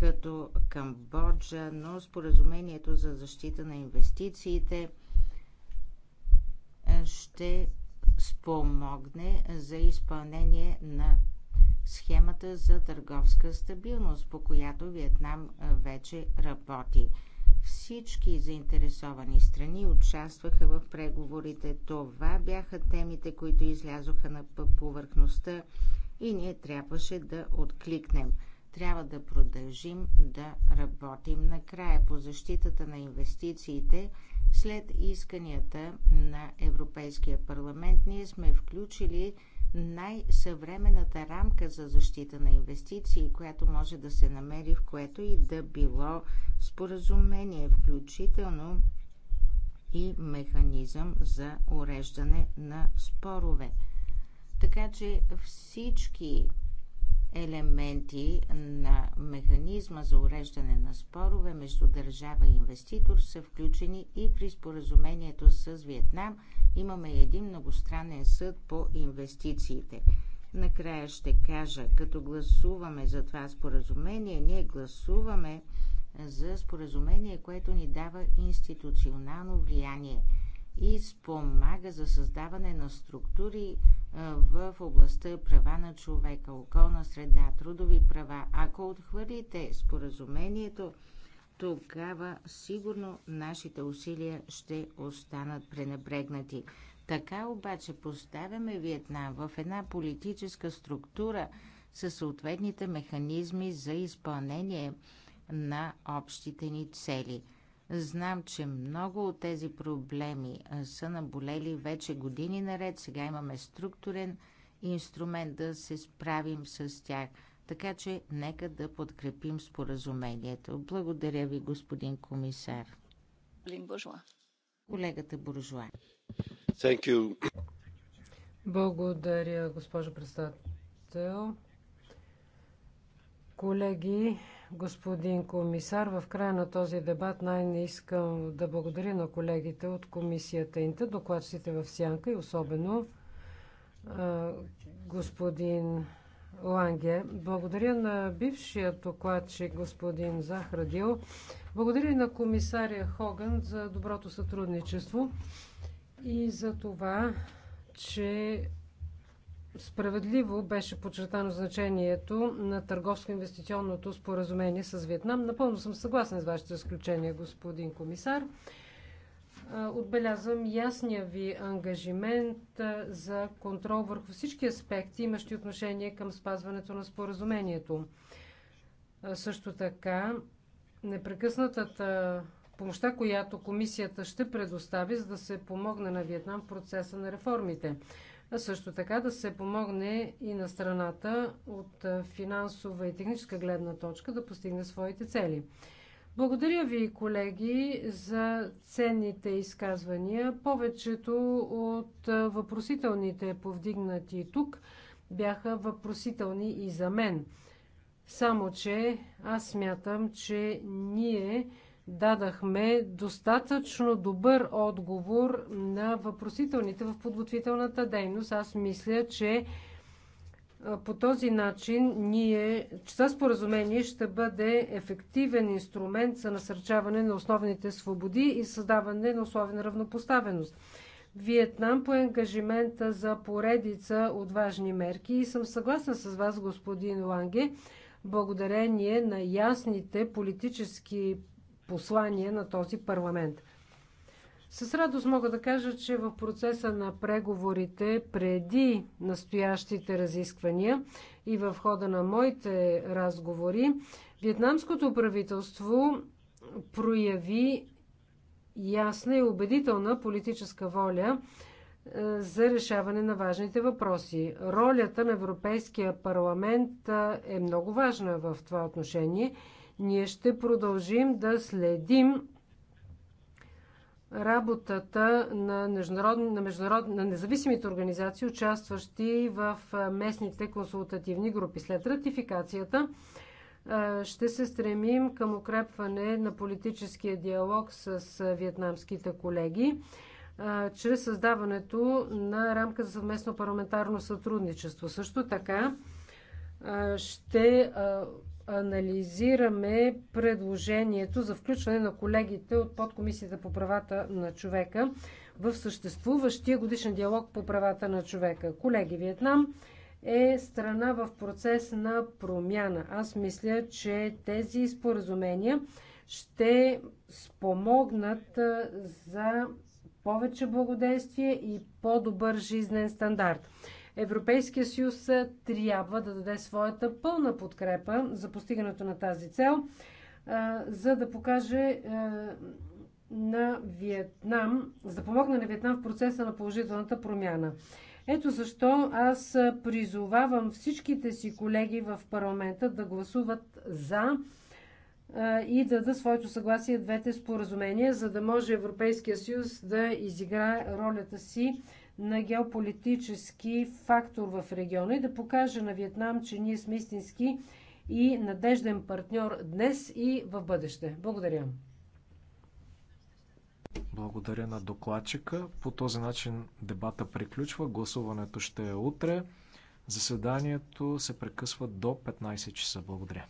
като Камбоджа, но споразумението за защита на инвестициите ще спомогне за изпълнение на схемата за търговска стабилност, по която Виетнам вече работи. Всички заинтересовани страни участваха в преговорите. Това бяха темите, които излязоха на повърхността и ние трябваше да откликнем – трябва да продължим да работим накрая по защитата на инвестициите. След исканията на Европейския парламент ние сме включили най-съвременната рамка за защита на инвестиции, която може да се намери в което и да било споразумение, включително и механизъм за уреждане на спорове. Така че всички елементи на механизма за уреждане на спорове между държава и инвеститор са включени и при споразумението с Виетнам имаме един многостранен съд по инвестициите. Накрая ще кажа, като гласуваме за това споразумение, ние гласуваме за споразумение, което ни дава институционално влияние и спомага за създаване на структури, в областта права на човека, околна среда, трудови права. Ако отхвърлите споразумението, тогава сигурно нашите усилия ще останат пренебрегнати. Така обаче поставяме Виетнам в една политическа структура със съответните механизми за изпълнение на общите ни цели – Знам, че много от тези проблеми са наболели вече години наред. Сега имаме структурен инструмент да се справим с тях. Така че нека да подкрепим споразумението. Благодаря ви, господин комисар. Колегата Буржуа. Благодаря, госпожо председател. Колеги, господин комисар. В края на този дебат най-не искам да благодаря на колегите от комисията Инта, докладчите в Сянка и особено господин Ланге. Благодаря на бившия докладчик господин Захрадил. Благодаря на комисаря Хоган за доброто сътрудничество и за това, че Справедливо беше подчертано значението на търговско-инвестиционното споразумение с Виетнам. Напълно съм съгласен с вашето изключение, господин комисар. Отбелязвам ясния ви ангажимент за контрол върху всички аспекти, имащи отношение към спазването на споразумението. Също така, непрекъснатата помощта, която комисията ще предостави, за да се помогне на Виетнам в процеса на реформите а също така да се помогне и на страната от финансова и техническа гледна точка да постигне своите цели. Благодаря ви, колеги, за ценните изказвания. Повечето от въпросителните повдигнати тук бяха въпросителни и за мен. Само, че аз смятам, че ние дадахме достатъчно добър отговор на въпросителните в подготвителната дейност. Аз мисля, че по този начин ние, това споразумение ще бъде ефективен инструмент за насърчаване на основните свободи и създаване на условен равнопоставеност. Виетнам по ангажимента за поредица от важни мерки и съм съгласна с вас, господин Ланге, благодарение на ясните политически послание на този парламент. С радост мога да кажа, че в процеса на преговорите преди настоящите разисквания и в хода на моите разговори, вьетнамското правителство прояви ясна и убедителна политическа воля е, за решаване на важните въпроси. Ролята на Европейския парламент е, е много важна в това отношение – ние ще продължим да следим работата на, международ, на, международ, на независимите организации, участващи в местните консултативни групи. След ратификацията ще се стремим към укрепване на политическия диалог с вьетнамските колеги чрез създаването на рамка за съвместно парламентарно сътрудничество. Също така ще анализираме предложението за включване на колегите от подкомисията по правата на човека в съществуващия годишен диалог по правата на човека. Колеги, Виетнам е страна в процес на промяна. Аз мисля, че тези споразумения ще спомогнат за повече благодействие и по-добър жизнен стандарт. Европейския съюз трябва да даде своята пълна подкрепа за постигането на тази цел, за да покаже на Виетнам, за да помогне на Виетнам в процеса на положителната промяна. Ето защо аз призовавам всичките си колеги в парламента да гласуват за и да дадат своето съгласие двете споразумения, за да може Европейския съюз да изиграе ролята си на геополитически фактор в региона и да покаже на Виетнам, че ние сме истински и надежден партньор днес и в бъдеще. Благодаря. Благодаря на докладчика. По този начин дебата приключва. Гласуването ще е утре. Заседанието се прекъсва до 15 часа. Благодаря.